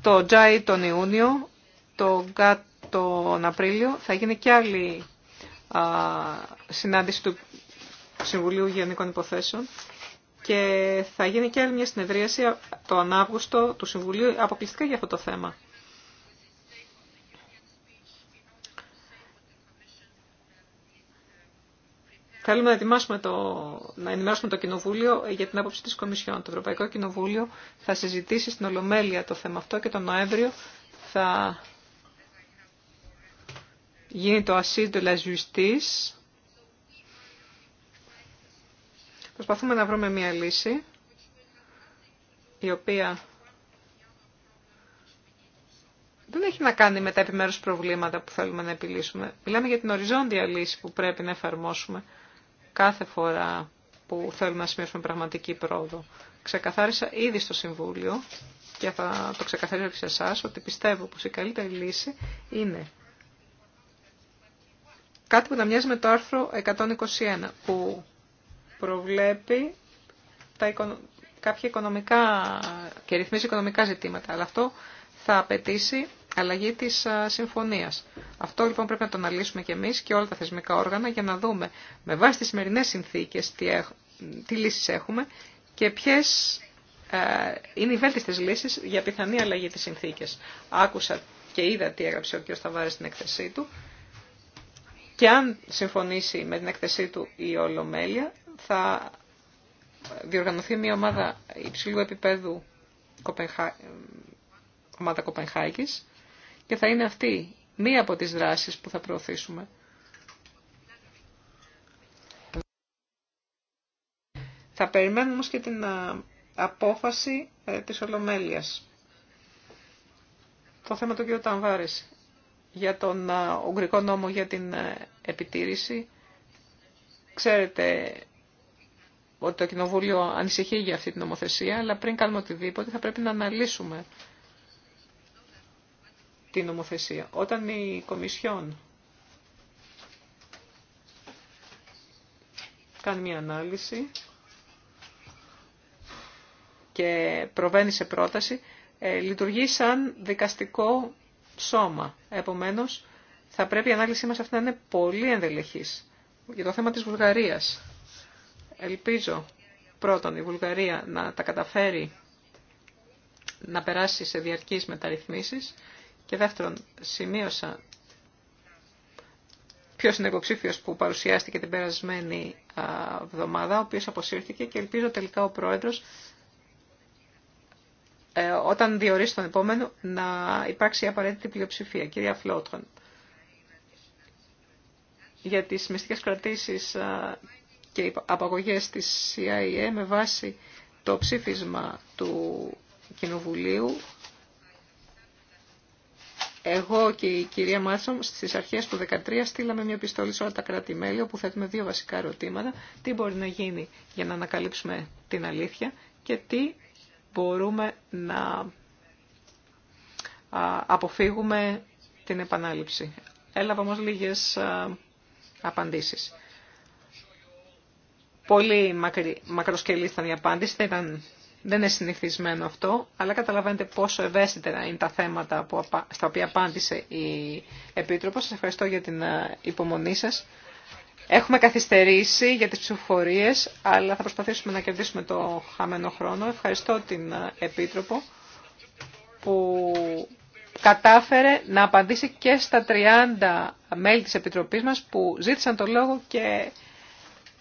C: Το Τζάι τον Ιούνιο, το ΓΚΑΤ τον Απρίλιο. Θα γίνει και άλλη συνάντηση του Συμβουλίου Γενικών Υποθέσεων και θα γίνει και άλλη μια συνεδρίαση τον Αύγουστο του Συμβουλίου αποκλειστικά για αυτό το θέμα. Θέλουμε να, το, να ενημερώσουμε το Κοινοβούλιο για την άποψη της Κομισιόν. Το Ευρωπαϊκό Κοινοβούλιο θα συζητήσει στην Ολομέλεια το θέμα αυτό και τον Νοέμβριο θα γίνει το Assis de la Justice. Προσπαθούμε να βρούμε μια λύση η οποία δεν έχει να κάνει με τα επιμέρους προβλήματα που θέλουμε να επιλύσουμε. Μιλάμε για την οριζόντια λύση που πρέπει να εφαρμόσουμε κάθε φορά που θέλουμε να σημειώσουμε πραγματική πρόοδο. Ξεκαθάρισα ήδη στο Συμβούλιο και θα το ξεκαθαρίσω και σε εσά ότι πιστεύω πως η καλύτερη λύση είναι κάτι που να μοιάζει με το άρθρο 121 που προβλέπει τα κάποια οικονομικά και ρυθμίζει οικονομικά ζητήματα. Αλλά αυτό θα απαιτήσει αλλαγή τη συμφωνία. Αυτό λοιπόν πρέπει να το αναλύσουμε και εμεί και όλα τα θεσμικά όργανα για να δούμε με βάση τι σημερινέ συνθήκε τι, έχ, λύσεις έχουμε και ποιες ε, είναι οι βέλτιστες λύσει για πιθανή αλλαγή τη συνθήκε. Άκουσα και είδα τι έγραψε ο κ. Σταβάρη στην έκθεσή του και αν συμφωνήσει με την έκθεσή του η Ολομέλεια θα διοργανωθεί μια ομάδα υψηλού επίπεδου Κοπενχά... ομάδα Κοπενχάγης και θα είναι αυτή μία από τις δράσεις που θα προωθήσουμε. Θα περιμένουμε όμως και την απόφαση ε, της Ολομέλειας. Το θέμα του κ. Ταμβάρης για τον Ουγγρικό νόμο για την επιτήρηση. Ξέρετε ότι το Κοινοβούλιο ανησυχεί για αυτή την νομοθεσία, αλλά πριν κάνουμε οτιδήποτε θα πρέπει να αναλύσουμε την νομοθεσία. Όταν η Κομισιόν κάνει μια ανάλυση και προβαίνει σε πρόταση, ε, λειτουργεί σαν δικαστικό σώμα. Επομένως, θα πρέπει η ανάλυση μας αυτή να είναι πολύ ενδελεχής. Για το θέμα της Βουλγαρίας, ελπίζω πρώτον η Βουλγαρία να τα καταφέρει να περάσει σε διαρκείς μεταρρυθμίσεις και δεύτερον, σημείωσα ποιο είναι ο υποψήφιο που παρουσιάστηκε την περασμένη εβδομάδα, ο οποίο αποσύρθηκε και ελπίζω τελικά ο πρόεδρο ε, όταν διορίσει τον επόμενο να υπάρξει η απαραίτητη πλειοψηφία. Κυρία Φλότρον, για τις μυστικές κρατήσεις και απαγωγές της CIA με βάση το ψήφισμα του Κοινοβουλίου εγώ και η κυρία Μάτσομ στις αρχές του 2013 στείλαμε μια επιστολή σε όλα τα κράτη-μέλη όπου θέτουμε δύο βασικά ερωτήματα. Τι μπορεί να γίνει για να ανακαλύψουμε την αλήθεια και τι μπορούμε να αποφύγουμε την επανάληψη. Έλαβα όμως λίγες απαντήσεις. Πολύ μακροσκελή ήταν η απάντηση, δεν είναι συνηθισμένο αυτό, αλλά καταλαβαίνετε πόσο ευαίσθητερα είναι τα θέματα που, στα οποία απάντησε η Επίτροπος. Σας ευχαριστώ για την ε, υπομονή σας. Έχουμε καθυστερήσει για τις ψηφοφορίες, αλλά θα προσπαθήσουμε να κερδίσουμε το χαμένο χρόνο. Ευχαριστώ την ε, Επίτροπο που κατάφερε να απαντήσει και στα 30 μέλη της Επιτροπής μας που ζήτησαν το λόγο και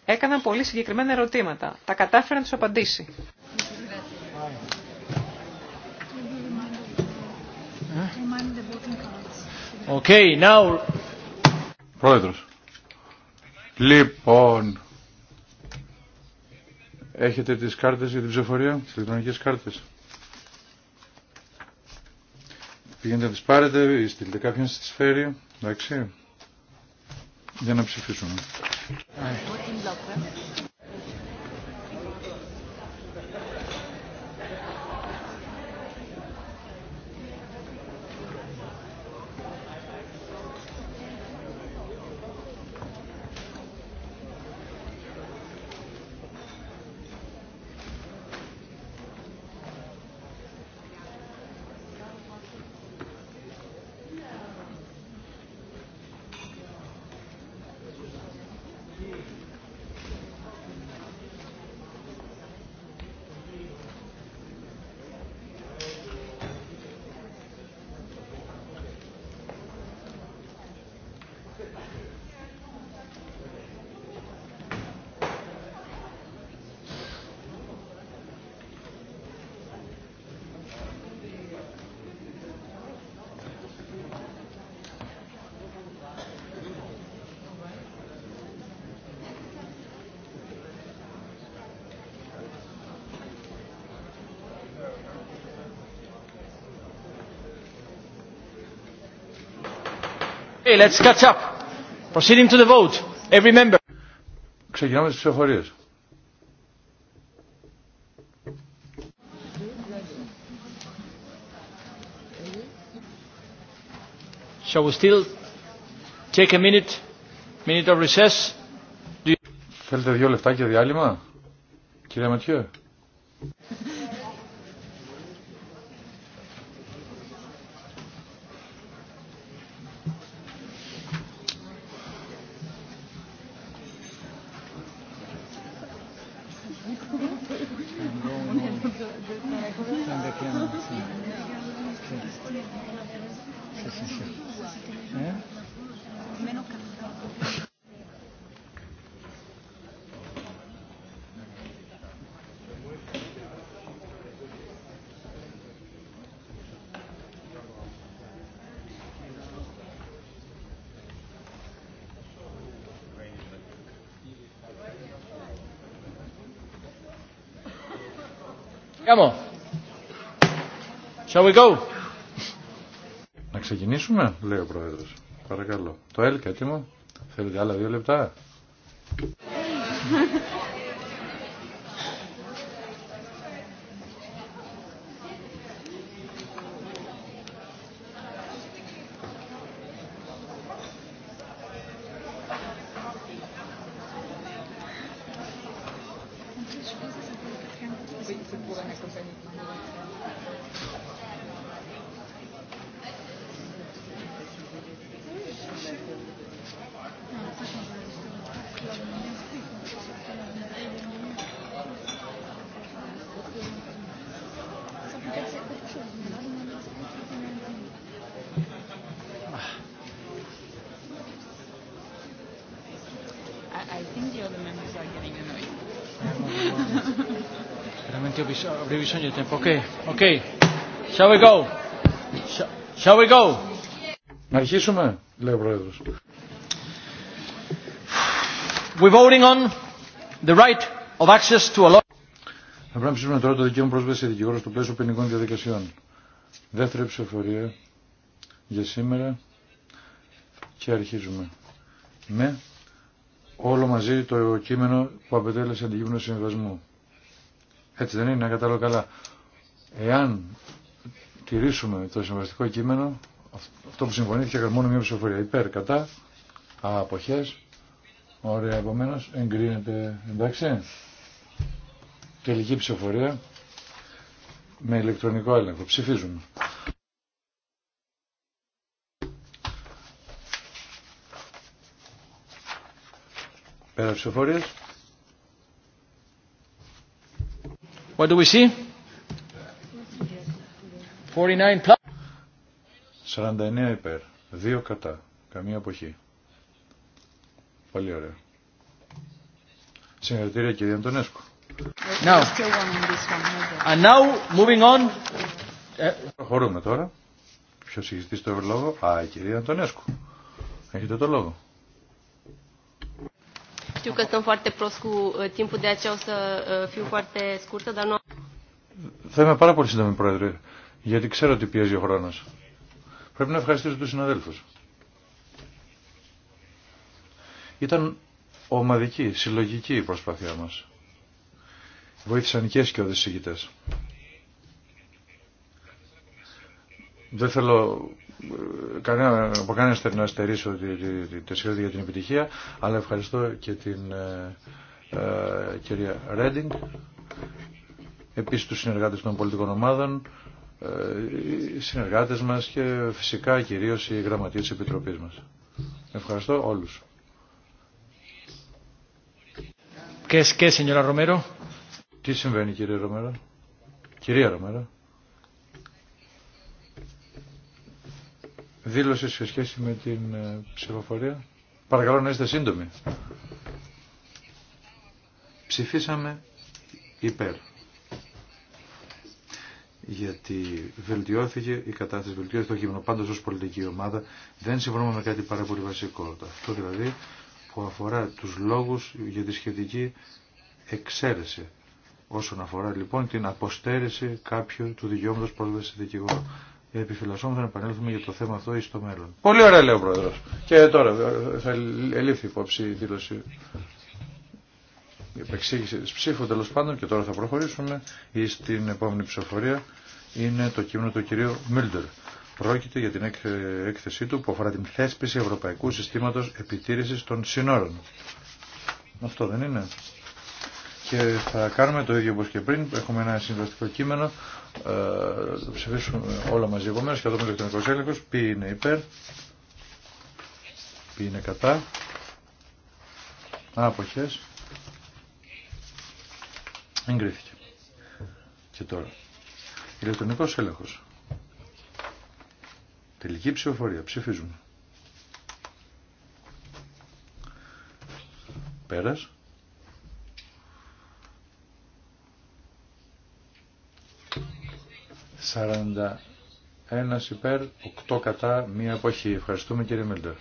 C: έκαναν πολύ συγκεκριμένα ερωτήματα. Τα κατάφερε να τους απαντήσει.
B: Okay, now... Πρόεδρος. Λοιπόν, έχετε τις κάρτες για την ψηφοφορία, τις ηλεκτρονικές κάρτες. Πηγαίνετε να τις πάρετε ή στείλετε κάποιον στις φέρει, εντάξει, για να ψηφίσουμε.
A: Okay, let's catch up. Proceeding to the vote. Every member. Ξεκινάμε τις ψηφοφορίες. Shall we still take a minute, minute of recess? Do you... Θέλετε
B: δύο λεφτάκια διάλειμμα, κυρία Ματιέ. Sì,
F: sì, sì. Eh? Meno
A: Shall we go?
B: Να ξεκινήσουμε, λέει ο Πρόεδρος. Παρακαλώ. Το έλκα, έτοιμο. Θέλετε άλλα δύο λεπτά.
A: di tempo. Shall we go? Shall we go? Να αρχίσουμε,
B: λέει ο Πρόεδρος. We're voting on the right of access to a law. Θα πρέπει να ψήσουμε τώρα το δικαίωμα πρόσβαση σε δικηγόρο στο πλαίσιο ποινικών διαδικασιών. Δεύτερη ψηφοφορία για σήμερα και αρχίζουμε με όλο μαζί το κείμενο που απαιτέλεσε αντικείμενο συμβασμού. Έτσι δεν είναι, να κατάλαβα καλά. Εάν τηρήσουμε το συμβαστικό κείμενο, αυτό που συμφωνήθηκε κατά μόνο μια ψηφοφορία. Υπέρ, κατά, αποχές. Ωραία, επομένω εγκρίνεται, εντάξει. Τελική ψηφοφορία με ηλεκτρονικό έλεγχο. Ψηφίζουμε. Πέρα ψηφοφορίας.
A: What do we see? 49 plus.
B: 49 υπέρ. 2 κατά. Καμία αποχή. Πολύ ωραία. Συγχαρητήρια κυρία Αντωνέσκου. Προχωρούμε τώρα. Ποιο ηγητή το λόγο. Α, η κυρία Αντωνέσκου. Έχετε το λόγο.
D: Știu că foarte prost cu
E: uh, timpul, de aceea o să uh, fiu foarte scurtă, dar nu...
B: Θα είμαι πάρα πολύ σύντομη, Πρόεδρε, γιατί ξέρω ότι πιέζει ο χρόνο. Πρέπει να ευχαριστήσω του συναδέλφου. Ήταν ομαδική, συλλογική η προσπάθειά μα, Βοήθησαν και σκιώδες ηγητέ. Δεν θέλω κανένα, από κανένα θέλει να αστερίσω τη, τη, για την επιτυχία, αλλά ευχαριστώ και την ε, ε, κυρία Ρέντινγκ, επίσης τους συνεργάτες των πολιτικών ομάδων, ε, οι συνεργάτες μας και φυσικά κυρίως οι γραμματεία της Επιτροπής μας. Ευχαριστώ όλους. Και, Ρομέρο. Τι συμβαίνει κύριε Ρομέρο. Κυρία Ρομέρο. δήλωση σε σχέση με την ε, ψηφοφορία. Παρακαλώ να είστε σύντομοι. Ψηφίσαμε υπέρ. Γιατί βελτιώθηκε η κατάσταση, βελτιώθηκε το κείμενο. Πάντω, ω πολιτική ομάδα δεν συμφωνούμε με κάτι πάρα πολύ βασικό. Αυτό δηλαδή που αφορά του λόγου για τη σχετική εξαίρεση όσον αφορά λοιπόν την αποστέρηση κάποιου του δικαιώματος πρόσβαση σε δικηγόρο επιφυλασσόμεθα να επανέλθουμε για το θέμα αυτό ή στο μέλλον. Πολύ ωραία λέει ο Πρόεδρος. Και τώρα ε, θα ελήφθη υπόψη η δήλωση η επεξήγηση της ψήφου τέλος πάντων και τώρα θα εληφθη υποψη η δηλωση η επεξηγηση τη ψηφου τελο παντων και τωρα θα προχωρησουμε η στην επόμενη ψηφοφορία είναι το κείμενο του κυρίου Μίλντερ. Πρόκειται για την έκθεσή του που αφορά την θέσπιση Ευρωπαϊκού Συστήματος επιτήρηση των Συνόρων. Αυτό δεν είναι. Και θα κάνουμε το ίδιο όπω και πριν. Έχουμε ένα συμβαστικό κείμενο ε, θα ψηφίσουν όλα μαζί επομένως και εδώ με ηλεκτρονικός έλεγχος ποιοι είναι υπέρ ποιοι είναι κατά άποχες εγκρίθηκε και τώρα ηλεκτρονικός έλεγχος τελική ψηφοφορία ψηφίζουμε πέρας 41 υπέρ, 8 κατά, μία εποχή. Ευχαριστούμε κύριε Μίλτερ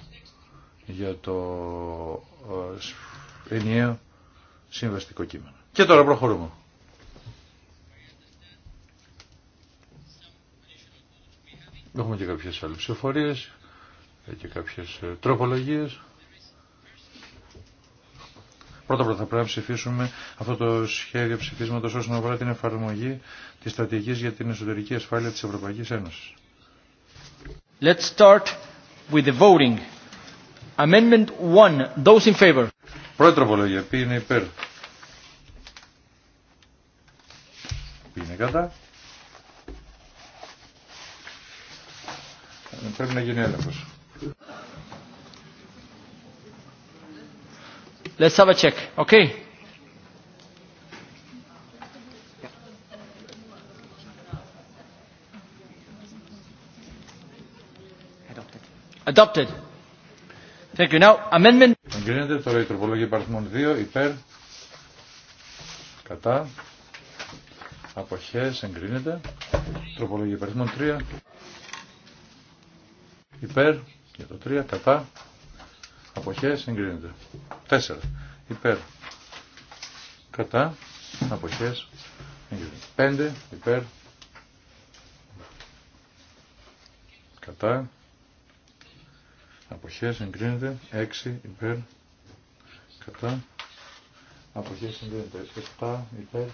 B: για το ε, ενιαίο συμβαστικό κείμενο. Και τώρα προχωρούμε. Έχουμε και κάποιες άλλες ψηφορίες ε, και κάποιες ε, τροπολογίες. Πρώτα πρώτα θα πρέπει να ψηφίσουμε αυτό το σχέδιο ψηφίσματο όσον αφορά την εφαρμογή τη στρατηγική για την εσωτερική ασφάλεια τη Ευρωπαϊκή Ένωση. Let's start with the voting. Amendment 1. Those in favor. Πρώτη τροπολογία. Ποιοι είναι υπέρ. Ποιοι είναι κατά. Ε, πρέπει να γίνει έλεγχος.
A: Let's have a check. Okay. Adopted.
B: Thank you. Now, amendment. Εγκρίνεται τώρα η τροπολογία παραθμών 2 υπέρ κατά αποχές εγκρίνεται τροπολογία παραθμών 3 υπέρ για το 3 κατά αποχές συγκρίνεται. Τέσσερα. Υπέρ. Κατά. Αποχές. Συγκρίνεται. Πέντε. Υπέρ. Κατά. Αποχές. Συγκρίνεται. Έξι. Υπέρ. Κατά. Αποχές. Συγκρίνεται. Εφτά. Υπέρ.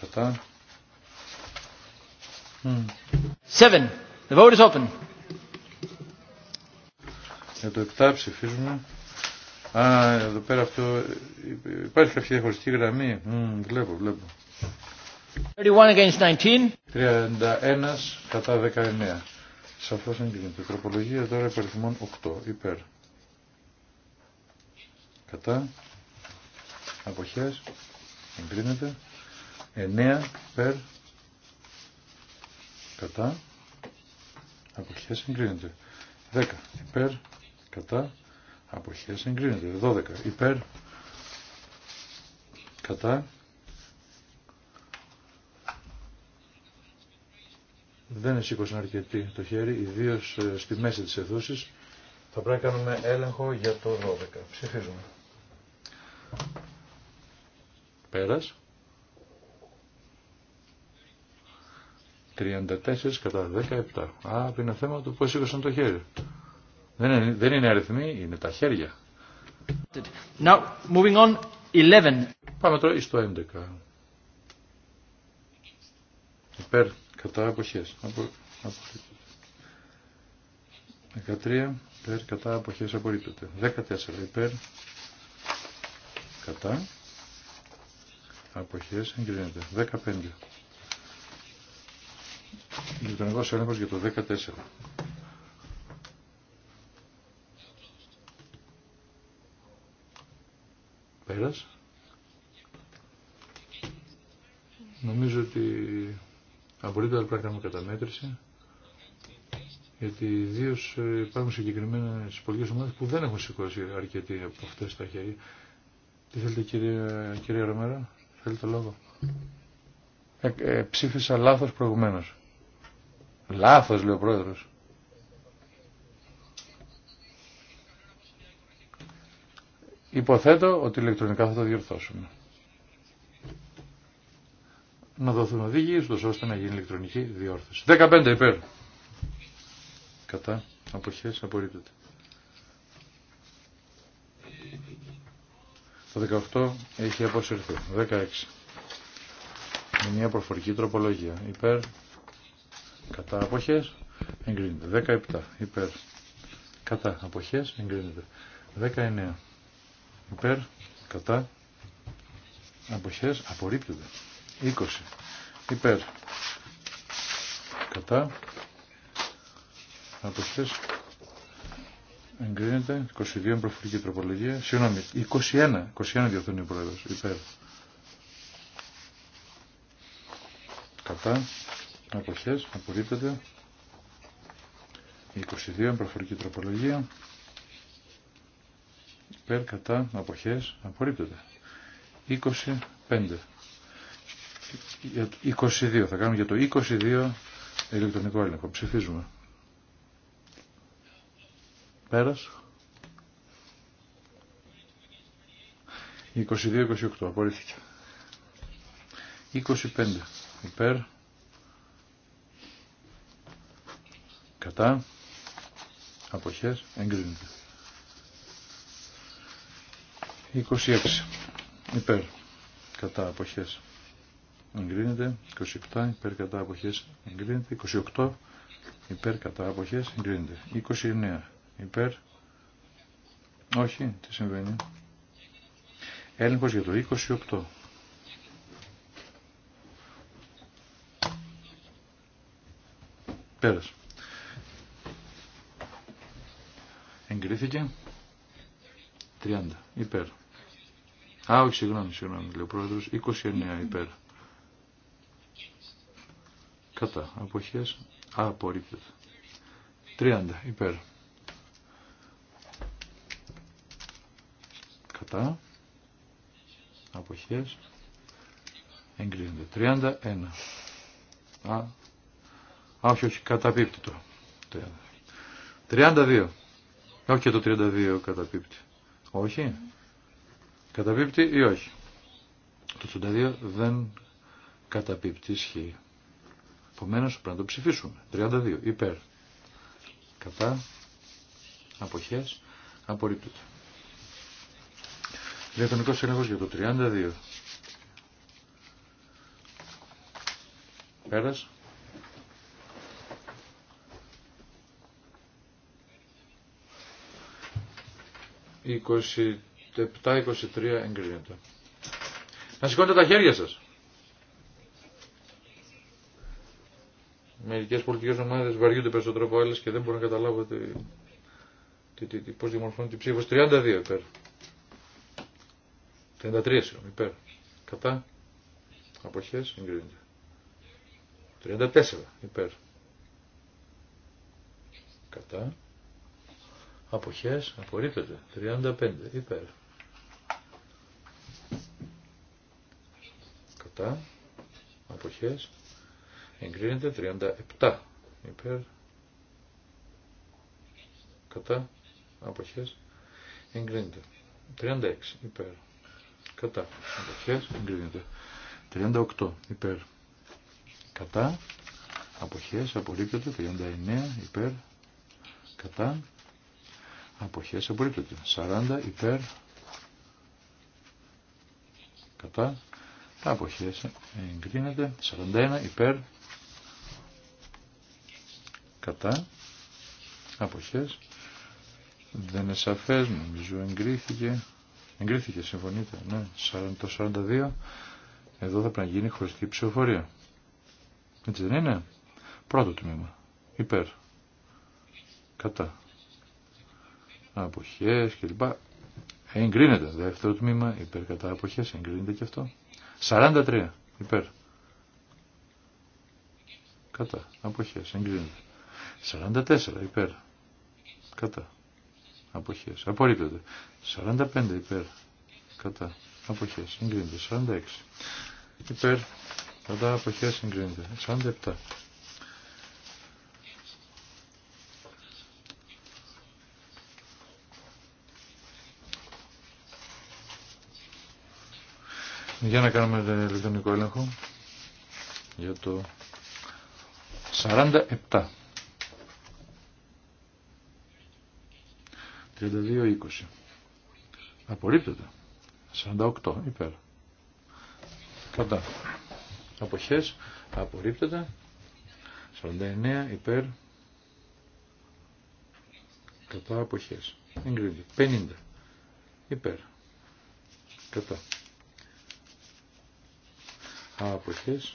E: Κατά. Mm. Seven. The vote is open.
B: Για ε, το 7 ψηφίζουμε. Α, εδώ πέρα αυτό. Υπάρχει κάποια διαχωριστική γραμμή. Μ, βλέπω, βλέπω.
E: 31
B: 19. κατά 19. Σαφώς είναι και τροπολογία τώρα υπερθυμών 8 υπέρ. Κατά. Αποχές. Εγκρίνεται. 9 υπέρ. Κατά. Αποχές εγκρίνεται. 10 υπέρ κατά αποχές εγκρίνεται 12 υπέρ κατά δεν σήκωσαν αρκετοί το χέρι ιδίω ε, στη μέση της αιθούσης θα πρέπει να κάνουμε έλεγχο για το 12 ψηφίζουμε πέρας 34 κατά 17. Α, είναι θέμα του πώς σήκωσαν το χέρι. Δεν είναι, δεν είναι αριθμοί, είναι τα χέρια. Now, moving on, 11. Πάμε τώρα στο 11. Υπέρ, κατά αποχές. Απο, 13, υπέρ, κατά αποχές απορρίπτεται. 14, υπέρ, κατά αποχές εγκρίνεται. 15. Λειτουργικός έλεγχος για το 14. πέρας. Νομίζω ότι απολύτω πρέπει να κάνουμε καταμέτρηση. Γιατί ιδίω ε, υπάρχουν συγκεκριμένε πολιτικέ ομάδε που δεν έχουν σηκώσει αρκετοί από αυτέ τα χέρια. Τι θέλετε κύριε κυρία θέλετε λόγο. Ε, ε ψήφισα λάθο προηγουμένω. Λάθο λέει ο πρόεδρο. Υποθέτω ότι ηλεκτρονικά θα το διορθώσουμε. Να δοθούν οδηγίες, ώστε να γίνει ηλεκτρονική διόρθωση. 15 υπέρ. Κατά. Αποχές απορρίπτεται. Το 18 έχει αποσυρθεί. 16. Με μια προφορική τροπολογία. Υπέρ. Κατά αποχές. Εγκρίνεται. 17. Υπέρ. Κατά αποχές. Εγκρίνεται. 19 υπέρ, κατά, αποχές, απορρίπτεται. 20 υπέρ, κατά, αποχές, εγκρίνεται, 22 προφορική τροπολογία, συγγνώμη, 21, 21 διορθώνει ο πρόεδρος, υπέρ, κατά, αποχές, απορρίπτεται, 22 προφορική τροπολογία, υπέρ κατά αποχές απορρίπτεται. 25. 22. Θα κάνουμε για το 22 ηλεκτρονικό έλεγχο. Ψηφίζουμε. Πέρας. 22-28. Απορρίφθηκε. 25. Υπέρ. Κατά. Αποχές. Εγκρίνεται. 26 υπέρ κατά αποχές εγκρίνεται 27 υπέρ κατά αποχές εγκρίνεται 28 υπέρ κατά αποχές εγκρίνεται 29 υπέρ όχι τι συμβαίνει έλεγχος για το 28 Πέρασε. Εγκρίθηκε. 30. Υπέρ. Α, όχι, συγγνώμη, συγγνώμη, λέει ο πρόεδρος. 29 υπέρ. Κατά. Αποχές. Α, απορρίπτεται. 30 υπέρ. Κατά. Αποχές. Εγκρίνεται. 31. Α. Α, όχι, όχι, καταπίπτει το. 32. Όχι και το 32 καταπίπτει. Όχι. Καταπίπτει ή όχι. Το 32 δεν καταπίπτει ισχύει. Επομένω πρέπει να το ψηφίσουμε. 32 υπέρ. Κατά. αποχέ, Απορρίπτεται. Διεθνικός έλεγχο για το 32. Πέρας. 20 το 7-23 εγκρίνεται. Να σηκώνετε τα χέρια σας. Μερικές πολιτικές ομάδες βαριούνται περισσότερο από άλλες και δεν μπορούν να καταλάβουν τι, τι, τι, πώς διαμορφώνουν την ψήφος. 32 υπέρ. 33 συγγνώμη υπέρ. Κατά. Αποχές εγκρίνεται. 34 υπέρ. Κατά. Αποχές απορρίπτεται. 35 υπέρ κατά αποχές εγκρίνεται 37 υπέρ κατά αποχές εγκρίνεται 36 υπέρ κατά αποχές εγκρίνεται 38 υπέρ κατά αποχές απορρίπτεται 39 υπέρ κατά αποχές απορρίπτεται 40 υπέρ κατά Αποχές ε, εγκρίνεται. 41 υπέρ. Κατά. Αποχές. Δεν είναι σαφές. Νομίζω εγκρίθηκε. Εγκρίθηκε. Συμφωνείτε. Ναι. Το 42. Εδώ θα πρέπει να γίνει χωριστή ψηφοφορία. Έτσι δεν είναι. Πρώτο τμήμα. Υπέρ. Κατά. Αποχές λοιπά, Εγκρίνεται. Δεύτερο τμήμα. Υπέρ κατά αποχές. Εγκρίνεται και αυτό. 43 υπέρ. Κατά. Αποχές. Εγκρίνεται. 44 υπέρ. Κατά. Αποχές. Απορρίπτεται. 45 υπέρ. Κατά. Αποχές. Εγκρίνεται. 46 υπέρ. Κατά. Αποχές. Εγκρίνεται. 47 Για να κάνουμε τον ηλεκτρονικό έλεγχο για το 47. 32-20. Απορρίπτεται. 48 υπέρ. Κατά. Αποχές. Απορρίπτεται. 49 υπέρ. Κατά αποχές. Εγκρίνεται. 50 υπέρ. Κατά αποχές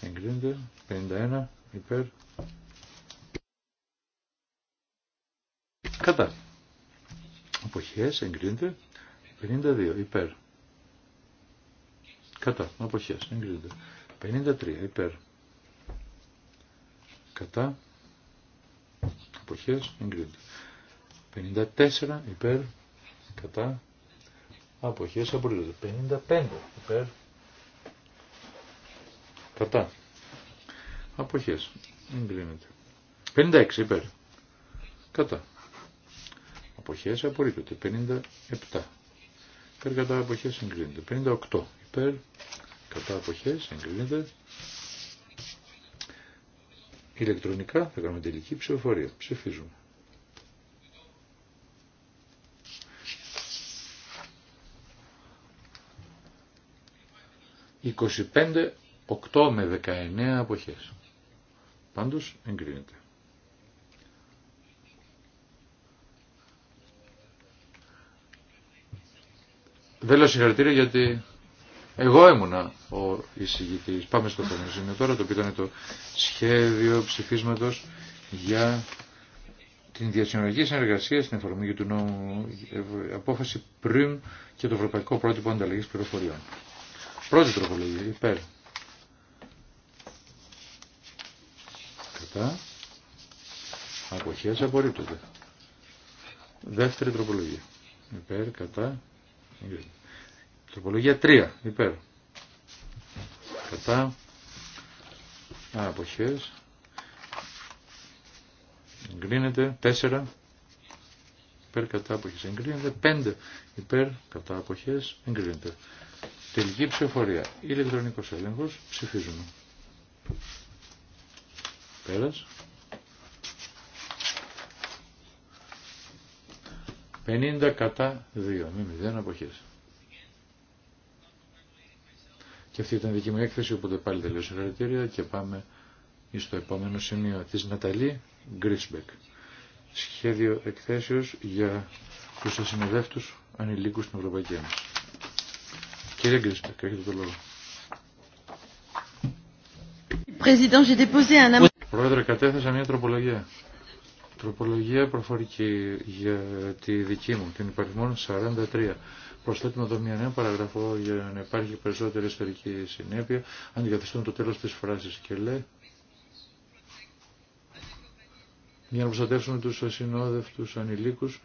B: εγκρίνεται 51 υπέρ κατά αποχές εγκρίνεται 52 υπέρ κατά αποχές εγκρίνεται 53 υπέρ κατά αποχές εγκρίνεται 54 υπέρ κατά αποχές Απολύτω. 55 υπέρ Κατά. Αποχές. Εγκρίνεται. 56 υπέρ. Κατά. Αποχές απορρίπτεται. 57. Υπέρ κατά αποχές εγκρίνεται. 58 υπέρ. Κατά αποχές εγκρίνεται. Ηλεκτρονικά θα κάνουμε τελική ψηφοφορία. Ψηφίζουμε. «25 8 με 19 αποχές. Πάντως εγκρίνεται. Δεν λέω συγχαρητήρια γιατί εγώ ήμουνα ο εισηγητής. Πάμε στο επόμενο σημείο τώρα, το οποίο ήταν το σχέδιο ψηφίσματος για την διασυνολογική συνεργασία στην εφαρμογή του νόμου απόφαση πριν και το ευρωπαϊκό πρότυπο ανταλλαγής πληροφοριών. Πρώτη τροπολογία, υπέρ. Κατά. Αποχές απορρίπτονται. Δεύτερη τροπολογία. Υπέρ, κατά. Τροπολογία 3. Υπέρ. Κατά. Αποχές. Εγκρίνεται. 4. Υπέρ κατά αποχές εγκρίνεται. 5. Υπέρ κατά αποχές εγκρίνεται. Τελική ψηφοφορία. Ηλεκτρονικός έλεγχος. Ψηφίζουμε. Πέρας. 50 κατά 2. Μη 0 αποχές. Και αυτή ήταν η δική μου έκθεση, οπότε πάλι τελείωσε χαρακτήρια και πάμε στο επόμενο σημείο της Ναταλή Γκρίσμπεκ. Σχέδιο εκθέσεως για τους ασυνοδεύτους ανηλίκους στην Ευρωπαϊκή Ένωση. Κύριε Γκρίσμπεκ, έχετε το λόγο. Πρόεδρε, κατέθεσα μια τροπολογία. Τροπολογία προφορική για τη δική μου, την υπαριθμόν 43. Προσθέτουμε εδώ μια νέα παραγραφό για να υπάρχει περισσότερη ιστορική συνέπεια. Αντικαθιστούμε το τέλος της φράσης και λέει για να προστατεύσουμε τους ασυνόδευτους ανηλίκους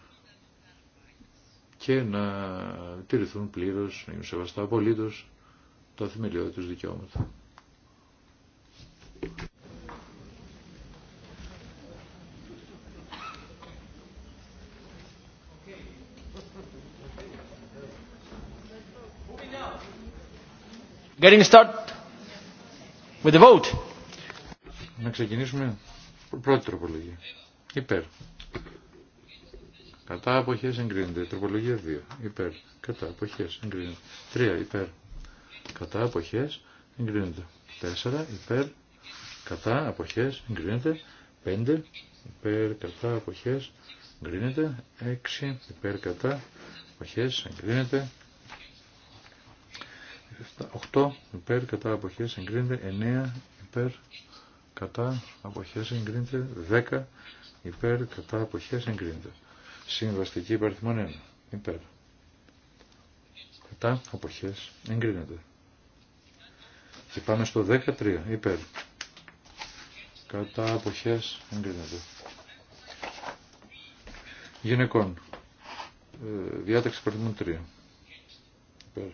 B: και να τηρηθούν πλήρως, να γίνουν σεβαστά απολύτως τα θεμελιώδη τους δικαιώματα. Getting start with the vote. Να ξεκινήσουμε πρώτη τροπολογία. Υπέρ. Κατά αποχές εγκρίνεται. Τροπολογία 2. Υπέρ. Κατά αποχές εγκρίνεται. 3. Υπέρ. Κατά αποχές εγκρίνεται. 4. Υπέρ. Κατά αποχές εγκρίνεται. 5. Υπέρ. Κατά αποχές εγκρίνεται. 6. Υπέρ. Κατά αποχές εγκρίνεται. 8 υπέρ κατά αποχές εγκρίνεται 9 υπέρ κατά αποχές εγκρίνεται 10 υπέρ κατά αποχές εγκρίνεται συμβαστική υπαριθμόν 1 υπέρ κατά αποχές εγκρίνεται και πάμε στο 13 υπέρ κατά αποχές εγκρίνεται γυναικών ε, διάταξη υπαριθμόν 3 υπέρ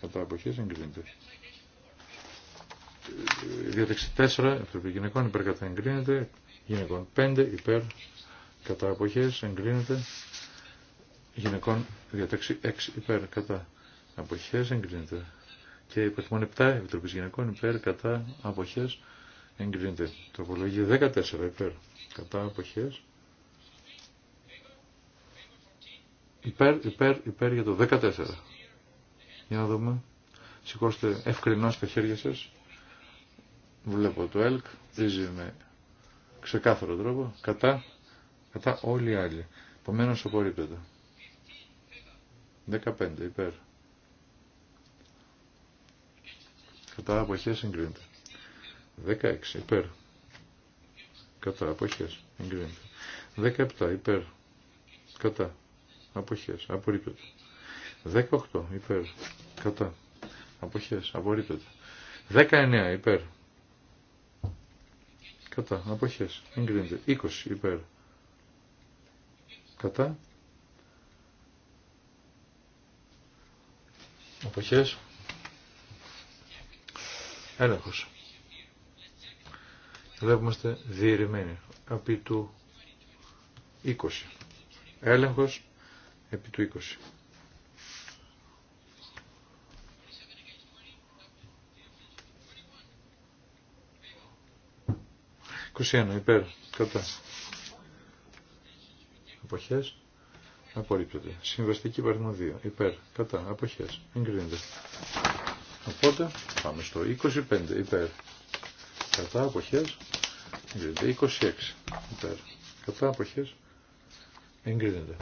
B: κατά αποχές εγκρίνεται. Ε, διάταξη 4, Επιτροπή Γυναικών υπέρ κατά εγκρίνεται. Γυναικών 5 υπέρ κατά αποχές εγκρίνεται. Γυναικών διάταξη 6 υπέρ κατά απόχέ, εγκρίνεται. Και υπερθυμών 7 Επιτροπής Γυναικών υπέρ κατά αποχές εγκρίνεται. Τροπολογία 14 υπέρ κατά αποχές Υπέρ, υπέρ, υπέρ για το 14. Για να δούμε. Σηκώστε ευκρινώς τα χέρια σας. Βλέπω το ΕΛΚ. Ρίζει με ξεκάθαρο τρόπο. Κατά, κατά όλοι οι άλλοι. Επομένω απορρίπτεται. 15 υπέρ. Κατά αποχές εγκρίνεται. 16 υπέρ. Κατά αποχές εγκρίνεται. 17 υπέρ. Κατά αποχές απορρίπτεται. 18 υπέρ. Κατά. Αποχές. Απορρίπτεται. 19 υπέρ. Κατά. Αποχές. Εγκρίνεται. 20 υπέρ. Κατά. Αποχές. Έλεγχος. Εδώ είμαστε διηρημένοι. Επί του 20. Έλεγχος επί του 20. 21 υπέρ κατά αποχές απορρίπτεται. Συμβαστική παρθμό 2 υπέρ κατά αποχές εγκρίνεται. Οπότε πάμε στο 25 υπέρ κατά αποχές εγκρίνεται. 26 υπέρ κατά αποχές εγκρίνεται.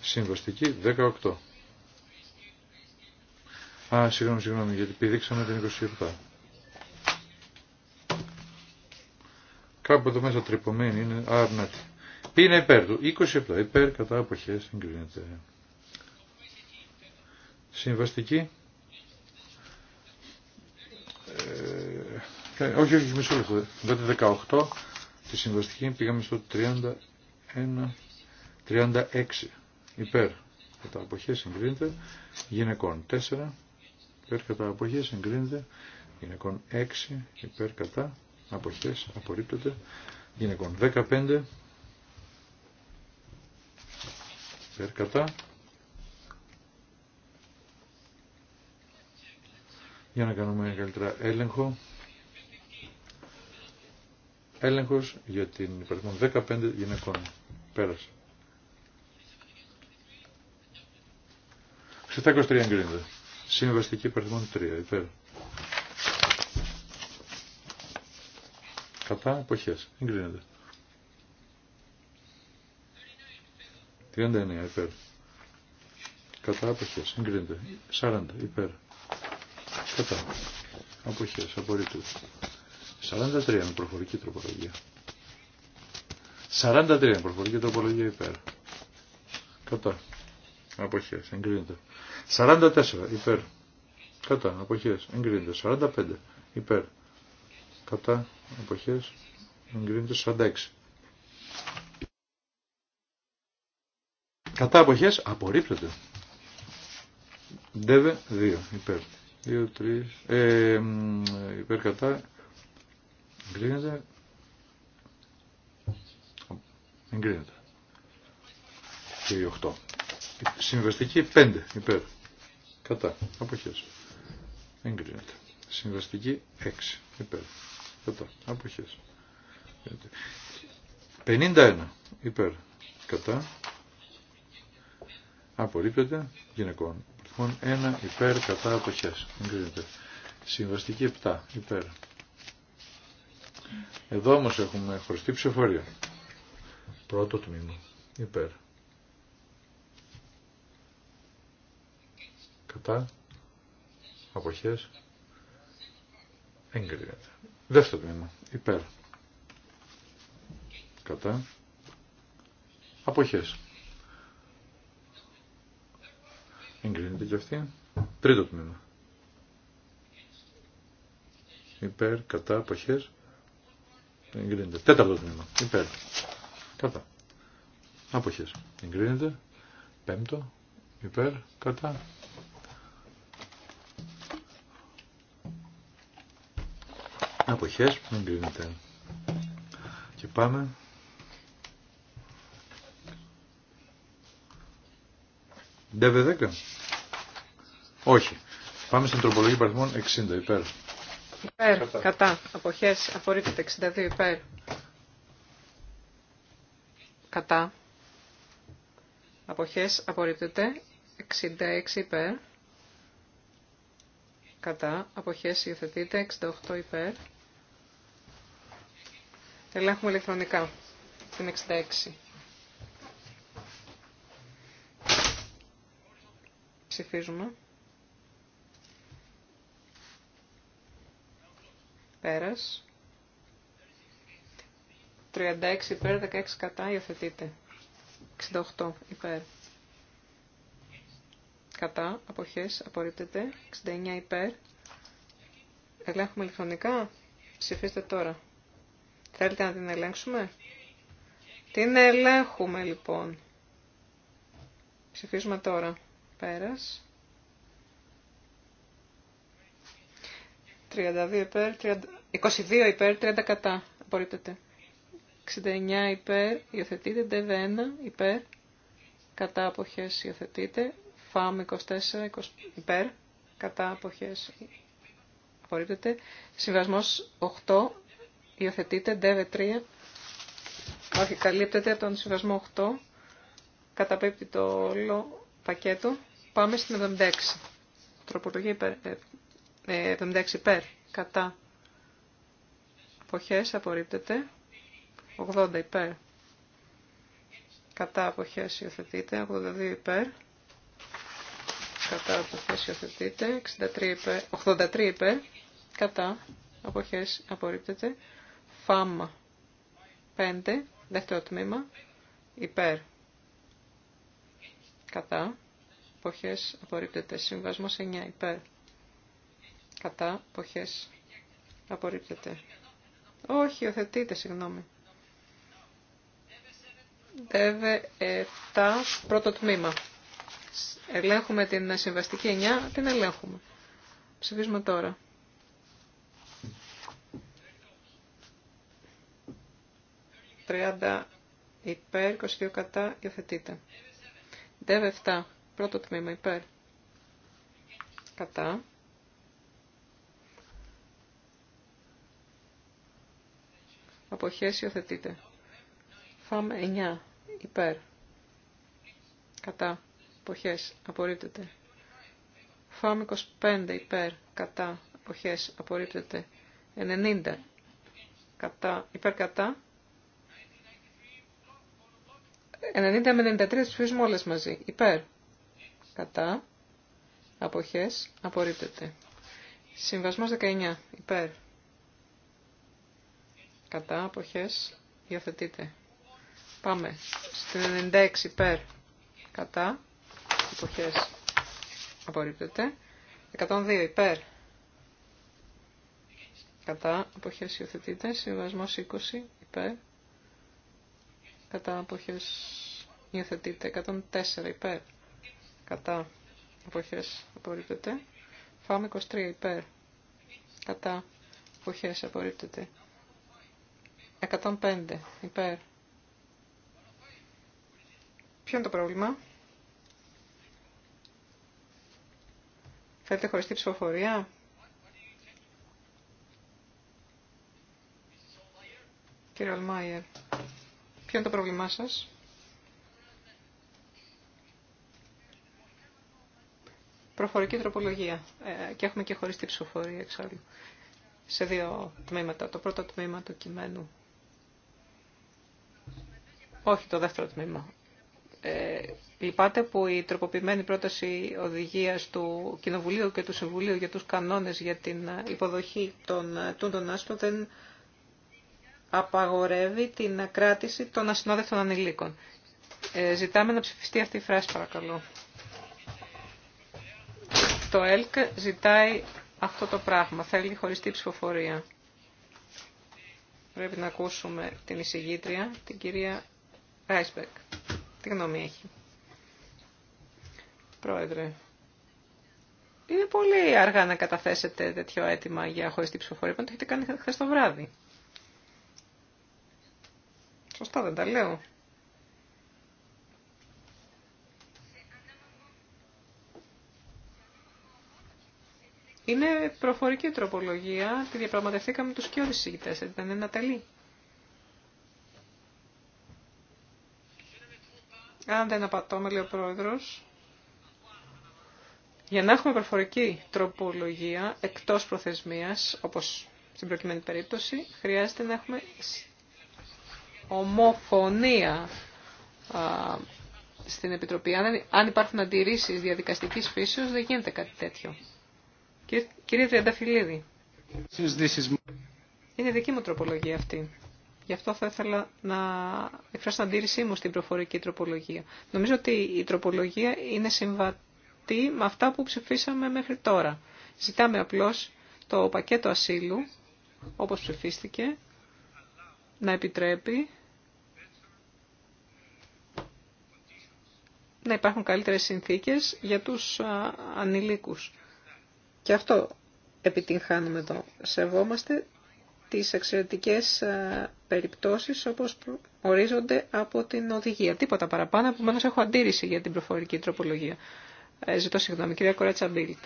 B: Συμβαστική 18. Α, συγγνώμη, συγγνώμη, γιατί πηδήξαμε την 27. από εδώ μέσα τρυπωμένη είναι άρνατη. Ποιοι είναι υπέρ του. 27 υπέρ κατά αποχές συγκρίνεται. Συμβαστική. Ε, ε όχι, όχι, μισό λεπτό. Βέβαια 18 τη συμβαστική πήγαμε στο 31, 36 υπέρ κατά αποχές συγκρίνεται, γυναικών 4 υπέρ κατά αποχές συγκρίνεται, γυναικών 6 υπέρ κατά αποχές απορρίπτεται γυναικών 15 περκατά για να κάνουμε καλύτερα έλεγχο έλεγχος για την υπαρχόν 15 γυναικών πέρασε σε 23 εγκρίνεται συμβαστική παρθμόν 3 υπέρ Κατά εποχές. Εγκρίνεται. 39 υπέρ. Κατά αποχές. Εγκρίνεται. 40 υπέρ. Κατά. Αποχές. Απορρίπτεται. 43 με προφορική τροπολογία. 43 με προφορική τροπολογία υπέρ. Κατά. Αποχές. Εγκρίνεται. 44 υπέρ. Κατά. Αποχές. Εγκρίνεται. 45 υπέρ κατά εποχές εγκρίνεται 46. Κατά εποχές απορρίπτεται. Δεύε 2 υπέρ. 2, 3, ε, υπέρ κατά εγκρίνεται. Εγκρίνεται. Και 8. Συμβαστική 5 υπέρ. Κατά. Αποχές. Εγκρίνεται. Συμβαστική 6 υπέρ. Αποχές. 51. Υπέρ. Κατά. Απορρίπτεται. Γυναικών. Λοιπόν, 1. Υπέρ. Κατά. Αποχές. Εγκρίνεται. Συμβαστική 7. Υπέρ. Εδώ όμως έχουμε χωριστή ψηφορία. Πρώτο τμήμα. Υπέρ. Κατά. Αποχές. Εγκρίνεται. Δεύτερο τμήμα. Υπέρ. Κατά. Αποχές. Εγκρίνεται και αυτή. Τρίτο τμήμα. Υπέρ, κατά, αποχές. Εγκρίνεται. Τέταρτο τμήμα. Υπέρ. Κατά. Αποχές. Εγκρίνεται. Πέμπτο. Υπέρ, κατά, Αποχές εγκρίνεται. Και πάμε. Ντεβε 10. Όχι. Πάμε στην τροπολογία παριθμών 60 υπέρ. Υπέρ, κατά.
C: κατά. Αποχές απορρίπτεται 62 υπέρ. Κατά. Αποχές απορρίπτεται 66 υπέρ. Κατά. Αποχές υιοθετείται 68 υπέρ. Ελέγχουμε ηλεκτρονικά την 66. Ψηφίζουμε. Πέρας. 36 υπέρ, 16 κατά, υιοθετείτε. 68 υπέρ. Κατά, αποχές, απορρίπτεται. 69 υπέρ. Ελέγχουμε ηλεκτρονικά. Ψηφίστε τώρα. Θέλετε να την ελέγξουμε. Την ελέγχουμε λοιπόν. Ψηφίζουμε τώρα. Πέρας. 32 υπέρ, 30... 22 υπέρ, 30 κατά. Απορρίπτεται. 69 υπέρ, υιοθετείτε. DV1 υπέρ, κατά αποχές υιοθετείτε. ΦΑΜ 24 20... υπέρ, κατά αποχές απορρίπτεται. Συμβασμός 8 Υιοθετείτε. Ντεβε 3. Όχι, καλύπτεται από τον συμβασμό 8. Καταπέπτει το όλο πακέτο. Πάμε στην 76. Τροπολογία υπέρ, 76 ε, ε, υπέρ. Κατά. Αποχές απορρίπτεται. 80 υπέρ. Κατά αποχές υιοθετείται. 82 υπέρ. Κατά αποχές υιοθετείται. 63 υπέρ. 83 υπέρ. Κατά αποχές απορρίπτεται. ΦΑΜ 5, δεύτερο τμήμα, υπέρ, κατά, εποχές απορρίπτεται. Συμβασμός 9, υπέρ, κατά, εποχές απορρίπτεται. Όχι, οθετείτε, συγγνώμη. Δεύτερο πρώτο τμήμα. Ελέγχουμε την συμβαστική 9, την ελέγχουμε. Ψηφίζουμε τώρα. 30 υπέρ, 22 κατά, υιοθετείται. ΔΕΒ 7, πρώτο τμήμα υπέρ, κατά. Αποχές υιοθετείται. ΦΑΜ 9, υπέρ, κατά, αποχές, απορρίπτεται. ΦΑΜ 25, υπέρ, κατά, αποχές, απορρίπτεται. 90, κατά, υπέρ, κατά, 90 με 93 τις ψηφίσουμε όλες μαζί. Υπέρ. Κατά. Αποχές. Απορρίπτεται. Συμβασμός 19. Υπέρ. Κατά. Αποχές. υιοθετείτε. Πάμε. Στην 96. Υπέρ. Κατά. Αποχές. Απορρίπτεται. 102. Υπέρ. Κατά. Αποχές. υιοθετείτε, Συμβασμός 20. Υπέρ κατά αποχές υιοθετείται 104 υπέρ κατά αποχές απορρίπτεται φάμε 23 υπέρ κατά αποχές απορρίπτεται 105 υπέρ ποιο είναι το πρόβλημα θέλετε χωριστή ψηφοφορία Κύριε Αλμάιερ. Ποιο είναι το πρόβλημά σας. Προφορική τροπολογία. Ε, και έχουμε και χωριστή ψηφοφορία εξάλλου. Σε δύο τμήματα. Το πρώτο τμήμα του κειμένου. Όχι το δεύτερο τμήμα. Ε, λυπάται που η τροποποιημένη πρόταση οδηγίας του Κοινοβουλίου και του Συμβουλίου για τους κανόνες για την ε, υποδοχή των ε, τούντων άστων δεν απαγορεύει την κράτηση των ασυνόδευτων ανηλίκων. Ε, ζητάμε να ψηφιστεί αυτή η φράση, παρακαλώ. Το ΕΛΚ ζητάει αυτό το πράγμα. Θέλει χωριστή ψηφοφορία. Πρέπει να ακούσουμε την εισηγήτρια, την κυρία Ράισπεκ. Τι γνώμη έχει. Πρόεδρε, είναι πολύ αργά να καταθέσετε τέτοιο αίτημα για χωριστή ψηφοφορία. Πάνω το έχετε κάνει χθε το βράδυ. Σωστά δεν τα λέω. Είναι προφορική τροπολογία, τη διαπραγματευθήκαμε τους και δεν είναι ατελή. Αν δεν απατώμε, λέει ο πρόεδρος, για να έχουμε προφορική τροπολογία εκτός προθεσμίας, όπως στην προκειμένη περίπτωση, χρειάζεται να έχουμε ομοφωνία στην Επιτροπή. Αν υπάρχουν αντιρρήσεις διαδικαστικής φύσεως, δεν γίνεται κάτι τέτοιο. Κύριε Τριανταφυλλίδη, είναι δική μου τροπολογία αυτή. Γι' αυτό θα ήθελα να εκφράσω την αντίρρησή μου στην προφορική τροπολογία. Νομίζω ότι η τροπολογία είναι συμβατή με αυτά που ψηφίσαμε μέχρι τώρα. Ζητάμε απλώς το πακέτο ασύλου, όπως ψηφίστηκε, να επιτρέπει να υπάρχουν καλύτερες συνθήκες για τους ανηλίκους. Και αυτό επιτυγχάνουμε εδώ. Σεβόμαστε τις εξαιρετικές περιπτώσεις όπως ορίζονται από την οδηγία. Τίποτα παραπάνω, επομένω έχω αντίρρηση για την προφορική τροπολογία. Ε, ζητώ συγγνώμη, κυρία Κορέτσα Μπίλτ.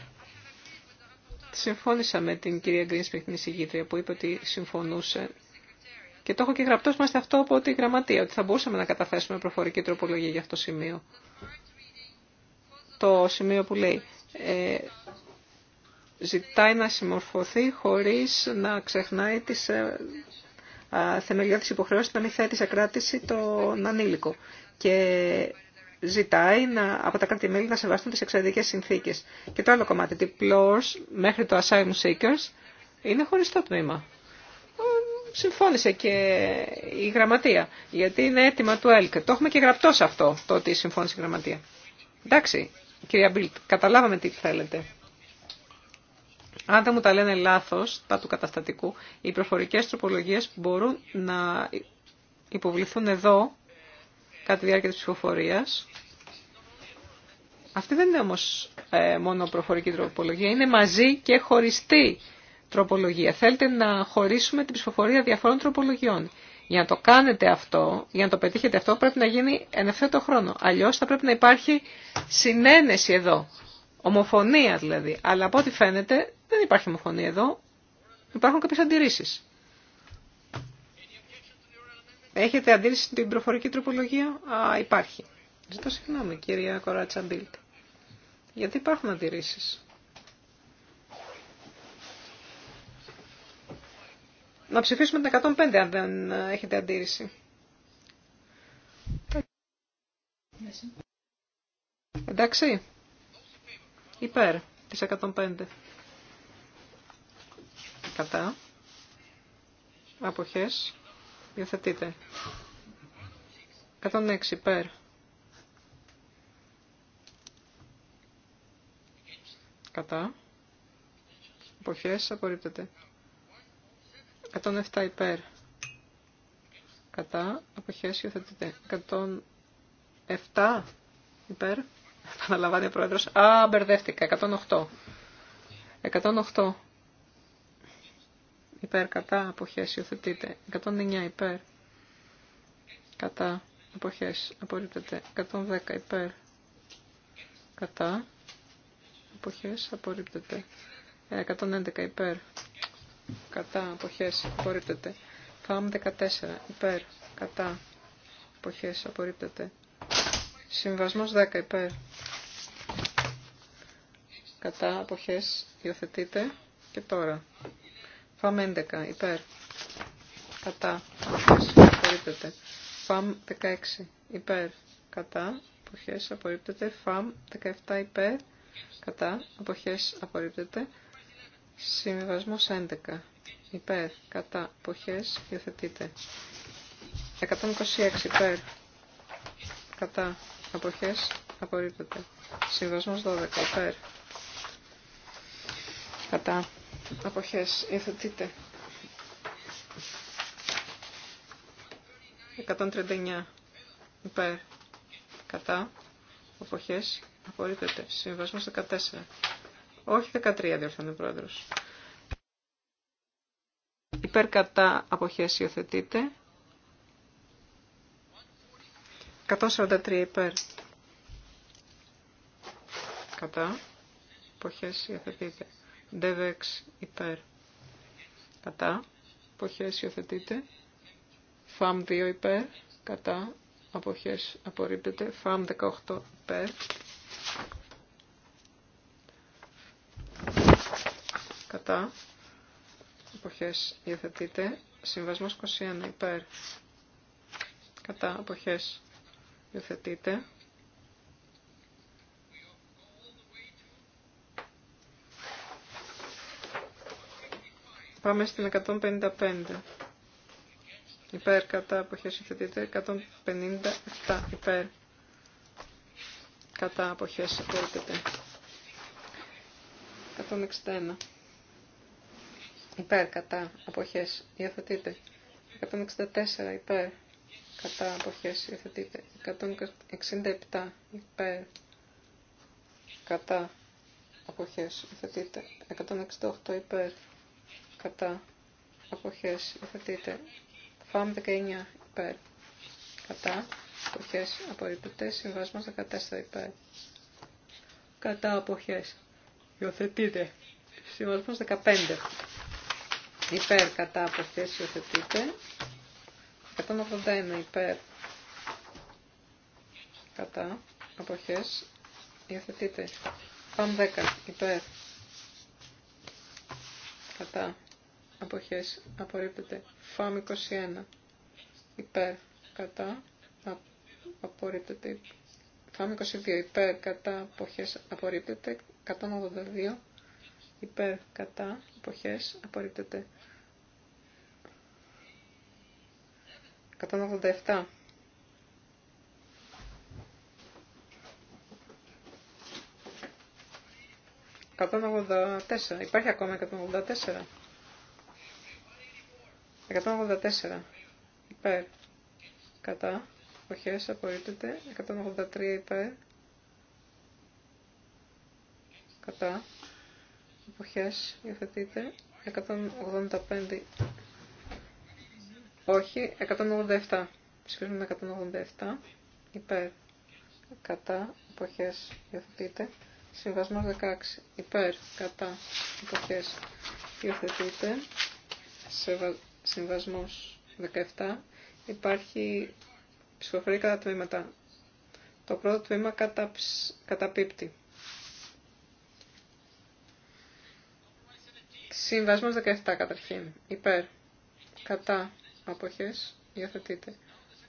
C: Συμφώνησα με την κυρία Γκρίνσπιχ, την εισηγήτρια, που είπε ότι συμφωνούσε. Και το έχω και γραπτό μα αυτό από τη γραμματεία, ότι θα μπορούσαμε να καταθέσουμε προφορική τροπολογία για αυτό το σημείο το σημείο που λέει ε, ζητάει να συμμορφωθεί χωρίς να ξεχνάει τις ε, α, θεμελιώδεις υποχρεώσεις να μην θέτει σε κράτηση τον ανήλικο. Και ζητάει να, από τα κράτη-μέλη να σεβαστούν τις εξαιρετικές συνθήκες. Και το άλλο κομμάτι, διπλός μέχρι το asylum seekers, είναι χωριστό τμήμα. Ε, συμφώνησε και η γραμματεία, γιατί είναι αίτημα του ΕΛΚ. Το έχουμε και γραπτό σε αυτό, το ότι συμφώνησε η γραμματεία. Εντάξει, Κυρία Μπίλτ, καταλάβαμε τι θέλετε. Αν δεν μου τα λένε λάθος, τα του καταστατικού, οι προφορικές τροπολογίες μπορούν να υποβληθούν εδώ, κατά τη διάρκεια της ψηφοφορίας. Αυτή δεν είναι όμως ε, μόνο προφορική τροπολογία, είναι μαζί και χωριστή τροπολογία. Θέλετε να χωρίσουμε την ψηφοφορία διαφορών τροπολογιών. Για να το κάνετε αυτό, για να το πετύχετε αυτό, πρέπει να γίνει εν ευθέτω χρόνο. Αλλιώ θα πρέπει να υπάρχει συνένεση εδώ. Ομοφωνία δηλαδή. Αλλά από ό,τι φαίνεται δεν υπάρχει ομοφωνία εδώ. Υπάρχουν κάποιε αντιρρήσει. Έχετε αντίρρηση στην προφορική τροπολογία. υπάρχει. Ζητώ συγγνώμη, κυρία Κοράτσα Μπίλτ. Γιατί υπάρχουν αντιρρήσει. Να ψηφίσουμε την 105 αν δεν ε, έχετε αντίρρηση. Εντάξει. Υπέρ της 105. Κατά. Αποχές. Διοθετείτε. 106 υπέρ. Κατά. Αποχές απορρίπτεται. 107 υπέρ. Κατά. Αποχές υιοθετείται. 107 υπέρ. Επαναλαμβάνει ο πρόεδρος. Α, μπερδεύτηκα. 108. 108 υπέρ. Κατά. Αποχές υιοθετείται. 109 υπέρ. Κατά. Αποχές απορρίπτεται. 110 υπέρ. Κατά. Αποχές απορρίπτεται. 111 υπέρ κατά αποχές απορρίπτεται. ΦΑΜ 14 υπέρ κατά αποχές απορρίπτεται. Συμβασμός 10 υπέρ κατά αποχές υιοθετείται. Και τώρα ΦΑΜ 11 υπέρ κατά αποχές απορρίπτεται. ΦΑΜ 16 υπέρ κατά αποχές απορρίπτεται. ΦΑΜ 17 υπέρ κατά αποχές απορρίπτεται. Συμβιβασμός 11. Υπέρ. Κατά. Αποχές. Υιοθετείτε. 126. Υπέρ. Κατά. Αποχές. Απορρίπτεται. Συμβιβασμός 12. Υπέρ. Κατά. Αποχές. Υιοθετείτε. 139. Υπέρ. Κατά. Αποχές. Απορρίπτεται. Συμβιβασμός 14 όχι 13 διορθώνει ο πρόεδρο. Υπέρ κατά αποχές υιοθετείται. 143 υπέρ. Κατά. Αποχές υιοθετείται. ΔΕΒΕΞ υπέρ. Κατά. Αποχές υιοθετείται. Φαμ 2 υπέρ. Κατά. Αποχές απορρίπτεται. Φαμ 18 υπέρ. κατά, αποχές υιοθετείται. Συμβασμός 21 υπέρ, κατά, αποχές υιοθετείται. Πάμε στην 155. Υπέρ κατά αποχές υιοθετείται. 157 υπέρ κατά αποχές υιοθετείται. 161 υπέρ κατά αποχές υιοθετείται 164 υπέρ κατά αποχές υιοθετείται 167 υπέρ κατά αποχές υιοθετείται 168 υπέρ κατά αποχές υιοθετείται φαμ 19 υπέρ κατά αποχές απορρίπτεται συμβάσμα 14 υπέρ κατά αποχές υιοθετείται Συμβάσμα 15 υπέρ κατά αυτές υιοθετείτε. 181 υπέρ κατά αποχές υιοθετείτε. Φάμ 10 υπέρ κατά αποχές απορρίπτεται. Φαμ 21 υπέρ κατά απορρίπτεται. Φαμ 22 υπέρ κατά αποχές απορρίπτεται. 182 υπέρ κατά Εποχές απορρίπτεται. 187. «184». Υπάρχει ακόμα 184. 184. Υπέρ. Κατά. Εποχές απορρίπτεται. 183 υπέρ. Κατά. Εποχές υιοθετείται. 185. Όχι, 187. Ψηφίζουμε 187. Υπέρ. Κατά. Εποχές υιοθετείται. Συμβασμός 16. Υπέρ. Κατά. Εποχές υιοθετείται. Σεβα... Συμβασμός 17. Υπάρχει ψηφοφορία κατά τμήματα. Το πρώτο τμήμα καταπίπτει. Συμβασμός 17 καταρχήν. Υπέρ. Κατά. Αποχές. Υιοθετείτε.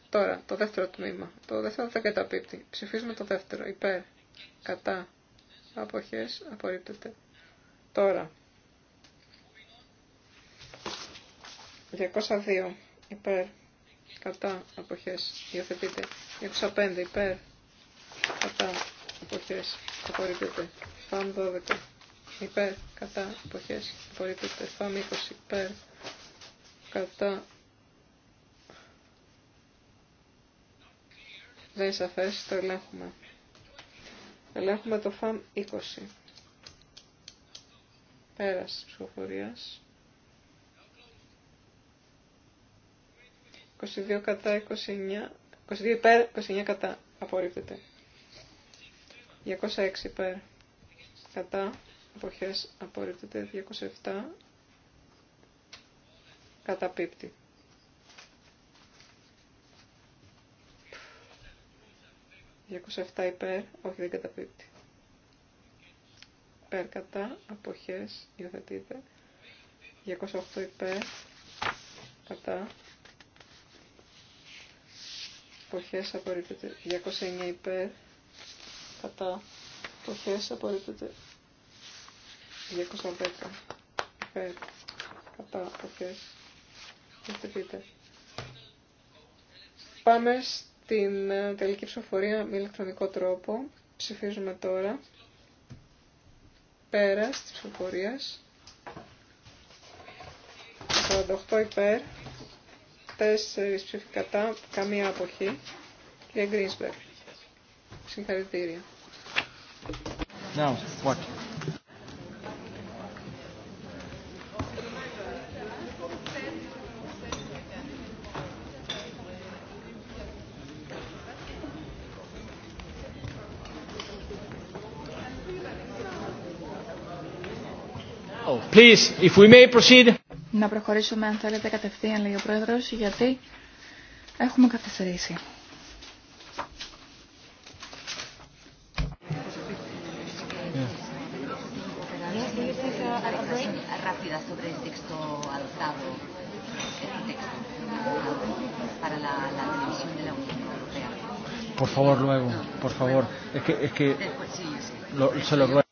C: Τώρα, το δεύτερο τμήμα. Το δεύτερο δεν καταπίπτει. Ψηφίζουμε το δεύτερο. Υπέρ. Κατά. Αποχές. Απορρίπτεται. Τώρα. 202. Υπέρ. Κατά. Αποχές. Υιοθετείτε. 205. Υπέρ. Κατά. Αποχές. Απορρίπτεται. Φαν 12 υπέρ, κατά, εποχές, απορρίπτεται. ΦΑΜ 20 υπέρ, κατά, δεν είναι σαφές, το ελέγχουμε. Ελέγχουμε το ΦΑΜ 20. Πέρας της ψηφοφορίας. 22 κατά 29, 22 υπέρ, 29 κατά απορρίπτεται. 206 υπέρ κατά αποχές απορρίπτεται 207 καταπίπτει. «207 υπέρ, όχι δεν καταπίπτει». «Υπέρ κατά, αποχές, υιοθετείται». «208 υπέρ, κατά, αποχές, απορρίπτεται». «209 υπέρ, κατά, αποχές, απορρίπτεται». 210 υπέρ κατά Πάμε στην ε, τελική ψηφοφορία με ηλεκτρονικό τρόπο. Ψηφίζουμε τώρα. Πέρα της ψηφοφορία. 48 υπέρ. 4 ψήφοι κατά. Καμία αποχή. Κύριε Γκρίνσμπερg. Συγχαρητήρια.
E: Now,
A: Please, if we may proceed.
D: Να προχωρήσουμε αν θέλετε κατευθείαν, λέει ο Πρόεδρος, γιατί έχουμε καθυστερήσει.
F: rápida sobre el texto adoptado, el texto para la, la televisión de la Unión Europea.
A: Por favor, luego, por favor. Es que, es que lo, se lo ruego.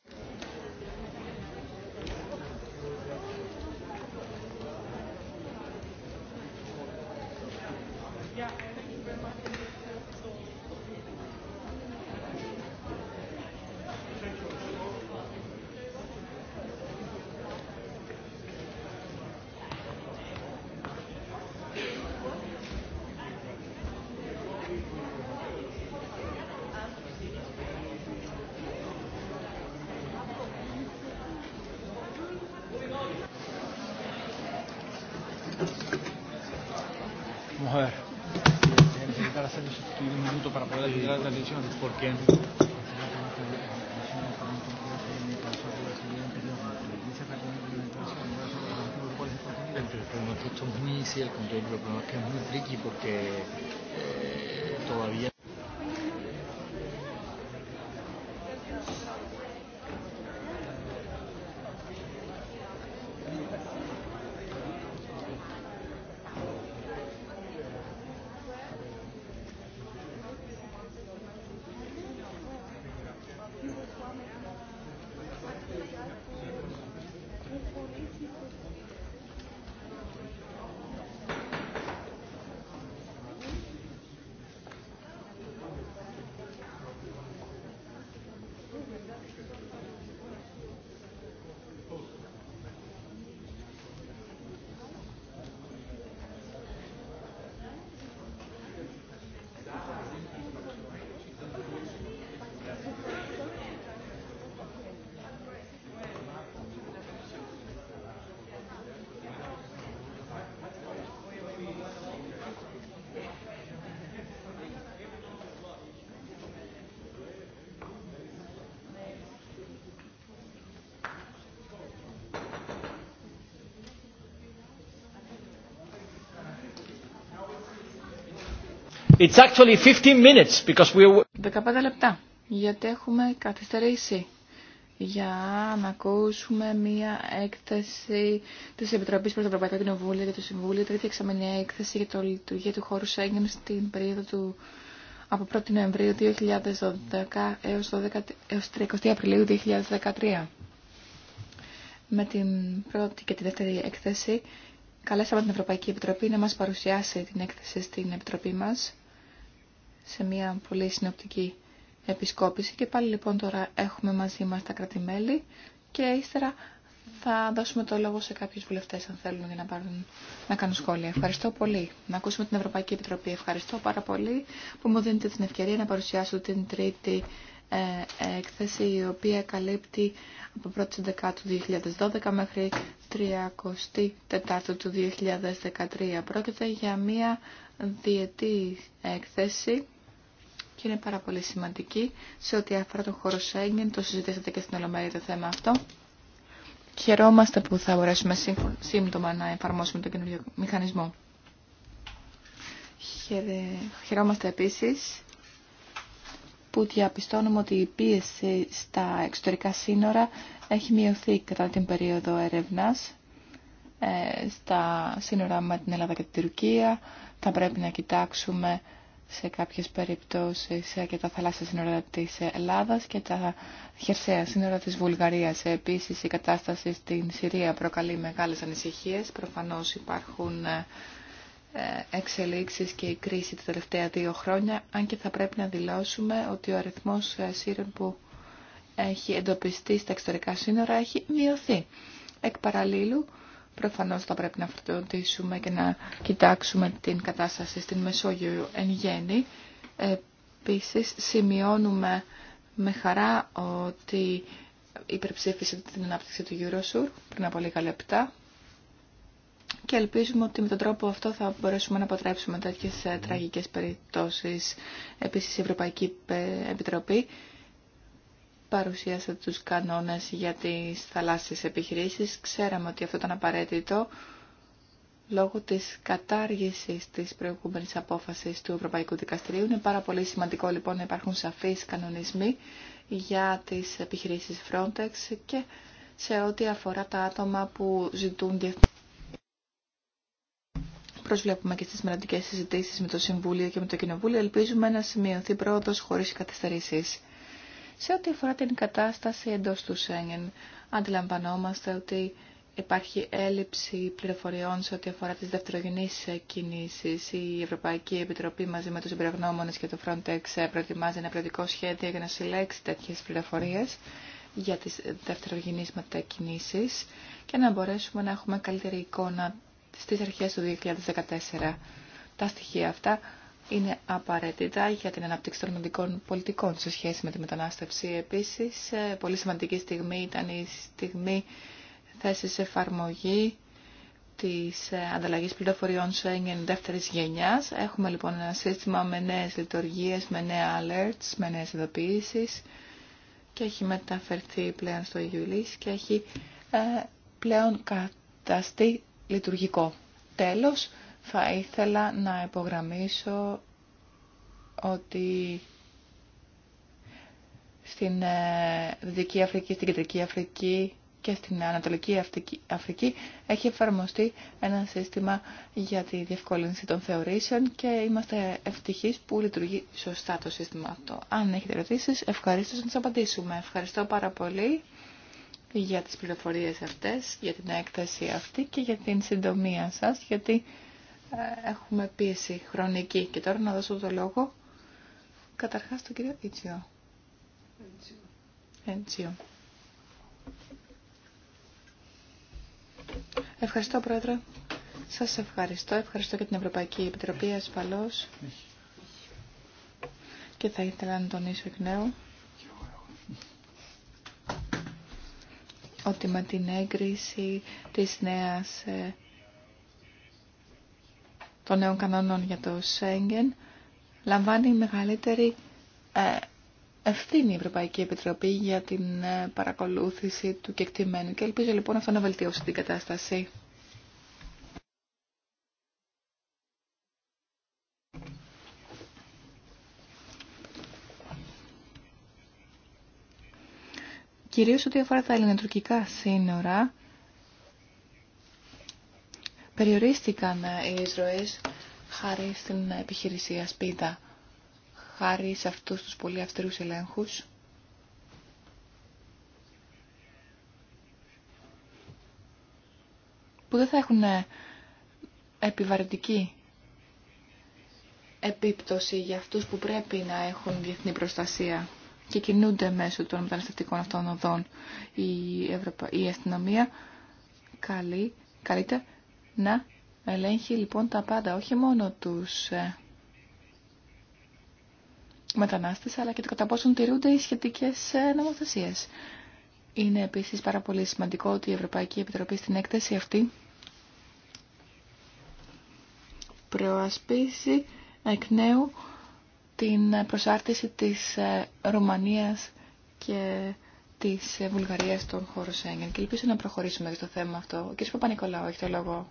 A: It's actually 15 minutes because we...
D: 15 λεπτά, γιατί έχουμε καθυστερήσει για να ακούσουμε μία έκθεση της Επιτροπής προς το Ευρωπαϊκό Κοινοβούλιο και το Συμβούλιο, τρίτη εξαμενή έκθεση για το λειτουργία του χώρου Σέγγεν στην περίοδο του από 1η Νοεμβρίου 2012 έως, 12, έως 30 Απριλίου 2013. Με την πρώτη και τη δεύτερη έκθεση καλέσαμε την Ευρωπαϊκή Επιτροπή να μας παρουσιάσει την έκθεση στην Επιτροπή μας σε μια πολύ συνοπτική επισκόπηση και πάλι λοιπόν τώρα έχουμε μαζί μας τα κρατημέλη και ύστερα θα δώσουμε το λόγο σε κάποιους βουλευτές αν θέλουν για να, πάρουν, να κάνουν σχόλια. Ευχαριστώ πολύ. Να ακούσουμε την Ευρωπαϊκή Επιτροπή. Ευχαριστώ πάρα πολύ που μου δίνετε την ευκαιρία να παρουσιάσω την τρίτη ε, έκθεση η οποία καλύπτει από 1η του 2012 μέχρι 34 του 2013. Πρόκειται για μία διετή έκθεση και είναι πάρα πολύ σημαντική σε ό,τι αφορά τον χώρο Σέγγεν. Το συζητήσατε και στην Ολομέλεια το θέμα αυτό. Χαιρόμαστε που θα μπορέσουμε σύμπτωμα να εφαρμόσουμε τον καινούριο μηχανισμό. Χαιρόμαστε επίσης που διαπιστώνουμε ότι η πίεση στα εξωτερικά σύνορα έχει μειωθεί κατά την περίοδο έρευνας ε, στα σύνορα με την Ελλάδα και την Τουρκία. Θα πρέπει να κοιτάξουμε σε κάποιες περιπτώσεις ε, και τα θαλάσσια σύνορα της Ελλάδας και τα χερσαία σύνορα της Βουλγαρίας. Επίσης η κατάσταση στην Συρία προκαλεί μεγάλες ανησυχίες. Προφανώς υπάρχουν ε, ε, εξελίξεις και η κρίση τα τελευταία δύο χρόνια, αν και θα πρέπει να δηλώσουμε ότι ο αριθμός σύρων που έχει εντοπιστεί στα εξωτερικά σύνορα έχει μειωθεί. Εκ παραλλήλου, Προφανώς θα πρέπει να φροντίσουμε και να κοιτάξουμε την κατάσταση στην Μεσόγειο εν γέννη. Επίσης σημειώνουμε με χαρά ότι υπερψήφισε την ανάπτυξη του Eurosur πριν από λίγα λεπτά και ελπίζουμε ότι με τον τρόπο αυτό θα μπορέσουμε να αποτρέψουμε τέτοιες ε, τραγικές περιπτώσεις. Επίσης η Ευρωπαϊκή ε, Επιτροπή Παρουσίασα τους κανόνες για τις θαλάσσιες επιχειρήσεις. Ξέραμε ότι αυτό ήταν απαραίτητο λόγω της κατάργησης της προηγούμενης απόφασης του Ευρωπαϊκού Δικαστηρίου. Είναι πάρα πολύ σημαντικό λοιπόν να υπάρχουν σαφείς κανονισμοί για τις επιχειρήσεις Frontex και σε ό,τι αφορά τα άτομα που ζητούν Προσβλέπουμε και στις μελλοντικές συζητήσεις με το Συμβούλιο και με το Κοινοβούλιο. Ελπίζουμε να σημειωθεί πρόοδος χωρίς καθυστερήσεις. Σε ό,τι αφορά την κατάσταση εντός του Σέγγεν, αντιλαμβανόμαστε ότι υπάρχει έλλειψη πληροφοριών σε ό,τι αφορά τις δευτερογενείς κινήσεις. Η Ευρωπαϊκή Επιτροπή μαζί με τους εμπειρογνώμονες και το Frontex προετοιμάζει ένα πλειοτικό σχέδιο για να συλλέξει τέτοιες πληροφορίες για τις δευτερογενείς μετακινήσεις και να μπορέσουμε να έχουμε καλύτερη εικόνα στις αρχές του 2014. Τα στοιχεία αυτά είναι απαραίτητα για την ανάπτυξη των μοντικών πολιτικών σε σχέση με τη μετανάστευση. Επίσης, ε, πολύ σημαντική στιγμή ήταν η στιγμή θέσης εφαρμογή της ε, ανταλλαγής πληροφοριών Schengen δεύτερης γενιάς. Έχουμε λοιπόν ένα σύστημα με νέες λειτουργίες, με νέα alerts, με νέες ειδοποιήσεις και έχει μεταφερθεί πλέον στο EULIS και έχει ε, πλέον καταστεί λειτουργικό. Τέλος, θα ήθελα να υπογραμμίσω ότι στην ε, Δυτική Αφρική, στην Κεντρική Αφρική και στην Ανατολική Αφρική έχει εφαρμοστεί ένα σύστημα για τη διευκόλυνση των θεωρήσεων και είμαστε ευτυχείς που λειτουργεί σωστά το σύστημα αυτό. Αν έχετε ερωτήσεις, ευχαριστώ να τις απαντήσουμε. Ευχαριστώ πάρα πολύ για τις πληροφορίες αυτές, για την έκθεση αυτή και για την συντομία σας, γιατί έχουμε πίεση χρονική. Και τώρα να δώσω το λόγο καταρχάς στον κύριο Ιτσιό. Ιτσιό. Ευχαριστώ Πρόεδρε. Σας ευχαριστώ. Ευχαριστώ και την Ευρωπαϊκή Επιτροπή ασφαλώς. Και θα ήθελα να τονίσω εκ νέου ότι με την έγκριση της νέας ε, των νέων κανόνων για το Σέγγεν λαμβάνει μεγαλύτερη ε, ευθύνη η Ευρωπαϊκή Επιτροπή για την ε, παρακολούθηση του κεκτημένου και ελπίζω λοιπόν αυτό να βελτιώσει την κατάσταση. Κυρίως ό,τι αφορά τα ελληνοτουρκικά σύνορα, περιορίστηκαν οι ροές χάρη στην επιχείρηση ασπίδα, χάρη σε αυτούς τους πολύ αυστηρούς ελέγχους. που δεν θα έχουν επιβαρυντική επίπτωση για αυτούς που πρέπει να έχουν διεθνή προστασία και κινούνται μέσω των μεταναστευτικών αυτών οδών. Η, Ευρωπα... η αστυνομία καλή να ελέγχει λοιπόν τα πάντα, όχι μόνο τους ε, μετανάστες, αλλά και το κατά πόσον τηρούνται οι σχετικές ε, νομοθεσίες. Είναι επίσης πάρα πολύ σημαντικό ότι η Ευρωπαϊκή Επιτροπή στην έκθεση αυτή προασπίσει εκ νέου την προσάρτηση της ε, Ρουμανίας και της Βουλγαρίας στον χώρο Σέγγεν. Και ελπίζω να προχωρήσουμε στο θέμα αυτό. Ο κ. Παπα-Νικολάου έχει το λόγο.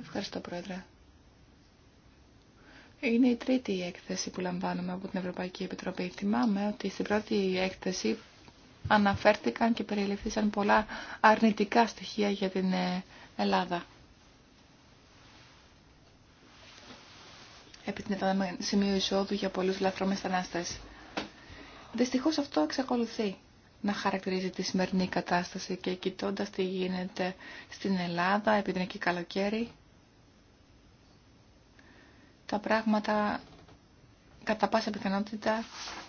D: Ευχαριστώ, Πρόεδρε. Είναι η τρίτη έκθεση που λαμβάνουμε από την Ευρωπαϊκή Επιτροπή. Θυμάμαι ότι στην πρώτη έκθεση αναφέρθηκαν και περιληφθήσαν πολλά αρνητικά στοιχεία για την ε, Ελλάδα. Επί την σημείο εισόδου για πολλούς λαθρομεστάναστες, Δυστυχώς αυτό εξακολουθεί να χαρακτηρίζει τη σημερινή κατάσταση και κοιτώντας τι γίνεται στην Ελλάδα, επειδή είναι και καλοκαίρι, τα πράγματα κατά πάσα πιθανότητα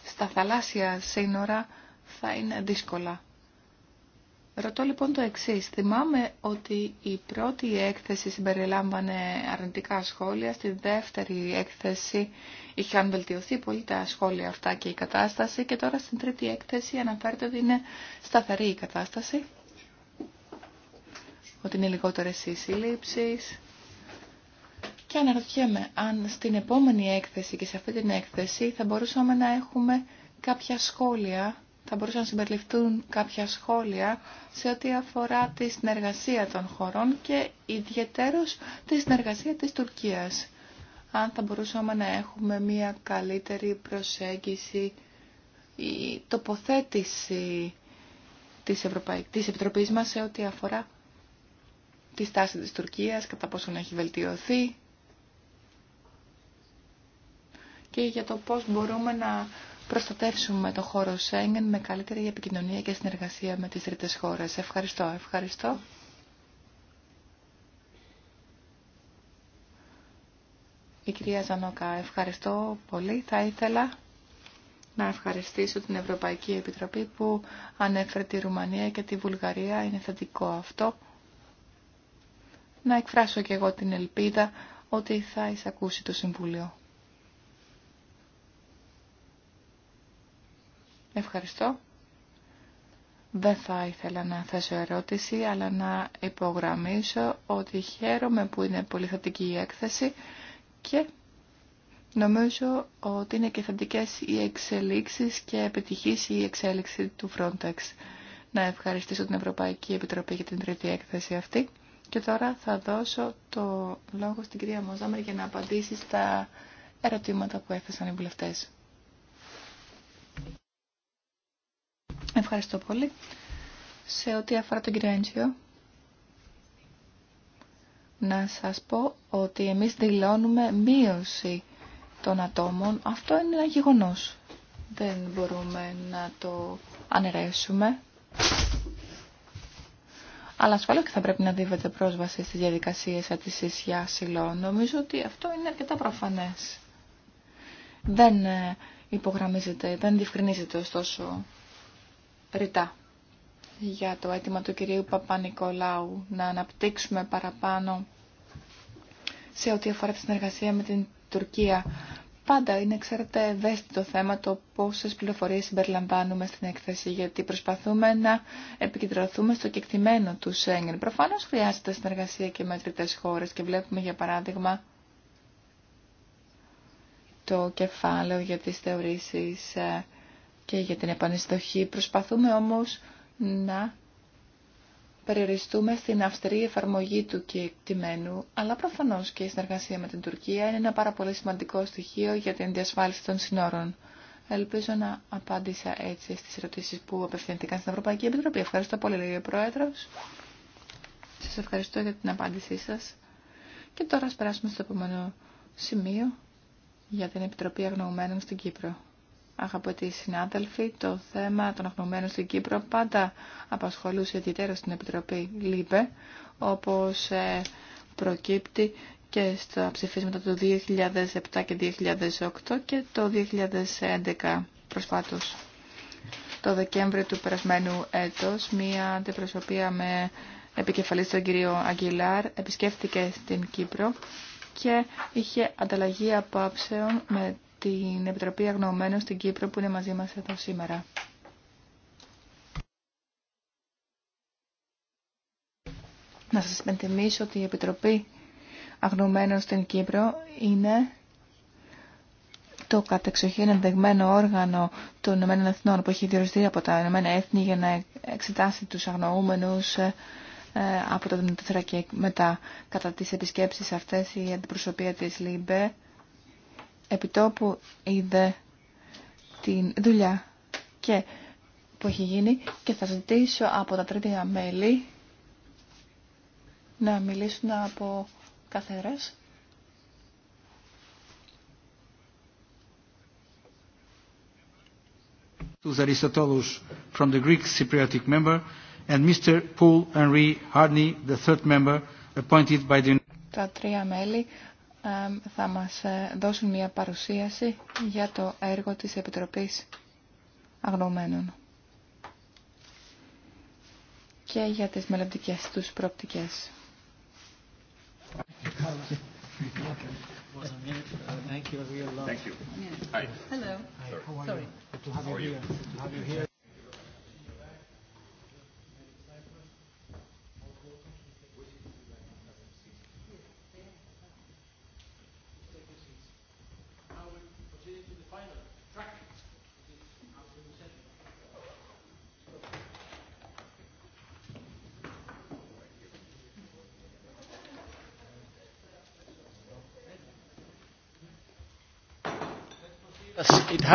D: στα θαλάσσια σύνορα θα είναι δύσκολα. Ρωτώ λοιπόν το εξή. Θυμάμαι ότι η πρώτη έκθεση συμπεριλάμβανε αρνητικά σχόλια, στη δεύτερη έκθεση είχαν βελτιωθεί πολύ τα σχόλια αυτά και η κατάσταση και τώρα στην τρίτη έκθεση αναφέρεται ότι είναι σταθερή η κατάσταση, ότι είναι λιγότερε οι συλλήψει. Και αναρωτιέμαι αν στην επόμενη έκθεση και σε αυτή την έκθεση θα μπορούσαμε να έχουμε κάποια σχόλια θα μπορούσαν να συμπεριληφθούν κάποια σχόλια σε ό,τι αφορά τη συνεργασία των χωρών και ιδιαιτέρως τη συνεργασία της Τουρκίας. Αν θα μπορούσαμε να έχουμε μια καλύτερη προσέγγιση ή τοποθέτηση της, Ευρωπαϊκής, της Επιτροπής μας σε ό,τι αφορά τη στάση της Τουρκίας, κατά πόσον έχει βελτιωθεί και για το πώς μπορούμε να προστατεύσουμε το χώρο Σέγγεν με καλύτερη επικοινωνία και συνεργασία με τις τρίτες χώρες. Ευχαριστώ, ευχαριστώ. Η κυρία Ζανόκα, ευχαριστώ πολύ. Θα ήθελα να ευχαριστήσω την Ευρωπαϊκή Επιτροπή που ανέφερε τη Ρουμανία και τη Βουλγαρία. Είναι θετικό αυτό. Να εκφράσω και εγώ την ελπίδα ότι θα εισακούσει το Συμβούλιο. Ευχαριστώ. Δεν θα ήθελα να θέσω ερώτηση, αλλά να υπογραμμίσω ότι χαίρομαι που είναι πολύ θετική η έκθεση και νομίζω ότι είναι και θετικέ οι εξελίξεις και επιτυχής η εξέλιξη του Frontex. Να ευχαριστήσω την Ευρωπαϊκή Επιτροπή για την τρίτη έκθεση αυτή. Και τώρα θα δώσω το λόγο στην κυρία Μοζάμερ για να απαντήσει στα ερωτήματα που έθεσαν οι βουλευτές. Ευχαριστώ πολύ. Σε ό,τι αφορά τον κύριο Έντσιο, να σας πω ότι εμείς δηλώνουμε μείωση των ατόμων. Αυτό είναι ένα γεγονός. Δεν μπορούμε να το αναιρέσουμε. Αλλά ασφαλώς και θα πρέπει να δίδεται πρόσβαση στις διαδικασίες ατησής για ασυλό. Νομίζω ότι αυτό είναι αρκετά προφανές. Δεν ε, υπογραμμίζεται, δεν διευκρινίζεται ωστόσο ρητά για το αίτημα του κυρίου Παπα-Νικολάου να αναπτύξουμε παραπάνω σε ό,τι αφορά τη συνεργασία με την Τουρκία. Πάντα είναι, ξέρετε, ευαίσθητο θέμα το πόσες πληροφορίες συμπεριλαμβάνουμε στην έκθεση, γιατί προσπαθούμε να επικεντρωθούμε στο κεκτημένο του Σέγγεν. Προφανώς χρειάζεται συνεργασία και με τρίτες και βλέπουμε, για παράδειγμα, το κεφάλαιο για τι θεωρήσει. Ε, και για την επανειστοχή. Προσπαθούμε όμως να περιοριστούμε στην αυστηρή εφαρμογή του κεκτημένου, αλλά προφανώς και η συνεργασία με την Τουρκία είναι ένα πάρα πολύ σημαντικό στοιχείο για την διασφάλιση των συνόρων. Ελπίζω να απάντησα έτσι στις ερωτήσεις που απευθυνθήκαν στην Ευρωπαϊκή Επιτροπή. Ευχαριστώ πολύ, λέει ο Πρόεδρος. Σας ευχαριστώ για την απάντησή σας. Και τώρα ας περάσουμε στο επόμενο σημείο για την Επιτροπή Αγνοωμένων στην Κύπρο. Αγαπητοί συνάδελφοι, το θέμα των αγνωμένων στην Κύπρο πάντα απασχολούσε ιδιαίτερα στην Επιτροπή ΛΥΠΕ, όπως ε, προκύπτει και στα ψηφίσματα του 2007 και 2008 και το 2011 προσφάτως. Το Δεκέμβριο του περασμένου έτος, μία αντιπροσωπεία με επικεφαλής τον κύριο Αγγιλάρ επισκέφθηκε στην Κύπρο και είχε ανταλλαγή απόψεων με την Επιτροπή Αγνοωμένων στην Κύπρο που είναι μαζί μας εδώ σήμερα. Να σας υπενθυμίσω ότι η Επιτροπή Αγνοωμένων στην Κύπρο είναι το κατεξοχήν ενδεγμένο όργανο των Ηνωμένων Εθνών που έχει διοριστεί από τα Ηνωμένα Έθνη για να εξετάσει τους αγνοούμενους ε, ε, από το 2004 και μετά. Κατά τις επισκέψεις αυτές η αντιπροσωπεία της ΛΥΜΠΕ επιτόπου είδε την δουλειά και που έχει γίνει και θα ζητήσω από τα τρίτη μέλη να μιλήσουν από καθένας.
A: Τους Αριστοτέλους from the Greek Cypriotic member and
B: Mr. Paul Henry Hardy the third member appointed by the...
D: Τα τρία μέλη θα μας ε, δώσουν μια παρουσίαση για το έργο της Επιτροπής Αγνωμένων και για τις μελλοντικές τους προοπτικές.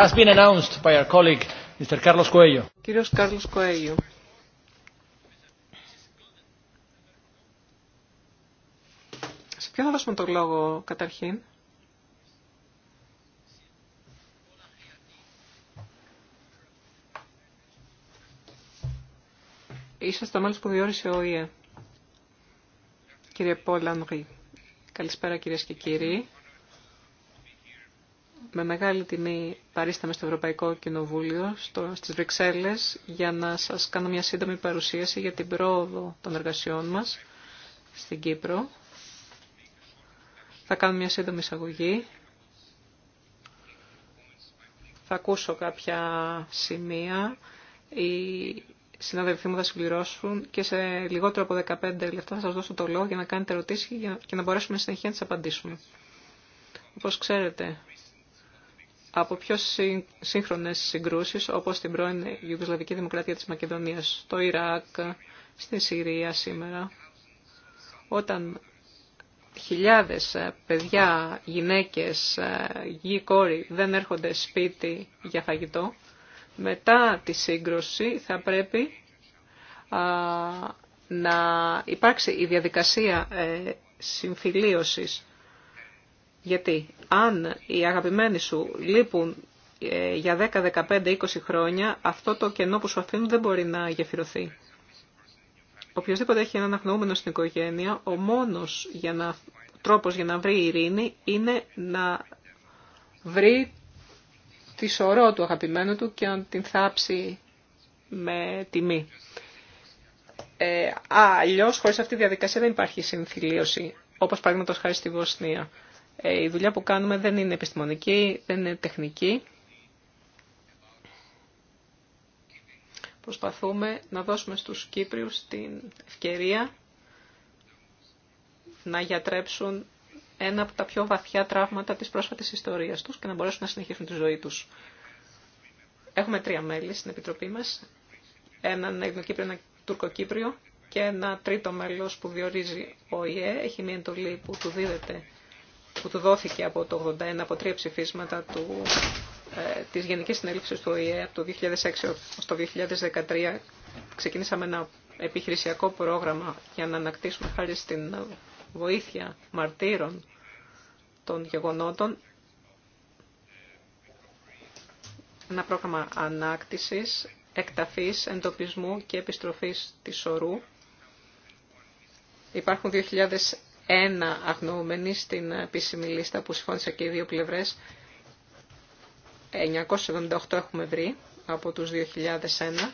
A: has been announced by our colleague, Mr. Carlos
C: Κύριος Σε ποιον θα δώσουμε τον λόγο καταρχήν. Είσαστε μάλλον που διόρισε ο ΙΕ. Κύριε Πολ Ανρή. Καλησπέρα κυρίες και κύριοι με μεγάλη τιμή παρίσταμε στο Ευρωπαϊκό Κοινοβούλιο, στο, στις Βρυξέλλες, για να σας κάνω μια σύντομη παρουσίαση για την πρόοδο των εργασιών μας στην Κύπρο. Θα κάνω μια σύντομη εισαγωγή. Θα ακούσω κάποια σημεία. Οι συναδελφοί μου θα συμπληρώσουν και σε λιγότερο από 15 λεπτά θα σας δώσω το λόγο για να κάνετε ερωτήσεις και να μπορέσουμε συνεχεία να τις απαντήσουμε. Όπως ξέρετε, από πιο σύγχρονες συγκρούσεις όπως την πρώην Ιουγκοσλαβική Δημοκρατία της Μακεδονίας, το Ιράκ, στη Συρία σήμερα, όταν χιλιάδες ε, παιδιά, γυναίκες, ε, γη, κόρη δεν έρχονται σπίτι για φαγητό, μετά τη σύγκρουση θα πρέπει να υπάρξει η διαδικασία ε, συμφιλίωσης γιατί αν οι αγαπημένοι σου λείπουν ε, για 10, 15, 20 χρόνια, αυτό το κενό που σου αφήνουν δεν μπορεί να γεφυρωθεί. Οποιοςδήποτε έχει έναν αγνοούμενο στην οικογένεια, ο μόνος για να, τρόπος για να βρει ειρήνη είναι να βρει τη σωρό του αγαπημένου του και να την θάψει με τιμή. Ε, α, αλλιώς χωρίς αυτή τη διαδικασία δεν υπάρχει συμφιλίωση, όπως παραδείγματος χάρη στη Βοσνία. Ε, η δουλειά που κάνουμε δεν είναι επιστημονική, δεν είναι τεχνική. Προσπαθούμε να δώσουμε στους Κύπριους την ευκαιρία να γιατρέψουν ένα από τα πιο βαθιά τραύματα της πρόσφατης ιστορίας τους και να μπορέσουν να συνεχίσουν τη ζωή τους. Έχουμε τρία μέλη στην Επιτροπή μας, έναν Ελληνοκύπριο, έναν Τουρκοκύπριο και ένα τρίτο μέλος που διορίζει ο ΙΕ, έχει μια εντολή που του δίδεται που του δόθηκε από το 81 από τρία ψηφίσματα του, ε, της Γενικής Συνέλευσης του ΟΗΕ από το 2006 ως το 2013 ξεκινήσαμε ένα επιχειρησιακό πρόγραμμα για να ανακτήσουμε χάρη στην βοήθεια μαρτύρων των γεγονότων ένα πρόγραμμα ανάκτησης, εκταφής, εντοπισμού και επιστροφής της ορού. Υπάρχουν 2.000 ένα αγνοούμενη στην επίσημη λίστα που συμφώνησαν και οι δύο πλευρές. 978 έχουμε βρει από τους 2001,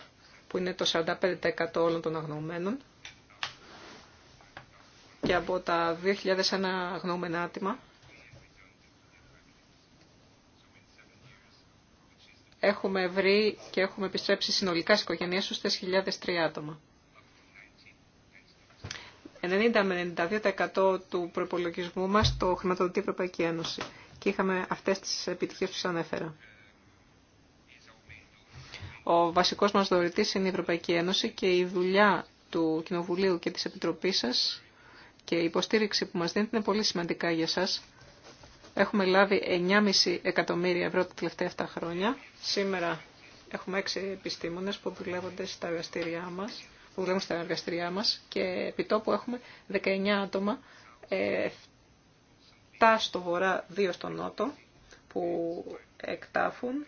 C: που είναι το 45% όλων των αγνοωμένων. Και από τα 2001 αγνοούμενα άτομα, έχουμε βρει και έχουμε επιστρέψει συνολικά στις οικογένειές τους 4.003 άτομα. 90 με 92% του προπολογισμού μας το χρηματοδοτεί η Ευρωπαϊκή Ένωση. Και είχαμε αυτές τις επιτυχίες που σας ανέφερα. Ο βασικός μας δωρητής είναι η Ευρωπαϊκή Ένωση και η δουλειά του Κοινοβουλίου και της Επιτροπής σας και η υποστήριξη που μας δίνετε είναι πολύ σημαντικά για σας. Έχουμε λάβει 9,5 εκατομμύρια ευρώ τα τελευταία 7 χρόνια. Σήμερα έχουμε 6 επιστήμονες που δουλεύονται στα εργαστήριά μας που δουλεύουν στα εργαστηριά μας και επιτόπου έχουμε 19 άτομα, 7 ε, στο βορρά, 2 στο νότο, που εκτάφουν,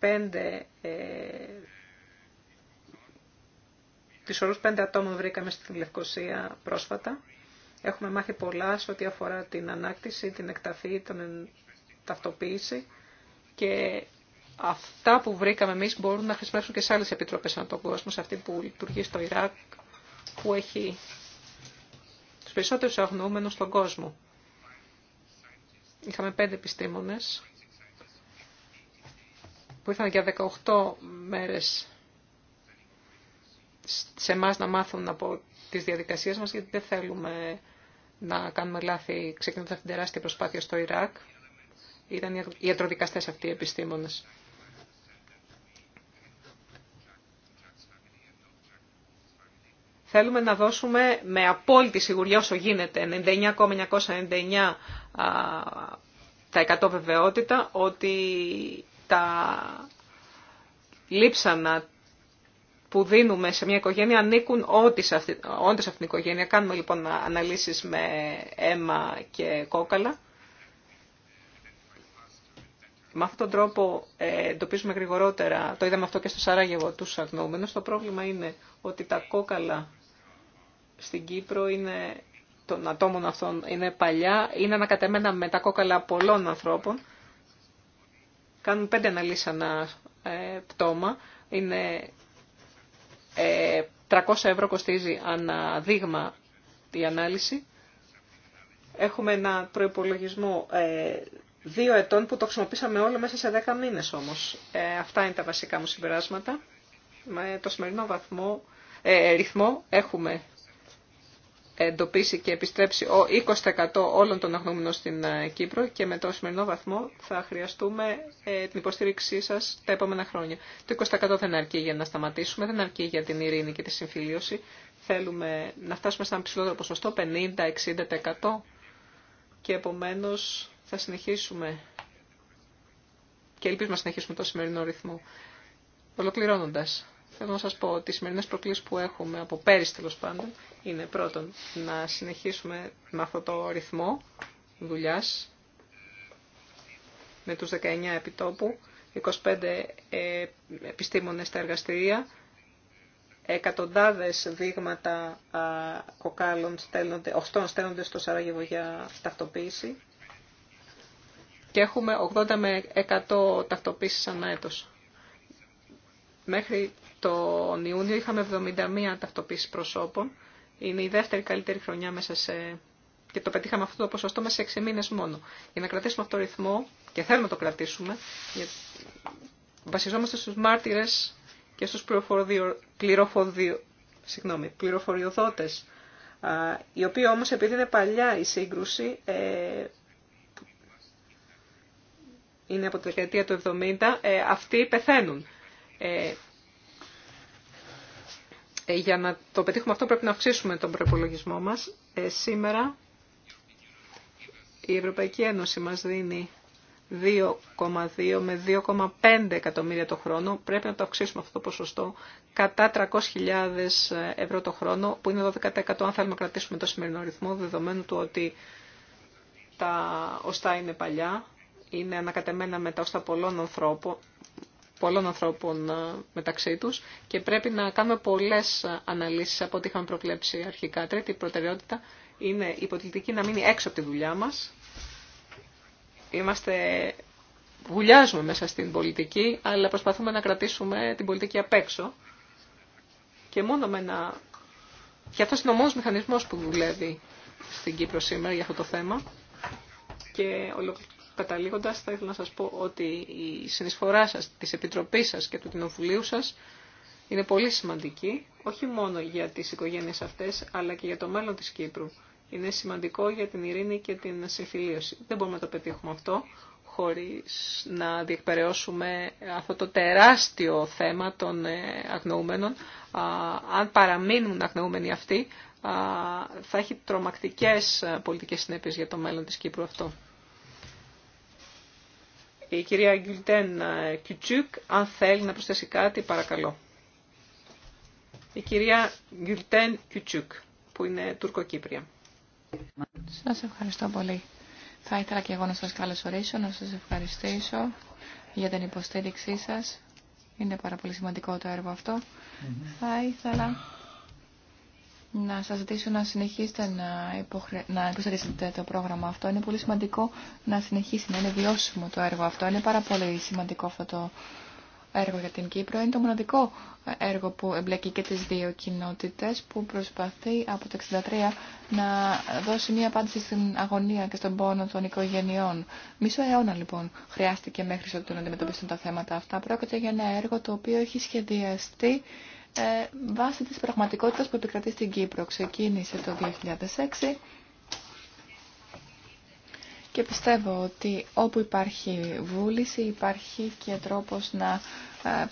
C: 5 ε, Τις όλους πέντε άτομα βρήκαμε στη Λευκοσία πρόσφατα. Έχουμε μάθει πολλά σε ό,τι αφορά την ανάκτηση, την εκταφή, την ταυτοποίηση και αυτά που βρήκαμε εμείς μπορούν να χρησιμεύσουν και σε άλλες επιτροπές ανά τον κόσμο, σε αυτή που λειτουργεί στο Ιράκ, που έχει τους περισσότερους αγνοούμενους στον κόσμο. Είχαμε πέντε επιστήμονες που ήρθαν για 18 μέρες σε εμά να μάθουν από τις διαδικασίες μας, γιατί δεν θέλουμε να κάνουμε λάθη ξεκινώντας αυτή την τεράστια προσπάθεια στο Ιράκ. Ήταν οι ιατροδικαστές αυτοί οι επιστήμονες. Θέλουμε να δώσουμε με απόλυτη σιγουριά όσο γίνεται, 99,999% τα βεβαιότητα, ότι τα λείψανα που δίνουμε σε μια οικογένεια ανήκουν όντως σε αυτήν την οικογένεια. Κάνουμε λοιπόν αναλύσεις με αίμα και κόκαλα. Με αυτόν τον τρόπο ε, εντοπίζουμε γρηγορότερα, το είδαμε αυτό και στο Σαράγεβο, τους αγνοούμενους. Το πρόβλημα είναι ότι τα κόκαλα στην Κύπρο είναι των ατόμων αυτών είναι παλιά, είναι ανακατεμένα με τα κόκαλα πολλών ανθρώπων. Κάνουν πέντε αναλύσεις ανά ε, πτώμα. Είναι 300 ε, ευρώ κοστίζει ανά δείγμα η ανάλυση. Έχουμε ένα προϋπολογισμό ε, δύο ετών που το χρησιμοποίησαμε όλο μέσα σε δέκα μήνες όμως. Ε, αυτά είναι τα βασικά μου συμπεράσματα. Με το σημερινό βαθμό, ρυθμό έχουμε εντοπίσει και επιστρέψει ο 20% όλων των αγνώμενων στην ε, Κύπρο και με το σημερινό βαθμό θα χρειαστούμε ε, την υποστήριξή σας τα επόμενα χρόνια. Το 20% δεν αρκεί για να σταματήσουμε, δεν αρκεί για την ειρήνη και τη συμφιλίωση. Θέλουμε να φτάσουμε σε ένα ψηλότερο ποσοστό, 50-60% και επομένως θα συνεχίσουμε και ελπίζουμε να συνεχίσουμε το σημερινό ρυθμό. Ολοκληρώνοντας, Θέλω να σας πω ότι οι σημερινές προκλήσεις που έχουμε από πέρυσι τέλο πάντων είναι πρώτον να συνεχίσουμε με αυτό το ρυθμό δουλειάς με τους 19 επιτόπου, 25 ε, επιστήμονες στα εργαστηρία, εκατοντάδες δείγματα κοκάλων στέλνονται, οχτών στέλνονται στο Σαράγεβο για τακτοποίηση και έχουμε 80 με 100 τακτοποίησεις ανά έτος. Μέχρι τον Ιούνιο είχαμε 71 ταυτοποίησεις προσώπων. Είναι η δεύτερη καλύτερη χρονιά μέσα σε... και το πετύχαμε αυτό το ποσοστό μέσα σε 6 μήνες μόνο. Για να κρατήσουμε αυτό το ρυθμό και θέλουμε να το κρατήσουμε, βασιζόμαστε στους μάρτυρες και στους πληροφοριοδότε. Συγγνώμη, πληροφοριοδότες, οι οποίοι όμως επειδή είναι παλιά η σύγκρουση, ε... είναι από τη δεκαετία του 70, ε, αυτοί πεθαίνουν. Ε, ε, για να το πετύχουμε αυτό πρέπει να αυξήσουμε τον προπολογισμό μας. Ε, σήμερα η Ευρωπαϊκή Ένωση μας δίνει 2,2 με 2,5 εκατομμύρια το χρόνο. Πρέπει να το αυξήσουμε αυτό το ποσοστό κατά 300.000 ευρώ το χρόνο, που είναι 12% αν θέλουμε να κρατήσουμε το σημερινό ρυθμό, δεδομένου του ότι τα οστά είναι παλιά, είναι ανακατεμένα με τα οστά πολλών ανθρώπων, πολλών ανθρώπων ε, μεταξύ τους και πρέπει να κάνουμε πολλές ε, αναλύσεις από ό,τι είχαμε προκλέψει αρχικά. Τρίτη προτεραιότητα είναι η πολιτική να μείνει έξω από τη δουλειά μας. Είμαστε, βουλιάζουμε μέσα στην πολιτική, αλλά προσπαθούμε να κρατήσουμε την πολιτική απ' έξω. Και μόνο με ένα... Και αυτός είναι ο μόνος μηχανισμός που δουλεύει στην Κύπρο σήμερα για αυτό το θέμα. Και Καταλήγοντας, θα ήθελα να σας πω ότι η συνεισφορά σας, της Επιτροπής σας και του Κοινοβουλίου σας είναι πολύ σημαντική, όχι μόνο για τις οικογένειες αυτές, αλλά και για το μέλλον της Κύπρου. Είναι σημαντικό για την ειρήνη και την συμφιλίωση. Δεν μπορούμε να το πετύχουμε αυτό χωρίς να διεκπαιρεώσουμε αυτό το τεράστιο θέμα των ε, αγνοούμενων. Αν παραμείνουν αγνοούμενοι αυτοί, θα έχει τρομακτικές ε, πολιτικές συνέπειες για το μέλλον της Κύπρου αυτό. Η κυρία Γκυλτέν ε, Κιουτσούκ, αν θέλει να προσθέσει κάτι, παρακαλώ. Η κυρία Γκυλτέν Κιουτσούκ, που είναι Τουρκοκύπρια.
D: Σας ευχαριστώ πολύ. Θα ήθελα και εγώ να σας καλωσορίσω, να σας ευχαριστήσω για την υποστήριξή σας. Είναι πάρα πολύ σημαντικό το έργο αυτό. Θα ήθελα να σας ζητήσω να συνεχίσετε να, υποχρε... να υποστηρίζετε το πρόγραμμα αυτό. Είναι πολύ σημαντικό να συνεχίσει να είναι βιώσιμο το έργο αυτό. Είναι πάρα πολύ σημαντικό αυτό το έργο για την Κύπρο. Είναι το μοναδικό έργο που εμπλέκει και τις δύο κοινότητες που προσπαθεί από το 1963 να δώσει μια απάντηση στην αγωνία και στον πόνο των οικογενειών. Μισό αιώνα λοιπόν χρειάστηκε μέχρι ότου να αντιμετωπίσουν τα θέματα αυτά. Πρόκειται για ένα έργο το οποίο έχει σχεδιαστεί ε, βάσει της πραγματικότητας που επικρατεί στην Κύπρο. Ξεκίνησε το 2006 και πιστεύω ότι όπου υπάρχει βούληση υπάρχει και τρόπος να ε,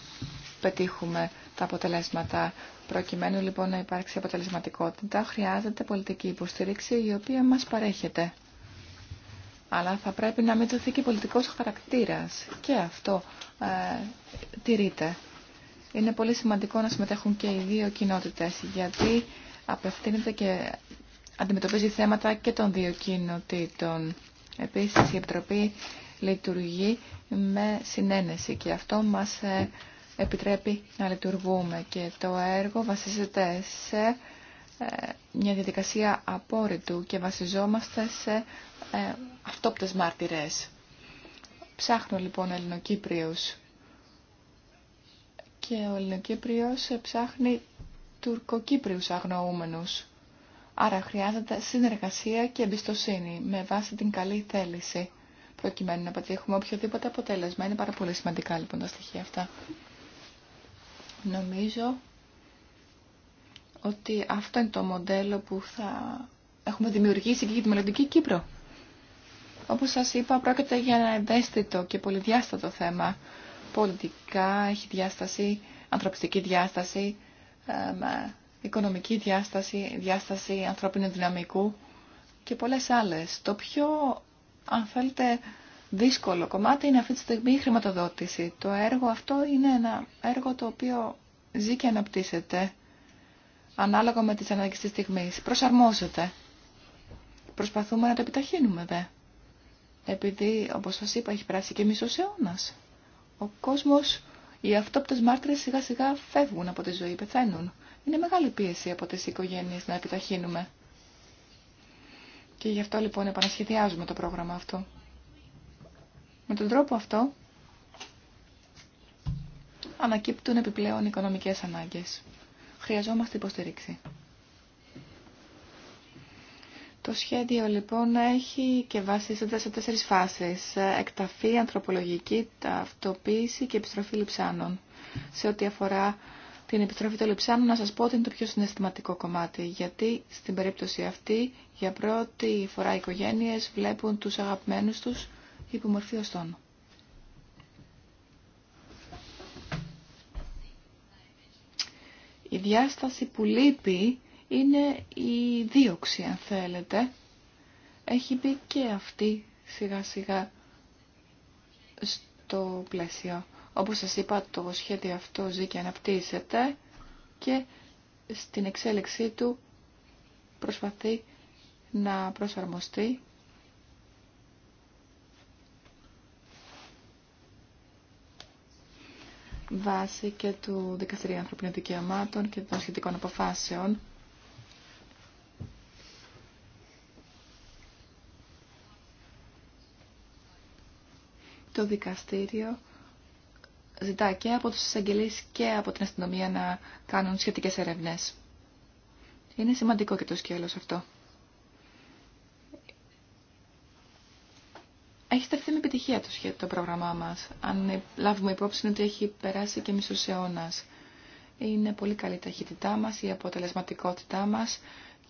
D: πετύχουμε τα αποτελέσματα. Προκειμένου λοιπόν να υπάρξει αποτελεσματικότητα χρειάζεται πολιτική υποστήριξη η οποία μας παρέχεται. Αλλά θα πρέπει να μην δοθεί και πολιτικός χαρακτήρας και αυτό ε, τηρείται είναι πολύ σημαντικό να συμμετέχουν και οι δύο κοινότητες, γιατί απευθύνεται και αντιμετωπίζει θέματα και των δύο κοινοτήτων. Επίσης, η Επιτροπή λειτουργεί με συνένεση και αυτό μας ε, επιτρέπει να λειτουργούμε και το έργο βασίζεται σε ε, μια διαδικασία απόρριτου και βασιζόμαστε σε ε, αυτόπτες μάρτυρες. Ψάχνω λοιπόν Ελληνοκύπριους και ο Ελληνοκύπριος ψάχνει τουρκοκύπριους αγνοούμενους. Άρα χρειάζεται συνεργασία και εμπιστοσύνη με βάση την καλή θέληση προκειμένου να πετύχουμε οποιοδήποτε αποτέλεσμα. Είναι πάρα πολύ σημαντικά λοιπόν τα στοιχεία αυτά. Νομίζω ότι αυτό είναι το μοντέλο που θα έχουμε δημιουργήσει και για τη μελλοντική Κύπρο. Όπως σας είπα, πρόκειται για ένα ευαίσθητο και πολυδιάστατο θέμα πολιτικά, έχει διάσταση, ανθρωπιστική διάσταση, ε, οικονομική διάσταση, διάσταση ανθρώπινου δυναμικού και πολλές άλλες. Το πιο, αν θέλετε, δύσκολο κομμάτι είναι αυτή τη στιγμή η χρηματοδότηση. Το έργο αυτό είναι ένα έργο το οποίο ζει και αναπτύσσεται ανάλογα με τις ανάγκες της στιγμής. Προσαρμόζεται. Προσπαθούμε να το επιταχύνουμε, δε. Επειδή, όπως σας είπα, έχει περάσει και μισός αιώνας. Ο κόσμος, οι αυτόπτες μάρτυρες σιγά σιγά φεύγουν από τη ζωή, πεθαίνουν. Είναι μεγάλη πίεση από τις οικογένειες να επιταχύνουμε. Και γι' αυτό λοιπόν επανασχεδιάζουμε το πρόγραμμα αυτό. Με τον τρόπο αυτό ανακύπτουν επιπλέον οικονομικές ανάγκες. Χρειαζόμαστε υποστήριξη. Το σχέδιο λοιπόν έχει και βάσει σε τέσσερις φάσεις. Εκταφή, ανθρωπολογική, ταυτοποίηση και επιστροφή λειψάνων. Σε ό,τι αφορά την επιστροφή των λειψάνων, να σας πω ότι είναι το πιο συναισθηματικό κομμάτι, γιατί στην περίπτωση αυτή για πρώτη φορά οι οικογένειες βλέπουν τους αγαπημένους τους υπομορφή οστών. Η διάσταση που λείπει είναι η δίωξη, αν θέλετε. Έχει μπει και αυτή σιγά σιγά στο πλαίσιο. Όπως σας είπα, το σχέδιο αυτό ζει και αναπτύσσεται και στην εξέλιξή του προσπαθεί να προσαρμοστεί βάσει και του Δικαστηρίου Ανθρωπίνων Δικαιωμάτων και των σχετικών αποφάσεων το δικαστήριο ζητά και από τους εισαγγελείς και από την αστυνομία να κάνουν σχετικές ερευνές. Είναι σημαντικό και το σκέλος αυτό. Έχει στεφθεί με επιτυχία το, το πρόγραμμά μας. Αν λάβουμε υπόψη ότι έχει περάσει και μισός αιώνας. Είναι πολύ καλή η ταχύτητά μας, η αποτελεσματικότητά μας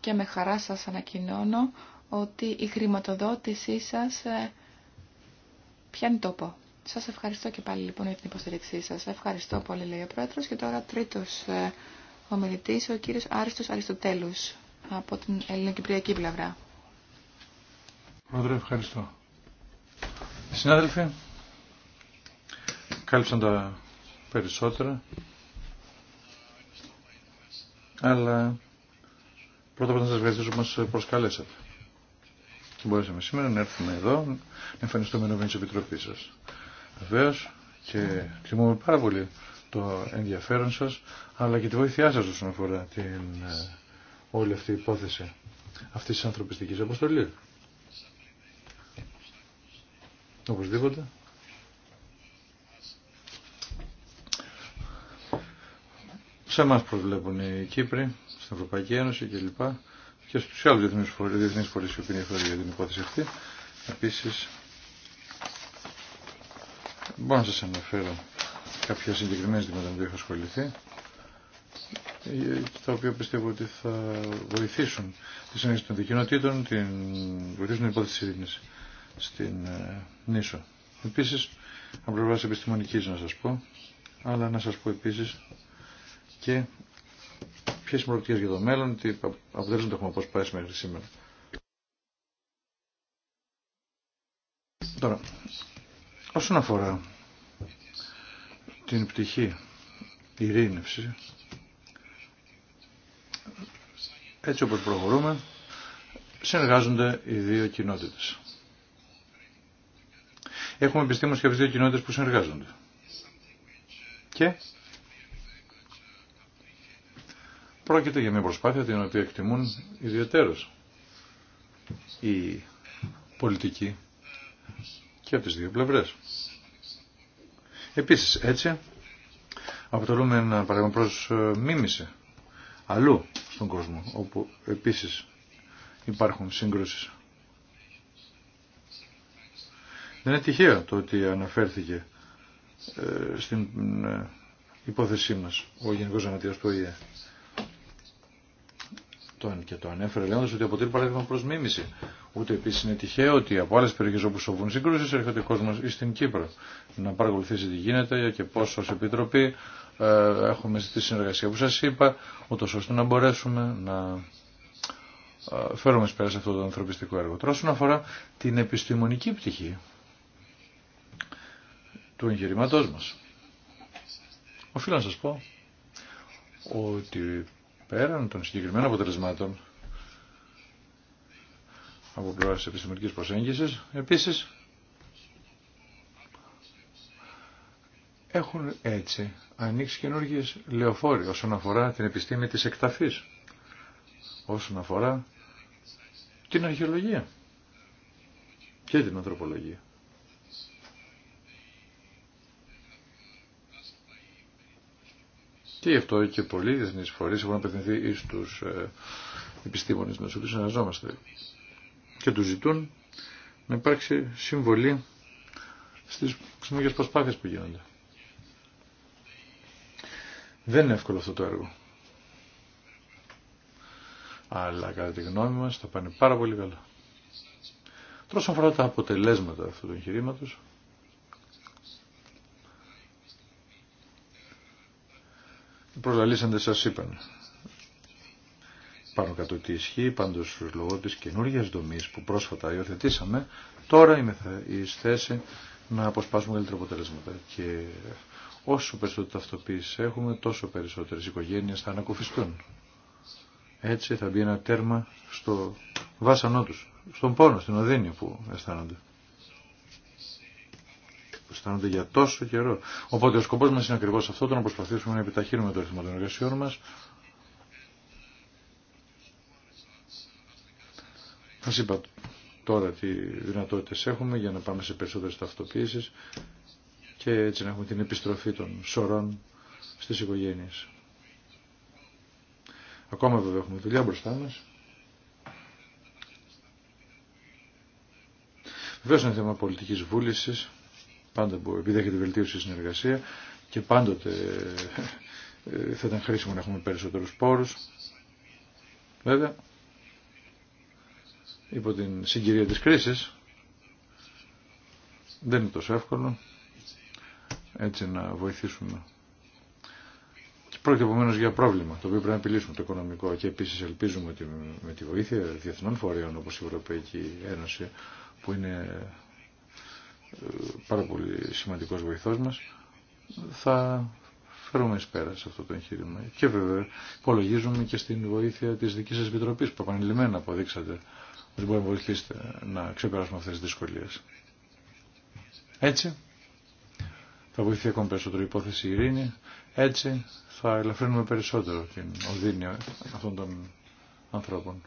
D: και με χαρά σας ανακοινώνω ότι η χρηματοδότησή σας ε, πιάνει τόπο. Σας ευχαριστώ και πάλι λοιπόν για την υποστήριξή σα. Ευχαριστώ πολύ λέει ο πρόεδρο και τώρα τρίτος ε, ομιλητής, ο κύριος Άριστος Αριστοτέλους από την ελληνοκυπριακή πλευρά.
B: Πρόεδρε, ευχαριστώ. Συνάδελφοι, κάλυψαν τα περισσότερα, αλλά πρώτα απ' όλα να σας ευχαριστήσω που μας προσκαλέσατε μπορέσαμε σήμερα να έρθουμε εδώ, να εμφανιστούμε ενώπιον τη Επιτροπή σα. Βεβαίω και εκτιμούμε πάρα πολύ το ενδιαφέρον σα, αλλά και τη βοήθειά σα όσον αφορά την ε, όλη αυτή η υπόθεση αυτή τη ανθρωπιστική αποστολή. Οπωσδήποτε. Σε εμά προβλέπουν οι Κύπροι, στην Ευρωπαϊκή Ένωση κλπ και στους άλλους διεθνείς φορείς, διεθνείς φορείς οι οποίοι για την υπόθεση αυτή. Επίσης, μπορώ να σας αναφέρω κάποια συγκεκριμένα ζητήματα με που έχω ασχοληθεί, τα οποία πιστεύω ότι θα βοηθήσουν τη συνέχιση των δικοινοτήτων, την, βοηθήσουν την υπόθεση ειρήνης στην ε, Νήσο. Επίσης, από πλευρά επιστημονική να σας πω, αλλά να σας πω επίσης και ποιε είναι για το μέλλον, τι αποτέλεσμα έχουμε αποσπάσει μέχρι σήμερα. Τώρα, όσον αφορά την πτυχή ειρήνευση, έτσι όπως προχωρούμε, συνεργάζονται οι δύο κοινότητες. Έχουμε επιστήμονε και από τις δύο κοινότητε που συνεργάζονται. Και Πρόκειται για μια προσπάθεια την οποία εκτιμούν ιδιαίτερως οι πολιτικοί και από τις δύο πλευρές. Επίσης έτσι αποτελούμε ένα παράδειγμα προς ε, μίμηση αλλού στον κόσμο όπου επίσης υπάρχουν σύγκρουσεις. Δεν είναι τυχαίο το ότι αναφέρθηκε ε, στην ε, υπόθεσή μας ο Γενικός Γραμματέας του ΟΗΕ και το ανέφερε λέγοντα ότι αποτελεί παράδειγμα προ μίμηση. Ούτε επίση είναι τυχαίο ότι από άλλε περιοχέ όπου σοβούν σύγκρουσει έρχεται ο κόσμο ή στην Κύπρο να παρακολουθήσει τι γίνεται και πώ ω Επιτροπή ε, έχουμε στη συνεργασία που σα είπα, ούτω ώστε να μπορέσουμε να ε, φέρουμε πέρα σε αυτό το ανθρωπιστικό έργο. Τώρα, όσον αφορά την επιστημονική πτυχή του εγχειρήματό μα, οφείλω να σα πω ότι Πέραν των συγκεκριμένων αποτελεσμάτων από πλευρά επιστημονική προσέγγιση, επίσης έχουν έτσι ανοίξει καινούργιε λεωφόροι όσον αφορά την επιστήμη της εκταφής, όσον αφορά την αρχαιολογία και την ανθρωπολογία. Και γι' αυτό και πολλοί διεθνεί φορεί έχουν απευθυνθεί ει του ε, επιστήμονε με του συνεργαζόμαστε και του ζητούν να υπάρξει συμβολή στις ξενόγιες προσπάθειε που γίνονται. Δεν είναι εύκολο αυτό το έργο. Αλλά κατά τη γνώμη μας θα πάνε πάρα πολύ καλά. Τώρα αφορά τα αποτελέσματα αυτού του εγχειρήματο,
G: προλαλήσαντες σας
B: είπαν. Πάνω κάτω τι ισχύει, πάντω λόγω τη καινούργια δομή που πρόσφατα υιοθετήσαμε, τώρα είμαι η θέση να αποσπάσουμε καλύτερα αποτελέσματα. Και όσο περισσότερη ταυτοποίηση έχουμε, τόσο περισσότερες οικογένειε θα ανακουφιστούν. Έτσι θα μπει ένα τέρμα στο βάσανό τους, στον πόνο, στην οδύνη που αισθάνονται αισθανόνται για τόσο καιρό. Οπότε ο σκοπός μας είναι ακριβώς αυτό, το να προσπαθήσουμε να επιταχύνουμε το ρυθμό των εργασιών μας. Θα είπα τώρα τι δυνατότητες έχουμε για να πάμε σε περισσότερες ταυτοποίησεις και έτσι να έχουμε την επιστροφή των σωρών στις οικογένειες. Ακόμα βέβαια έχουμε δουλειά μπροστά μας. Βεβαίως είναι θέμα πολιτικής βούλησης. Πάντα μπορεί, επειδή έχετε βελτίωση συνεργασία και πάντοτε ε, θα ήταν χρήσιμο να έχουμε περισσότερους πόρους. Βέβαια, υπό την συγκυρία της κρίσης, δεν είναι τόσο εύκολο έτσι να βοηθήσουμε. Και πρόκειται επομένω για πρόβλημα το οποίο πρέπει να επιλύσουμε το οικονομικό και επίση ελπίζουμε ότι με τη βοήθεια διεθνών φορέων όπω η Ευρωπαϊκή Ένωση που είναι πάρα πολύ σημαντικός βοηθός μας, θα φέρουμε εις πέρα σε αυτό το εγχείρημα. Και βέβαια υπολογίζουμε και στην βοήθεια της δικής σας επιτροπής που επανειλημμένα αποδείξατε ότι μπορεί να βοηθήσετε να ξεπεράσουμε αυτές τις δυσκολίες. Έτσι θα βοηθεί ακόμη περισσότερο η υπόθεση η ειρήνη, έτσι θα ελαφρύνουμε περισσότερο την οδύνη αυτών των ανθρώπων.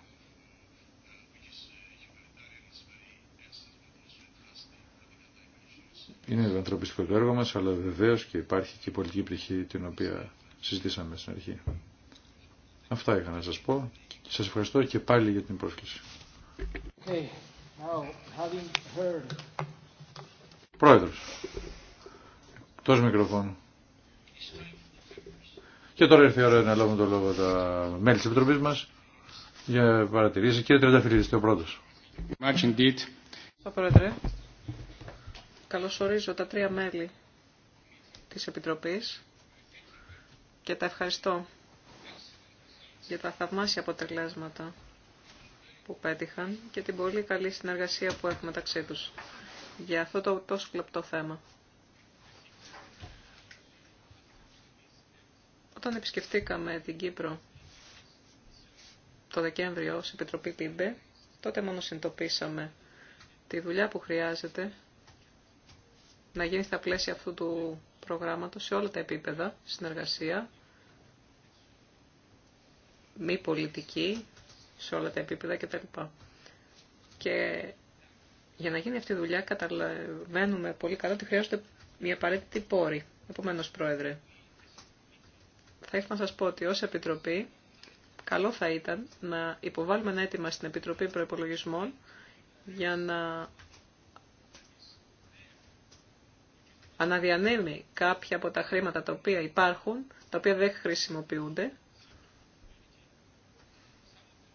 B: είναι το ανθρωπιστικό το έργο μας, αλλά βεβαίως και υπάρχει και η πολιτική πτυχή την οποία συζητήσαμε στην αρχή. Αυτά είχα να σας πω. Σας ευχαριστώ και πάλι για την πρόσκληση.
F: Okay. Now, heard...
B: Πρόεδρος. Τόσο μικροφόνο. Και τώρα ήρθε η ώρα να λάβουμε το λόγο τα μέλη της Επιτροπής μας για παρατηρήσεις. Κύριε Τρενταφυλλίδης, ο πρώτος. Much
C: καλωσορίζω τα τρία μέλη της Επιτροπής και τα ευχαριστώ για τα θαυμάσια αποτελέσματα που πέτυχαν και την πολύ καλή συνεργασία που έχουμε μεταξύ τους για αυτό το τόσο κλεπτό θέμα. Όταν επισκεφτήκαμε την Κύπρο το Δεκέμβριο ως Επιτροπή ΠΥΜΠΕ, τότε μόνο συνειδητοποίησαμε τη δουλειά που χρειάζεται να γίνει στα πλαίσια αυτού του προγράμματος σε όλα τα επίπεδα, συνεργασία, μη πολιτική, σε όλα τα επίπεδα κτλ. Και για να γίνει αυτή η δουλειά καταλαβαίνουμε πολύ καλά ότι χρειάζεται μια απαραίτητη πόρη. Επομένως, Πρόεδρε, θα ήθελα να σας πω ότι ως Επιτροπή καλό θα ήταν να υποβάλουμε ένα αίτημα στην Επιτροπή Προϋπολογισμών για να αναδιανέμει κάποια από τα χρήματα τα οποία υπάρχουν, τα οποία δεν χρησιμοποιούνται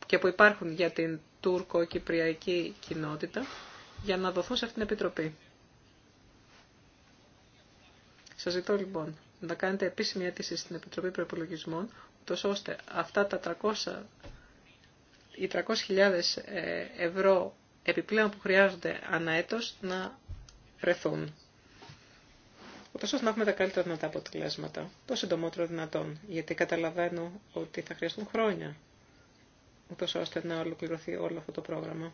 C: και που υπάρχουν για την τουρκο-κυπριακή κοινότητα, για να δοθούν σε αυτήν την Επιτροπή. Σας ζητώ λοιπόν να κάνετε επίσημη αίτηση στην Επιτροπή Προπολογισμών, τόσο ώστε αυτά τα 300, οι 300.000 ε, ευρώ επιπλέον που χρειάζονται ανά έτος να βρεθούν ούτως ώστε να έχουμε τα καλύτερα δυνατά αποτελέσματα, το συντομότερο δυνατόν, γιατί καταλαβαίνω ότι θα χρειαστούν χρόνια, ούτως ώστε να ολοκληρωθεί όλο αυτό το πρόγραμμα.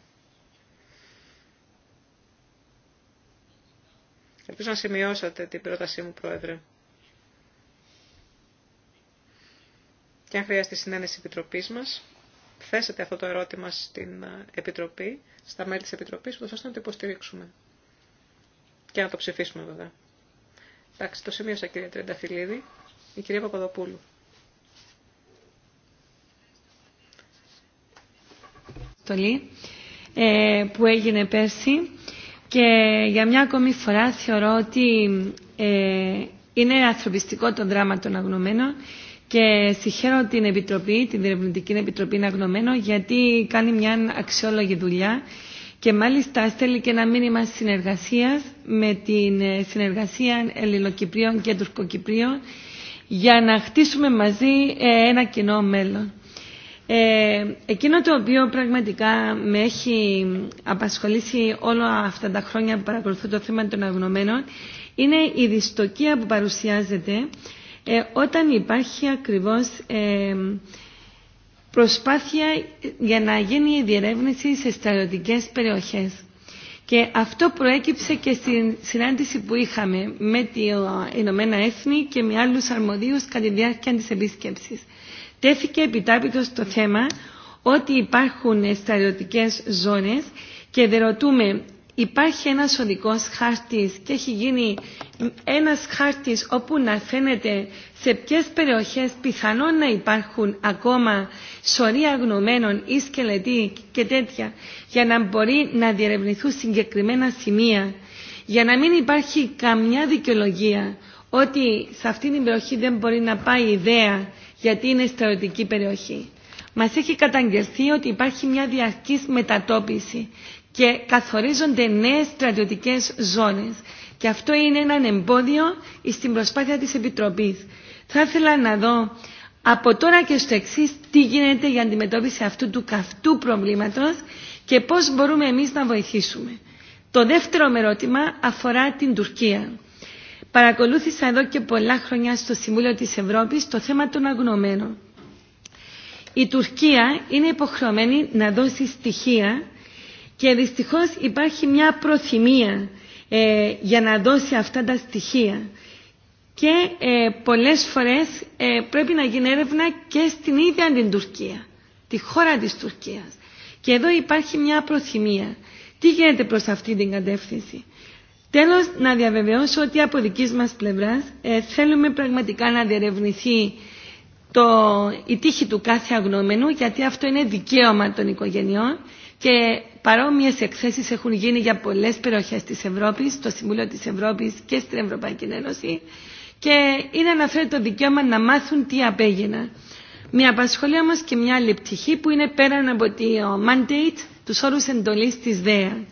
C: Ελπίζω να σημειώσατε την πρότασή μου, Πρόεδρε. Και αν χρειάζεται η συνένεση Επιτροπής μας, θέσετε αυτό το ερώτημα στην ε, Επιτροπή, στα μέλη της Επιτροπής, ώστε να το υποστηρίξουμε. Και να το ψηφίσουμε βέβαια. Εντάξει, το σημείωσα κυρία Τρενταφυλλίδη. Η κυρία Παπαδοπούλου.
G: Ε, που έγινε πέρσι και για μια ακόμη φορά θεωρώ ότι ε, είναι ανθρωπιστικό το δράμα των αγνωμένων και συγχαίρω την Επιτροπή, την Διερευνητική Επιτροπή Αγνωμένων γιατί κάνει μια αξιόλογη δουλειά και μάλιστα στέλνει και ένα μήνυμα συνεργασίας με την ε, συνεργασία Ελληνοκυπρίων και Τουρκοκυπρίων για να χτίσουμε μαζί ε, ένα κοινό μέλλον. Ε, εκείνο το οποίο πραγματικά με έχει απασχολήσει όλα αυτά τα χρόνια που παρακολουθώ το θέμα των αγνωμένων είναι η δυστοκία που παρουσιάζεται όταν υπάρχει ακριβώς προσπάθεια για να γίνει η διερεύνηση σε στρατιωτικές περιοχές. Και αυτό προέκυψε και στην συνάντηση που είχαμε με την Ηνωμένα Έθνη και με άλλους αρμοδίους κατά τη διάρκεια της επίσκεψης. Τέθηκε επιτάπητος το θέμα ότι υπάρχουν στρατιωτικές ζώνες και δεν ρωτούμε υπάρχει ένας οδικός χάρτης και έχει γίνει ένας χάρτης όπου να φαίνεται σε ποιες περιοχές πιθανόν να υπάρχουν ακόμα σωρία γνωμένων ή σκελετοί και τέτοια για να μπορεί να διερευνηθούν συγκεκριμένα σημεία για να μην υπάρχει καμιά δικαιολογία ότι σε αυτή την περιοχή δεν μπορεί να πάει ιδέα γιατί είναι στερεωτική περιοχή. Μας έχει καταγγελθεί ότι υπάρχει μια διαρκής μετατόπιση και καθορίζονται νέες στρατιωτικές ζώνες. Και αυτό είναι ένα εμπόδιο στην προσπάθεια της Επιτροπής. Θα ήθελα να δω από τώρα και στο εξή τι γίνεται για αντιμετώπιση αυτού του καυτού προβλήματος και πώς μπορούμε εμείς να βοηθήσουμε. Το δεύτερο αφορά την Τουρκία. Παρακολούθησα εδώ και πολλά χρόνια στο Συμβούλιο της Ευρώπης το θέμα των αγνωμένων. Η Τουρκία είναι υποχρεωμένη να δώσει στοιχεία και δυστυχώς υπάρχει μια προθυμία ε, για να δώσει αυτά τα στοιχεία. Και ε, πολλές φορές ε, πρέπει να γίνει έρευνα και στην ίδια την Τουρκία, τη χώρα της Τουρκίας. Και εδώ υπάρχει μια προθυμία. Τι γίνεται προς αυτή την κατεύθυνση. Τέλος, να διαβεβαιώσω ότι από δικής μας πλευράς ε, θέλουμε πραγματικά να διερευνηθεί το, η τύχη του κάθε αγνώμενου, γιατί αυτό είναι δικαίωμα των οικογενειών και παρόμοιε εκθέσει έχουν γίνει για πολλέ περιοχέ τη Ευρώπη, στο Συμβούλιο τη Ευρώπη και στην Ευρωπαϊκή Ένωση και είναι αναφέρει το δικαίωμα να μάθουν τι απέγινα. Μια απασχολία όμως και μια άλλη πτυχή που είναι πέραν από το mandate του όρου εντολή τη ΔΕΑ.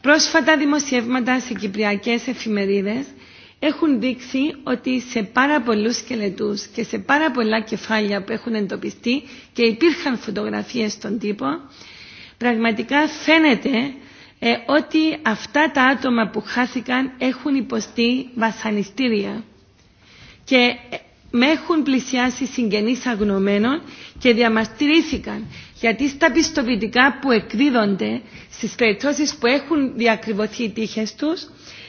G: Πρόσφατα δημοσιεύματα σε κυπριακέ εφημερίδε έχουν δείξει ότι σε πάρα πολλούς σκελετούς και σε πάρα πολλά κεφάλια που έχουν εντοπιστεί και υπήρχαν φωτογραφίε στον τύπο, πραγματικά φαίνεται ε, ότι αυτά τα άτομα που χάθηκαν έχουν υποστεί βασανιστήρια και ε, με έχουν πλησιάσει συγγενείς αγνωμένων και διαμαρτυρήθηκαν γιατί στα πιστοποιητικά που εκδίδονται στις περιπτώσεις που έχουν διακριβωθεί οι τύχες τους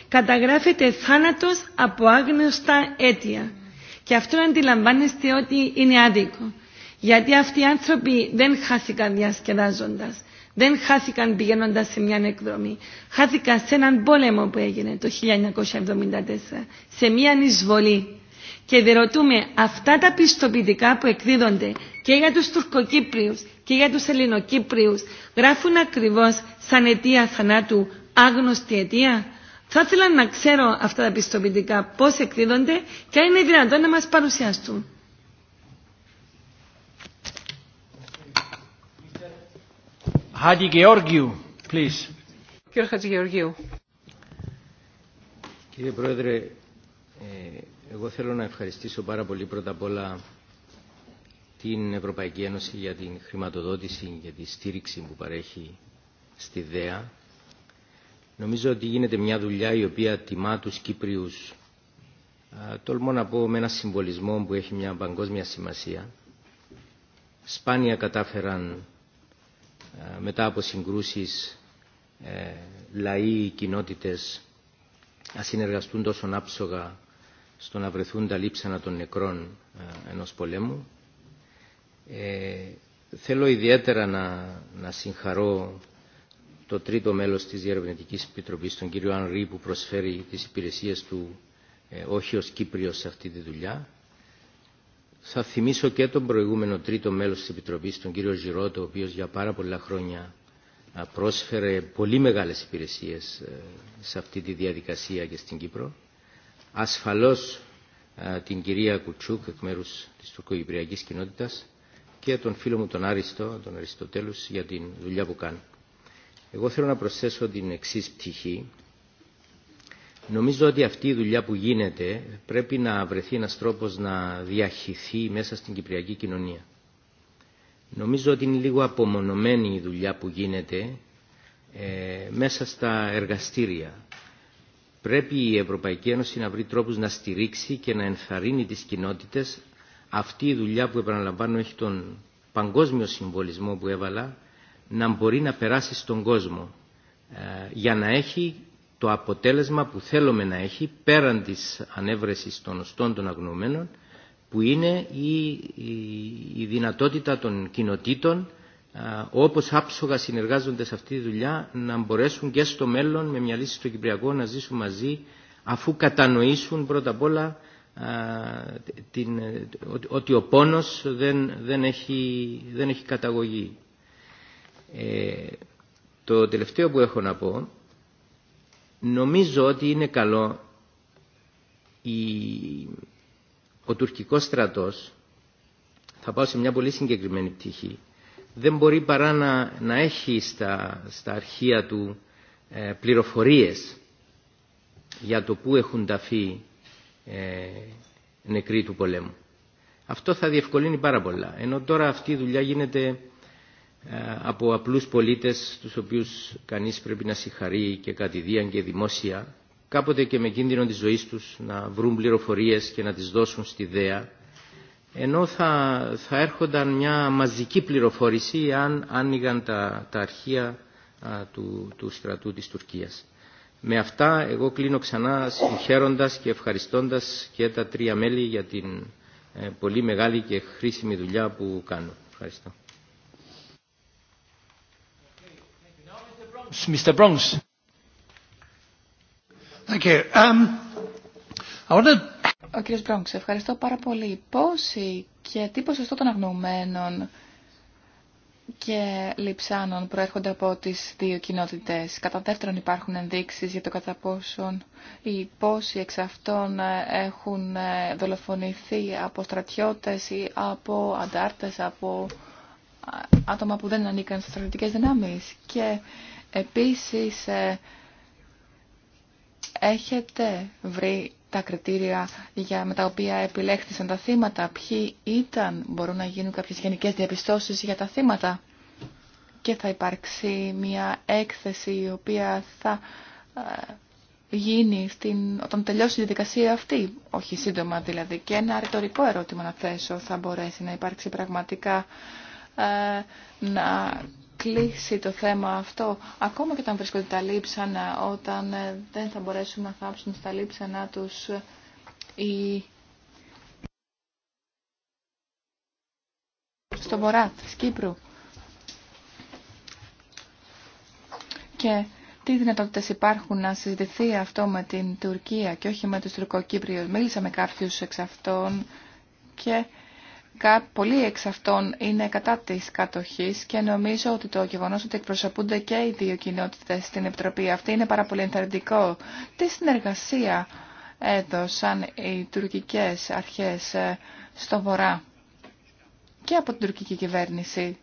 G: καταγράφεται θάνατος από άγνωστα αίτια και αυτό αντιλαμβάνεστε ότι είναι άδικο γιατί αυτοί οι άνθρωποι δεν χάθηκαν διασκεδάζοντας δεν χάθηκαν πηγαίνοντα σε μια εκδρομή. Χάθηκαν σε έναν πόλεμο που έγινε το 1974, σε μια εισβολή. Και διερωτούμε ρωτούμε αυτά τα πιστοποιητικά που εκδίδονται και για τους Τουρκοκύπριους και για τους Ελληνοκύπριους γράφουν ακριβώς σαν αιτία θανάτου άγνωστη αιτία. Θα ήθελα να ξέρω αυτά τα πιστοποιητικά πώς εκδίδονται και αν είναι δυνατόν να μας παρουσιαστούν.
E: Κύριε Πρόεδρε, ε, εγώ θέλω να ευχαριστήσω πάρα πολύ πρώτα απ' όλα την Ευρωπαϊκή Ένωση για την χρηματοδότηση και τη στήριξη που παρέχει στη ΔΕΑ. Νομίζω ότι γίνεται μια δουλειά η οποία τιμά τους Κύπριους τολμώ να πω με ένα συμβολισμό που έχει μια παγκόσμια σημασία. Σπάνια κατάφεραν ε, μετά από συγκρούσεις ε, λαοί, κοινότητες να συνεργαστούν τόσο άψογα στο να βρεθούν τα λείψανα των νεκρών ε, ενός πολέμου. Ε, θέλω ιδιαίτερα να, να συγχαρώ το τρίτο μέλος της Διερευνητικής Επιτροπής, τον κύριο Ανρή, που προσφέρει τις υπηρεσίες του όχι ως Κύπριος σε αυτή τη δουλειά. Θα θυμίσω και τον προηγούμενο τρίτο μέλος της Επιτροπής, τον κύριο Ζηρότο, ο οποίος για πάρα πολλά χρόνια πρόσφερε πολύ μεγάλες υπηρεσίες ε, σε αυτή τη διαδικασία και στην Κύπρο. Ασφαλώς την κυρία Κουτσούκ εκ μέρους της τουρκοκυπριακής κοινότητας και τον φίλο μου τον Άριστο, τον Αριστοτέλους, για την δουλειά που κάνει. Εγώ θέλω να προσθέσω την εξή πτυχή Νομίζω ότι αυτή η δουλειά που γίνεται πρέπει να βρεθεί ένας τρόπος να διαχυθεί μέσα στην κυπριακή κοινωνία. Νομίζω ότι είναι λίγο απομονωμένη η δουλειά που γίνεται ε, μέσα στα εργαστήρια. Πρέπει η Ευρωπαϊκή Ένωση να βρει τρόπους να στηρίξει και να ενθαρρύνει τις κοινότητες αυτή η δουλειά που επαναλαμβάνω έχει τον παγκόσμιο συμβολισμό που έβαλα να μπορεί να περάσει στον κόσμο ε, για να έχει το αποτέλεσμα που θέλουμε να έχει πέραν της ανέβρεσης των οστών των αγνοωμένων που είναι η, δυνατότητα των κοινοτήτων όπως άψογα συνεργάζονται σε αυτή τη δουλειά να μπορέσουν και στο μέλλον με μια λύση στο Κυπριακό να ζήσουν μαζί αφού κατανοήσουν πρώτα απ' όλα την, ότι ο πόνος δεν, δεν, έχει, δεν έχει καταγωγή. Ε, το τελευταίο που έχω να πω Νομίζω ότι είναι καλό ο τουρκικός στρατός, θα πάω σε μια πολύ συγκεκριμένη πτυχή, δεν μπορεί παρά να, έχει στα, στα αρχεία του ε, πληροφορίες για το πού έχουν ταφεί ε, νεκροί του πολέμου. Αυτό θα διευκολύνει πάρα πολλά. Ενώ τώρα αυτή η δουλειά γίνεται ε, από απλούς πολίτες τους οποίους κανείς πρέπει να συγχαρεί και κατηδίαν και δημόσια κάποτε και με κίνδυνο της ζωής τους να βρουν πληροφορίες και να τις δώσουν στη ΔΕΑ ενώ θα, θα έρχονταν μια μαζική πληροφόρηση αν άνοιγαν τα, τα αρχεία του, του στρατού της Τουρκίας. Με αυτά εγώ κλείνω ξανά συγχαίροντας και ευχαριστώντας και τα τρία μέλη για την ε, πολύ μεγάλη και χρήσιμη δουλειά που κάνω. Ευχαριστώ.
A: Mr. Bronx. Thank um, Ο
D: κ. Μπρόγκς, ευχαριστώ πάρα πολύ. Πόσοι και τι ποσοστό των αγνοωμένων και λειψάνων προέρχονται από τις δύο κοινότητες. Κατά δεύτερον υπάρχουν ενδείξεις για το κατά πόσον ή πόσοι εξ αυτών ε, έχουν ε, δολοφονηθεί από στρατιώτες ή από αντάρτες, από άτομα που δεν ανήκαν στις στρατιωτικές δυνάμεις και επίσης ε, έχετε βρει τα κριτήρια για, με τα οποία επιλέχθησαν τα θύματα, ποιοι ήταν, μπορούν να γίνουν κάποιες γενικές διαπιστώσεις για τα θύματα και θα υπάρξει μια έκθεση η οποία θα ε, γίνει στην, όταν τελειώσει η διαδικασία αυτή, όχι σύντομα δηλαδή, και ένα ρητορικό ερώτημα να θέσω θα μπορέσει να υπάρξει πραγματικά ε, να κλείσει το θέμα αυτό, ακόμα και όταν βρίσκονται τα λείψανα, όταν ε, δεν θα μπορέσουν να θάψουν στα λείψανα τους ε, στο βορρά της Κύπρου. Και τι δυνατότητες υπάρχουν να συζητηθεί αυτό με την Τουρκία και όχι με τους Τουρκοκύπριους. Μίλησα με κάποιους εξ αυτών και πολλοί εξ αυτών είναι κατά τη κατοχή και νομίζω ότι το γεγονό ότι εκπροσωπούνται και οι δύο κοινότητε στην Επιτροπή αυτή είναι πάρα πολύ ενθαρρυντικό. Τι συνεργασία έδωσαν οι τουρκικέ αρχές ε, στο Βορρά και από την τουρκική κυβέρνηση.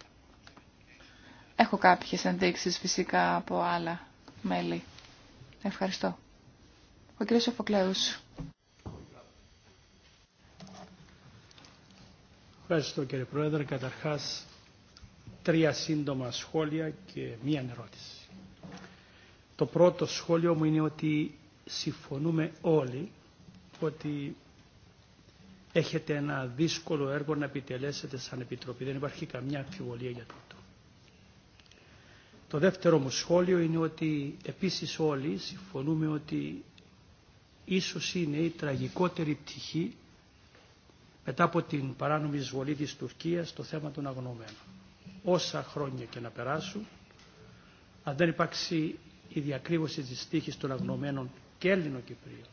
D: Έχω κάποιες ενδείξεις φυσικά από άλλα μέλη.
A: Ευχαριστώ. Ο κ. Σοφοκλέους. Ευχαριστώ κύριε Πρόεδρε. Καταρχάς, τρία σύντομα σχόλια και μία ερώτηση. Το πρώτο σχόλιο μου είναι ότι συμφωνούμε όλοι ότι έχετε ένα δύσκολο έργο να επιτελέσετε σαν Επιτροπή. Δεν υπάρχει καμιά αμφιβολία για τούτο. Το δεύτερο μου σχόλιο είναι ότι επίσης όλοι συμφωνούμε ότι ίσως είναι η τραγικότερη πτυχή μετά από την παράνομη εισβολή της Τουρκίας στο θέμα των αγνωμένων. Όσα χρόνια και να περάσουν, αν δεν υπάρξει η διακρύβωση της τύχης των αγνωμένων και Έλληνο-Κυπρίων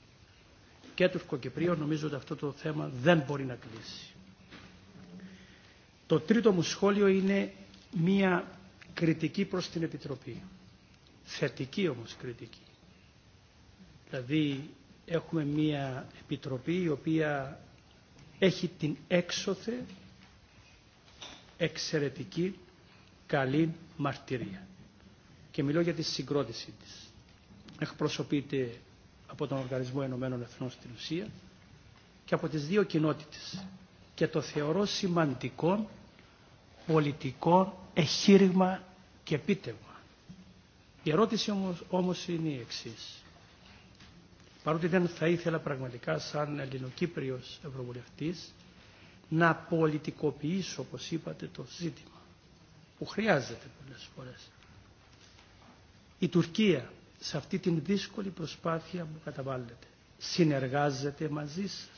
A: και Τουρκοκυπρίων, νομίζω ότι αυτό το θέμα δεν μπορεί να κλείσει. Το τρίτο μου σχόλιο είναι μία κριτική προς την Επιτροπή. Θετική όμως κριτική. Δηλαδή έχουμε μία Επιτροπή η οποία έχει την έξωθε εξαιρετική καλή μαρτυρία. Και μιλώ για τη συγκρότησή της. Εκπροσωπείται από τον Οργανισμό Ενωμένων Εθνών στην ουσία και από τις δύο κοινότητες. Και το θεωρώ σημαντικό πολιτικό εχείρημα και επίτευγμα. Η ερώτηση όμως, όμως είναι η εξής παρότι δεν θα ήθελα πραγματικά σαν Ελληνοκύπριος Ευρωβουλευτής να πολιτικοποιήσω, όπως είπατε, το ζήτημα που χρειάζεται πολλές φορές. Η Τουρκία σε αυτή την δύσκολη προσπάθεια που καταβάλλεται συνεργάζεται μαζί σας.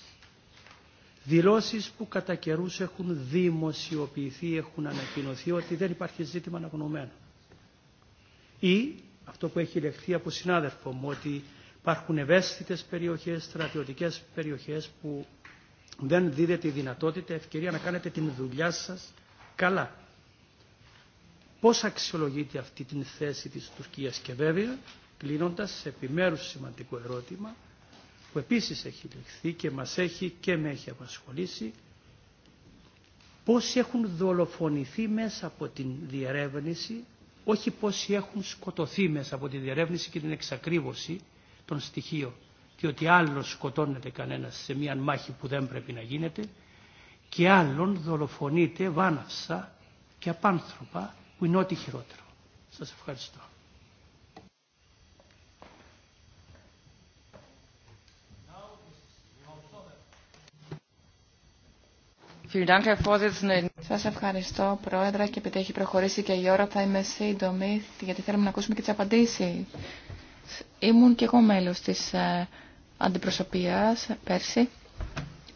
A: Δηλώσεις που κατά καιρού έχουν δημοσιοποιηθεί, έχουν ανακοινωθεί ότι δεν υπάρχει ζήτημα αναγνωμένο. Ή αυτό που έχει λεχθεί από συνάδελφο μου ότι Υπάρχουν ευαίσθητες περιοχές, στρατιωτικές περιοχές που δεν δίδεται η δυνατότητα, ευκαιρία να κάνετε την δουλειά σας καλά. Πώς αξιολογείτε αυτή την θέση της Τουρκίας και βέβαια, κλείνοντας σε επιμέρους σημαντικό ερώτημα, που επίσης έχει λεχθεί και μας έχει και με έχει απασχολήσει, πόσοι έχουν δολοφονηθεί μέσα από την διερεύνηση, όχι πόσοι έχουν σκοτωθεί μέσα από τη διερεύνηση και την εξακρίβωση, τον στοιχείο και ότι άλλο σκοτώνεται κανένα σε μια μάχη που δεν πρέπει να γίνεται και άλλον δολοφονείται βάναυσα και απάνθρωπα που είναι ό,τι χειρότερο. Σας ευχαριστώ.
D: Σα ευχαριστώ, Πρόεδρε, και επειδή έχει προχωρήσει και η ώρα, θα είμαι σύντομη, γιατί θέλουμε να ακούσουμε και τις απαντήσεις Ήμουν και εγώ μέλος της ε, αντιπροσωπείας πέρσι.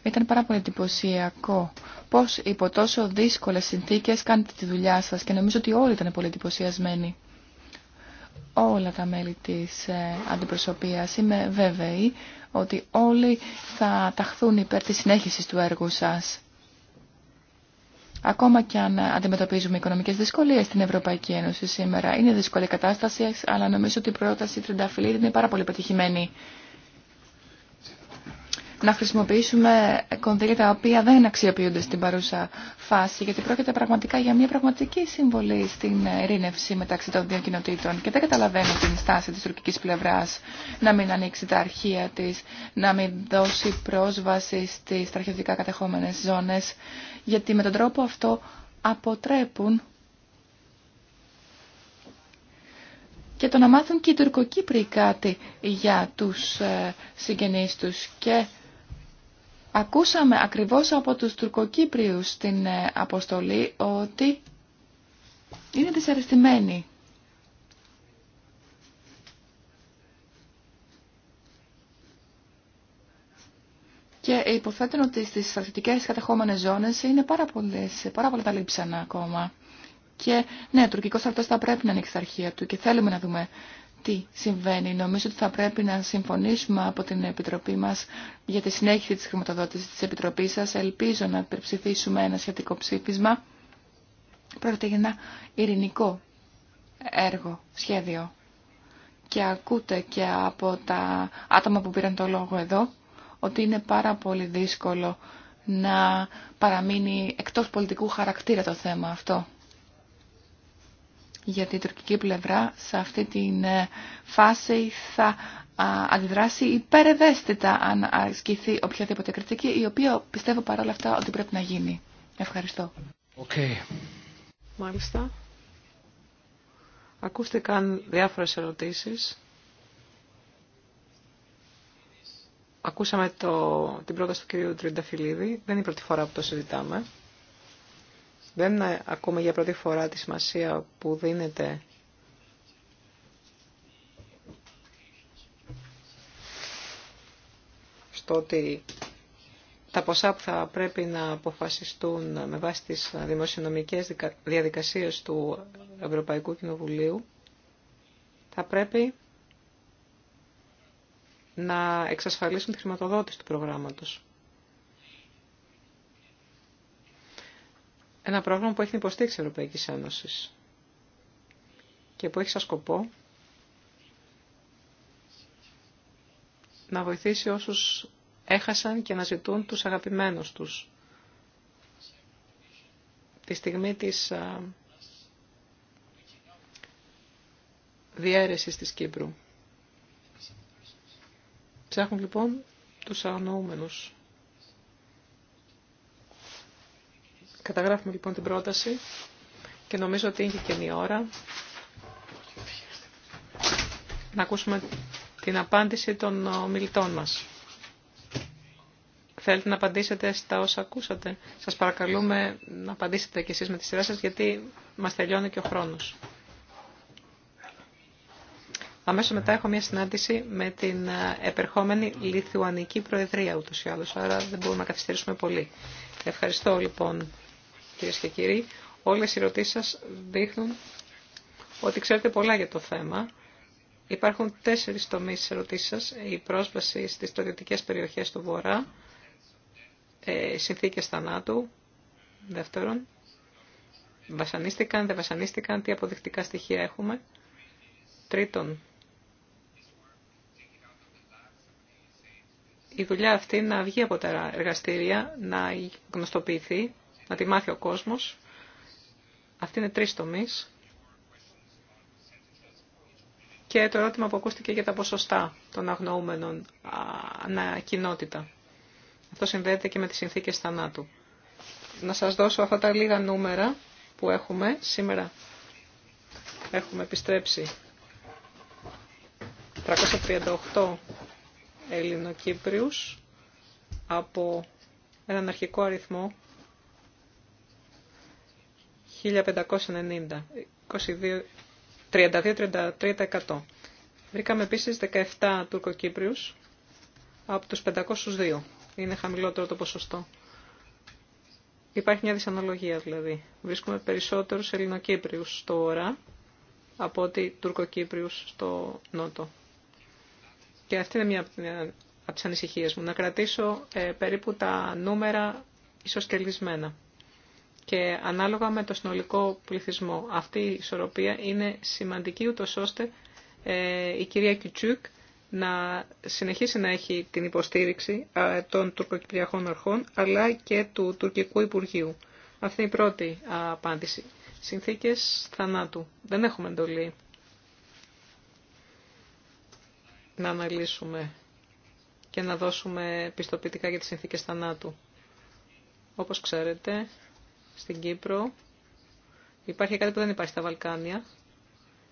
D: Ήταν πάρα πολύ εντυπωσιακό πώς υπό τόσο δύσκολες συνθήκες κάνετε τη δουλειά σας και νομίζω ότι όλοι ήταν πολύ εντυπωσιασμένοι. Όλα τα μέλη της ε, αντιπροσωπείας είμαι βέβαιη ότι όλοι θα ταχθούν υπέρ της συνέχισης του έργου σας. Ακόμα και αν αντιμετωπίζουμε οικονομικές δυσκολίες στην Ευρωπαϊκή Ένωση σήμερα, είναι δύσκολη κατάσταση, αλλά νομίζω ότι η πρόταση τρινταφυλλίδη είναι πάρα πολύ πετυχημένη να χρησιμοποιήσουμε κονδύλια τα οποία δεν αξιοποιούνται στην παρούσα φάση, γιατί πρόκειται πραγματικά για μια πραγματική συμβολή στην ειρήνευση μεταξύ των δύο κοινοτήτων. Και δεν καταλαβαίνω την στάση της τουρκική πλευράς να μην ανοίξει τα αρχεία της, να μην δώσει πρόσβαση στις στρατιωτικά κατεχόμενες ζώνες, γιατί με τον τρόπο αυτό αποτρέπουν και το να μάθουν και οι Τουρκοκύπροι κάτι για τους ε, συγγενείς τους και Ακούσαμε ακριβώς από τους τουρκοκύπριους την ε, αποστολή ότι είναι δυσαρεστημένοι. Και υποθέτουν ότι στις στρατιωτικές κατεχόμενες ζώνες είναι πάρα, πολλές, πάρα πολλά τα λείψανα ακόμα. Και ναι, ο τουρκικός θα πρέπει να ανοίξει τα αρχεία του και θέλουμε να δούμε τι συμβαίνει. Νομίζω ότι θα πρέπει να συμφωνήσουμε από την Επιτροπή μας για τη συνέχεια της χρηματοδότησης της Επιτροπής σας. Ελπίζω να υπερψηφίσουμε ένα σχετικό ψήφισμα. Πρόκειται για ένα ειρηνικό έργο, σχέδιο. Και ακούτε και από τα άτομα που πήραν το λόγο εδώ ότι είναι πάρα πολύ δύσκολο να παραμείνει εκτός πολιτικού χαρακτήρα το θέμα αυτό γιατί η τουρκική πλευρά σε αυτή τη ε, φάση θα αντιδράσει υπερευαίσθητα αν ασκηθεί οποιαδήποτε κριτική, η οποία πιστεύω
C: παρόλα αυτά ότι πρέπει να γίνει. Ευχαριστώ. Okay. Μάλιστα. Ακούστηκαν διάφορες ερωτήσεις. Ακούσαμε το, την πρόταση του κυρίου Τριανταφυλλίδη. Δεν είναι η πρώτη φορά που το συζητάμε. Δεν ακούμε για πρώτη φορά τη σημασία που δίνεται στο ότι τα ποσά που θα πρέπει να αποφασιστούν με βάση τις δημοσιονομικές διαδικασίες του Ευρωπαϊκού Κοινοβουλίου θα πρέπει να εξασφαλίσουν τη χρηματοδότηση του προγράμματος. ένα πρόγραμμα που έχει υποστήριξη Ευρωπαϊκή Ένωση και που έχει σαν σκοπό να βοηθήσει όσους έχασαν και να ζητούν τους αγαπημένους τους. Τη στιγμή της διαίρεση τη της Κύπρου. Ψάχνουν λοιπόν τους αγνοούμενους. Καταγράφουμε λοιπόν την πρόταση και νομίζω ότι είναι και η ώρα να ακούσουμε την απάντηση των ομιλητών μας. Θέλετε να απαντήσετε στα όσα ακούσατε. Σας παρακαλούμε να απαντήσετε κι εσείς με τη σειρά σας, γιατί μας τελειώνει και ο χρόνος. Αμέσως μετά έχω μια συνάντηση με την επερχόμενη Λιθουανική Προεδρία ούτως ή άλλως, άρα δεν μπορούμε να καθυστερήσουμε πολύ. Ευχαριστώ λοιπόν κυρίε και κύριοι. Όλες οι ερωτήσει σας δείχνουν ότι ξέρετε πολλά για το θέμα. Υπάρχουν τέσσερις τομείς τη σα. Η πρόσβαση στις στρατιωτικέ περιοχές του Βορρά, ε, συνθήκες θανάτου, δεύτερον, βασανίστηκαν, δεν βασανίστηκαν, τι αποδεικτικά στοιχεία έχουμε. Τρίτον, η δουλειά αυτή να βγει από τα εργαστήρια, να γνωστοποιηθεί να τη μάθει ο κόσμος. Αυτή είναι τρεις τομείς. Και το ερώτημα που ακούστηκε για τα ποσοστά των αγνοούμενων ανακοινότητα. Αυτό συνδέεται και με τις συνθήκες θανάτου. Να σας δώσω αυτά τα λίγα νούμερα που έχουμε σήμερα. Έχουμε επιστρέψει 338 Ελληνοκύπριους από έναν αρχικό αριθμό 1590, 32-33%. Βρήκαμε επίσης 17 Τουρκοκύπριους από τους 502. Είναι χαμηλότερο το ποσοστό. Υπάρχει μια δυσαναλογία δηλαδή. Βρίσκουμε περισσότερους Ελληνοκύπριους στο ΟΡΑ από ότι Τουρκοκύπριους στο Νότο. Και αυτή είναι μια από τις ανησυχίες μου. Να κρατήσω ε, περίπου τα νούμερα ισοσκελισμένα και ανάλογα με το συνολικό πληθυσμό. Αυτή η ισορροπία είναι σημαντική ούτως ώστε ε, η κυρία Κιουτσούκ να συνεχίσει να έχει την υποστήριξη ε, των τουρκοκυπριακών αρχών αλλά και του τουρκικού Υπουργείου. Αυτή είναι η πρώτη απάντηση. Συνθήκες θανάτου. Δεν έχουμε εντολή να αναλύσουμε και να δώσουμε πιστοποιητικά για τις συνθήκες θανάτου. Όπως ξέρετε, στην Κύπρο. Υπάρχει κάτι που δεν υπάρχει στα Βαλκάνια.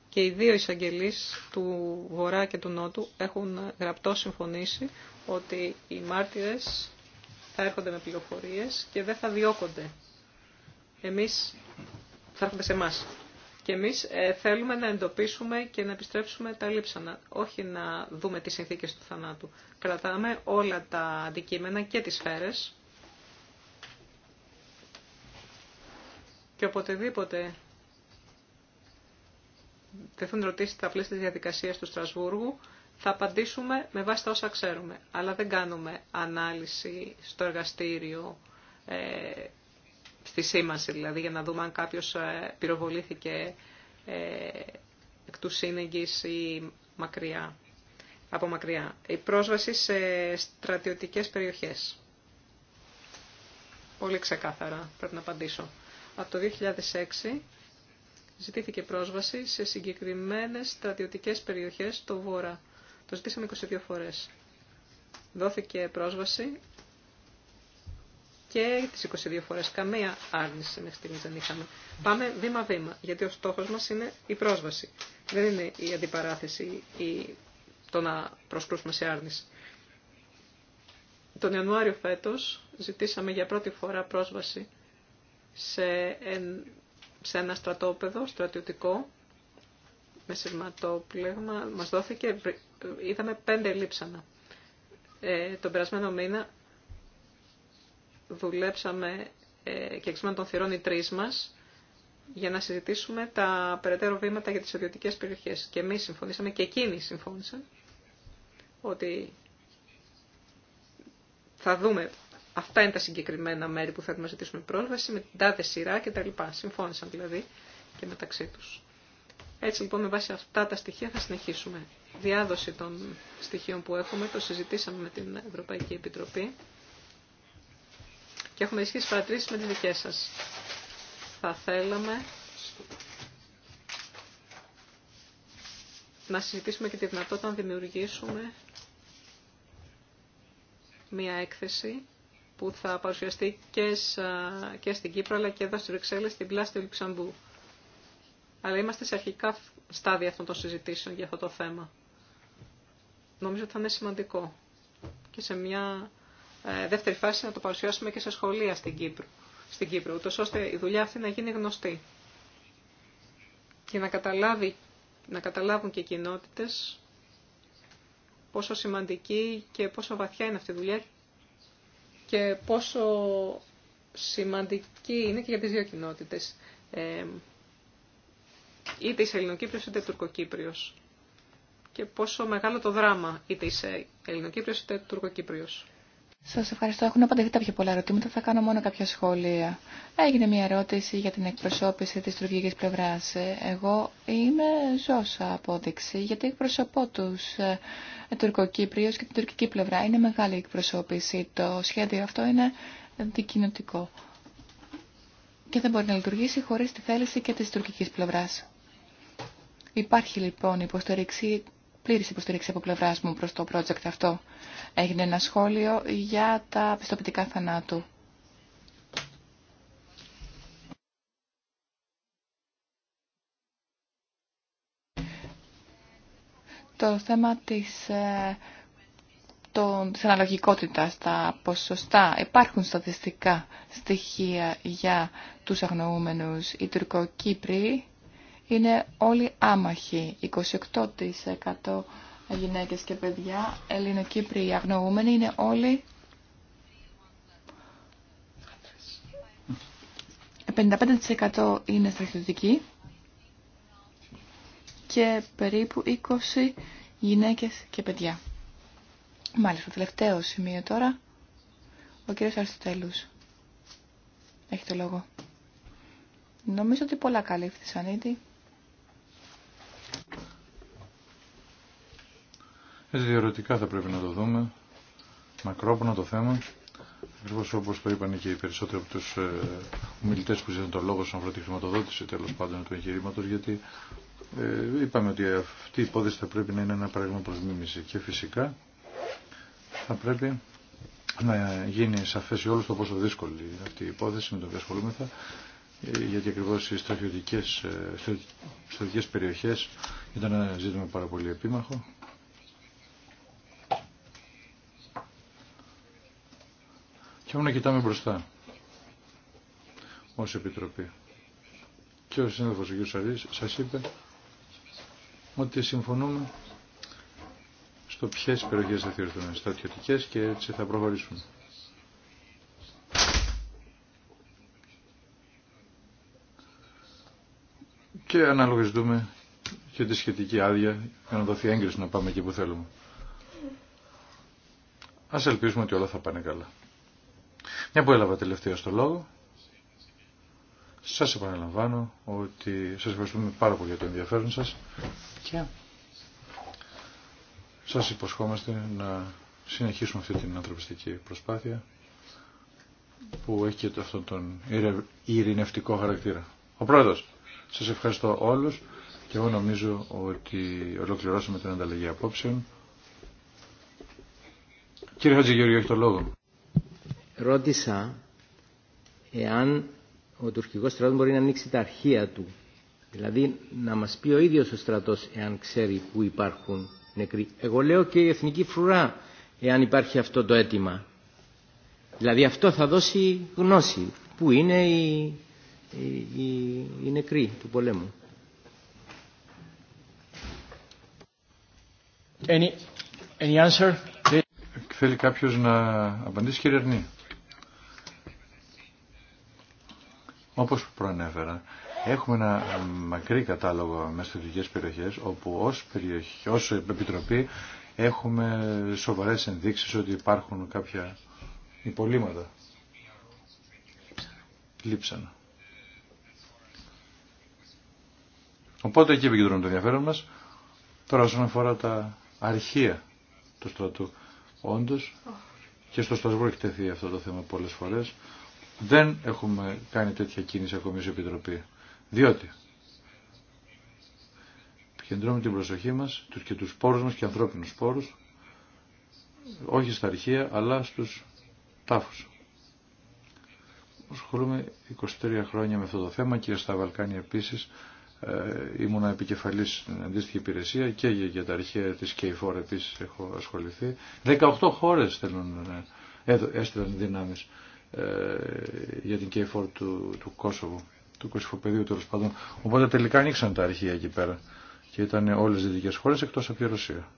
C: Και οι δύο εισαγγελεί του Βορρά και του Νότου έχουν γραπτό συμφωνήσει ότι οι μάρτυρες θα έρχονται με πληροφορίε και δεν θα διώκονται. Εμείς θα έρχονται σε εμά. Και εμείς ε, θέλουμε να εντοπίσουμε και να επιστρέψουμε τα λείψανα, όχι να δούμε τις συνθήκε του θανάτου. Κρατάμε όλα τα αντικείμενα και τι σφαίρε και οποτεδήποτε τεθούν ρωτήσει στα πλαίσια της διαδικασίας του Στρασβούργου, θα απαντήσουμε με βάση τα όσα ξέρουμε. Αλλά δεν κάνουμε ανάλυση στο εργαστήριο, ε, στη σήμανση δηλαδή, για να δούμε αν κάποιος ε, πυροβολήθηκε ε, εκ του Η πρόσβαση σε στρατιωτικές περιοχές. Πολύ ξεκάθαρα πρέπει να απαντήσω από το 2006 ζητήθηκε πρόσβαση σε συγκεκριμένες στρατιωτικές περιοχές στο Βόρα. Το ζητήσαμε 22 φορές. Δόθηκε πρόσβαση και τις 22 φορές. Καμία άρνηση μέχρι στιγμής δεν είχαμε. Πάμε βήμα-βήμα, γιατί ο στόχος μας είναι η πρόσβαση. Δεν είναι η αντιπαράθεση ή το να προσκρούσουμε σε άρνηση. Τον Ιανουάριο φέτος ζητήσαμε για πρώτη φορά πρόσβαση σε ένα στρατόπεδο στρατιωτικό με σειρματόπλεγμα. Μας δόθηκε, είδαμε πέντε λείψανα. Ε, τον περασμένο μήνα δουλέψαμε ε, και εξήμαν των θυρών οι τρεις μας για να συζητήσουμε τα περαιτέρω βήματα για τις ιδιωτικές περιοχές. Και εμείς συμφωνήσαμε και εκείνοι συμφώνησαν ότι θα δούμε Αυτά είναι τα συγκεκριμένα μέρη που θα να ζητήσουμε πρόσβαση, με την τάδε σειρά κτλ. Συμφώνησαν δηλαδή και μεταξύ του. Έτσι λοιπόν με βάση αυτά τα στοιχεία θα συνεχίσουμε. Διάδοση των στοιχείων που έχουμε, το συζητήσαμε με την Ευρωπαϊκή Επιτροπή και έχουμε ισχύσει παρατηρήσει με τις δικέ σα. Θα θέλαμε να συζητήσουμε και τη δυνατότητα να δημιουργήσουμε μία έκθεση που θα παρουσιαστεί και, στην Κύπρο αλλά και εδώ στη Βρυξέλλες, στην πλάση του Λουξεμβού. Αλλά είμαστε σε αρχικά στάδια αυτών των συζητήσεων για αυτό το θέμα. Νομίζω ότι θα είναι σημαντικό και σε μια ε, δεύτερη φάση να το παρουσιάσουμε και σε σχολεία στην Κύπρο, στην Κύπρο ούτως ώστε η δουλειά αυτή να γίνει γνωστή και να, καταλάβει, να καταλάβουν και οι κοινότητες πόσο σημαντική και πόσο βαθιά είναι αυτή η δουλειά και πόσο σημαντική είναι και για τις δύο κοινότητες, ε, είτε είσαι Ελληνοκύπριος είτε Τουρκοκύπριος και πόσο μεγάλο το δράμα είτε είσαι Ελληνοκύπριος είτε Τουρκοκύπριος.
D: Σας ευχαριστώ. Έχουν απαντηθεί πιο πολλά ερωτήματα. Θα κάνω μόνο κάποια σχόλια. Έγινε μια ερώτηση για την εκπροσώπηση της τουρκικής πλευράς. Εγώ είμαι ζώσα απόδειξη, γιατί εκπροσωπώ τους ε, τουρκοκύπριους και την τουρκική πλευρά. Είναι μεγάλη εκπροσώπηση. Το σχέδιο αυτό είναι δικοινωτικό. Και δεν μπορεί να λειτουργήσει χωρίς τη θέληση και της τουρκικής πλευράς. Υπάρχει λοιπόν υποστήριξη πλήρης υποστήριξη από πλευράς μου προς το project αυτό. Έγινε ένα σχόλιο για τα πιστοποιητικά θανάτου. Το θέμα της, ε, το, της αναλογικότητας, τα ποσοστά, υπάρχουν στατιστικά στοιχεία για τους αγνοούμενους. Οι Τουρκοκύπροι είναι όλοι άμαχοι. 28% γυναίκες και παιδιά, Ελληνοκύπριοι αγνοούμενοι, είναι όλοι 55% είναι στρατιωτικοί και περίπου 20 γυναίκες και παιδιά. Μάλιστα, τελευταίο σημείο τώρα, ο κύριος Αριστοτέλους. Έχει το λόγο. Νομίζω ότι πολλά καλύφθησαν ήδη.
B: διαρωτικά θα πρέπει να το δούμε, μακρόπνο το θέμα. Ακριβώ όπως το είπαν και οι περισσότεροι από του ε, ομιλητέ που ζητούν τον λόγο στον πρώτη χρηματοδότηση τέλο πάντων του εγχειρήματο, γιατί ε, είπαμε ότι αυτή η υπόθεση θα πρέπει να είναι ένα πράγμα προ μίμηση. Και φυσικά θα πρέπει να γίνει σαφέ σε όλου το πόσο δύσκολη αυτή η υπόθεση με το οποίο ασχολούμεθα, ε, γιατί ακριβώ οι στρατιωτικέ ε, περιοχέ ήταν ένα ζήτημα πάρα πολύ επίμαχο. Και μόνο κοιτάμε μπροστά ω Επιτροπή. Και ο συνέδελφος ο κ. σα σας είπε ότι συμφωνούμε στο ποιες περιοχές θα θεωρηθούν στρατιωτικέ και έτσι θα προχωρήσουν. Και αναλογιστούμε και τη σχετική άδεια για να δοθεί έγκριση να πάμε εκεί που θέλουμε. Ας ελπίσουμε ότι όλα θα πάνε καλά. Μια ναι, που έλαβα τελευταία στο λόγο, σας επαναλαμβάνω ότι σας ευχαριστούμε πάρα πολύ για το ενδιαφέρον σας και σας υποσχόμαστε να συνεχίσουμε αυτή την ανθρωπιστική προσπάθεια που έχει και αυτόν τον ειρηνευτικό χαρακτήρα. Ο Πρόεδρος, σας ευχαριστώ όλους και εγώ νομίζω ότι ολοκληρώσαμε την ανταλλαγή απόψεων. Κύριε Χατζηγεωργίου, έχει το λόγο
E: ρώτησα εάν ο τουρκικό στρατό μπορεί να ανοίξει τα αρχεία του. Δηλαδή να μας πει ο ίδιο ο στρατός εάν ξέρει που υπάρχουν νεκροί. Εγώ λέω και η Εθνική Φρουρά εάν υπάρχει αυτό το αίτημα. Δηλαδή αυτό θα δώσει γνώση που είναι οι, οι, νεκροί του πολέμου. Any, any
B: answer? Θέλει κάποιος να απαντήσει κύριε Αρνή. Όπως προανέφερα, έχουμε ένα μακρύ κατάλογο με στρατηγικές περιοχές, όπου ως, περιοχή, Επιτροπή έχουμε σοβαρές ενδείξεις ότι υπάρχουν κάποια υπολείμματα. Λείψανα. Οπότε εκεί επικεντρώνουμε το ενδιαφέρον μας. Τώρα όσον αφορά τα αρχεία του στρατού, όντως και στο Στασβούργο έχει τεθεί αυτό το θέμα πολλές φορές δεν έχουμε κάνει τέτοια κίνηση ακόμη σε Επιτροπή. Διότι επικεντρώνουμε την προσοχή μας και τους πόρους μας και ανθρώπινους πόρους όχι στα αρχεία αλλά στους τάφους. Ασχολούμαι 23 χρόνια με αυτό το θέμα και στα Βαλκάνια επίσης ε, ήμουνα επικεφαλής στην αντίστοιχη υπηρεσία και για, τα αρχεία της K4 επίσης έχω ασχοληθεί. 18 χώρες ε, έστειλαν δυνάμεις ε, για την ΚΕΙΦΟΡ του, του Κόσοβου, του Κωσυφοπεδίου τέλο πάντων. Οπότε τελικά ανοίξαν τα αρχεία εκεί πέρα και ήταν όλε οι δυτικέ χώρες εκτό από τη Ρωσία.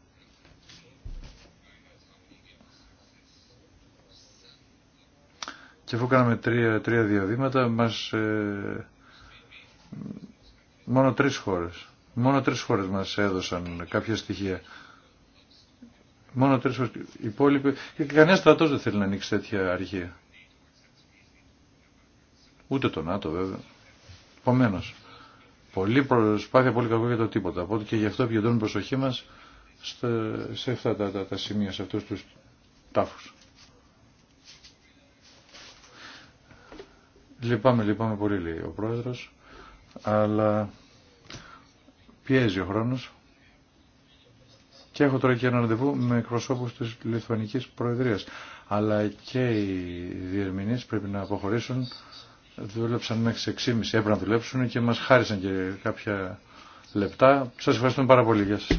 B: Και αφού κάναμε τρία, διαδήματα, μας, ε, μόνο τρεις χώρες. Μόνο τρεις χώρες μας έδωσαν κάποια στοιχεία. Μόνο τρεις χώρες. Υπόλοιποι... Και κανένα στρατός δεν θέλει να ανοίξει τέτοια αρχεία ούτε το ΝΑΤΟ βέβαια. Επομένω, Πολύ προσπάθεια, πολύ κακό για το τίποτα. Οπότε και γι' αυτό επικεντρώνουμε προσοχή μα σε αυτά τα, τα, σημεία, σε αυτού του τάφου. Λυπάμαι, λυπάμαι πολύ, λέει ο πρόεδρο, αλλά πιέζει ο χρόνο. Και έχω τώρα και ένα ραντεβού με εκπροσώπου τη Λιθουανική Προεδρία. Αλλά και οι διερμηνεί πρέπει να αποχωρήσουν δούλεψαν μέχρι 6.30 έπρεπε να δουλέψουν και μας χάρισαν και κάποια λεπτά. Σας ευχαριστούμε πάρα πολύ. Γεια σας.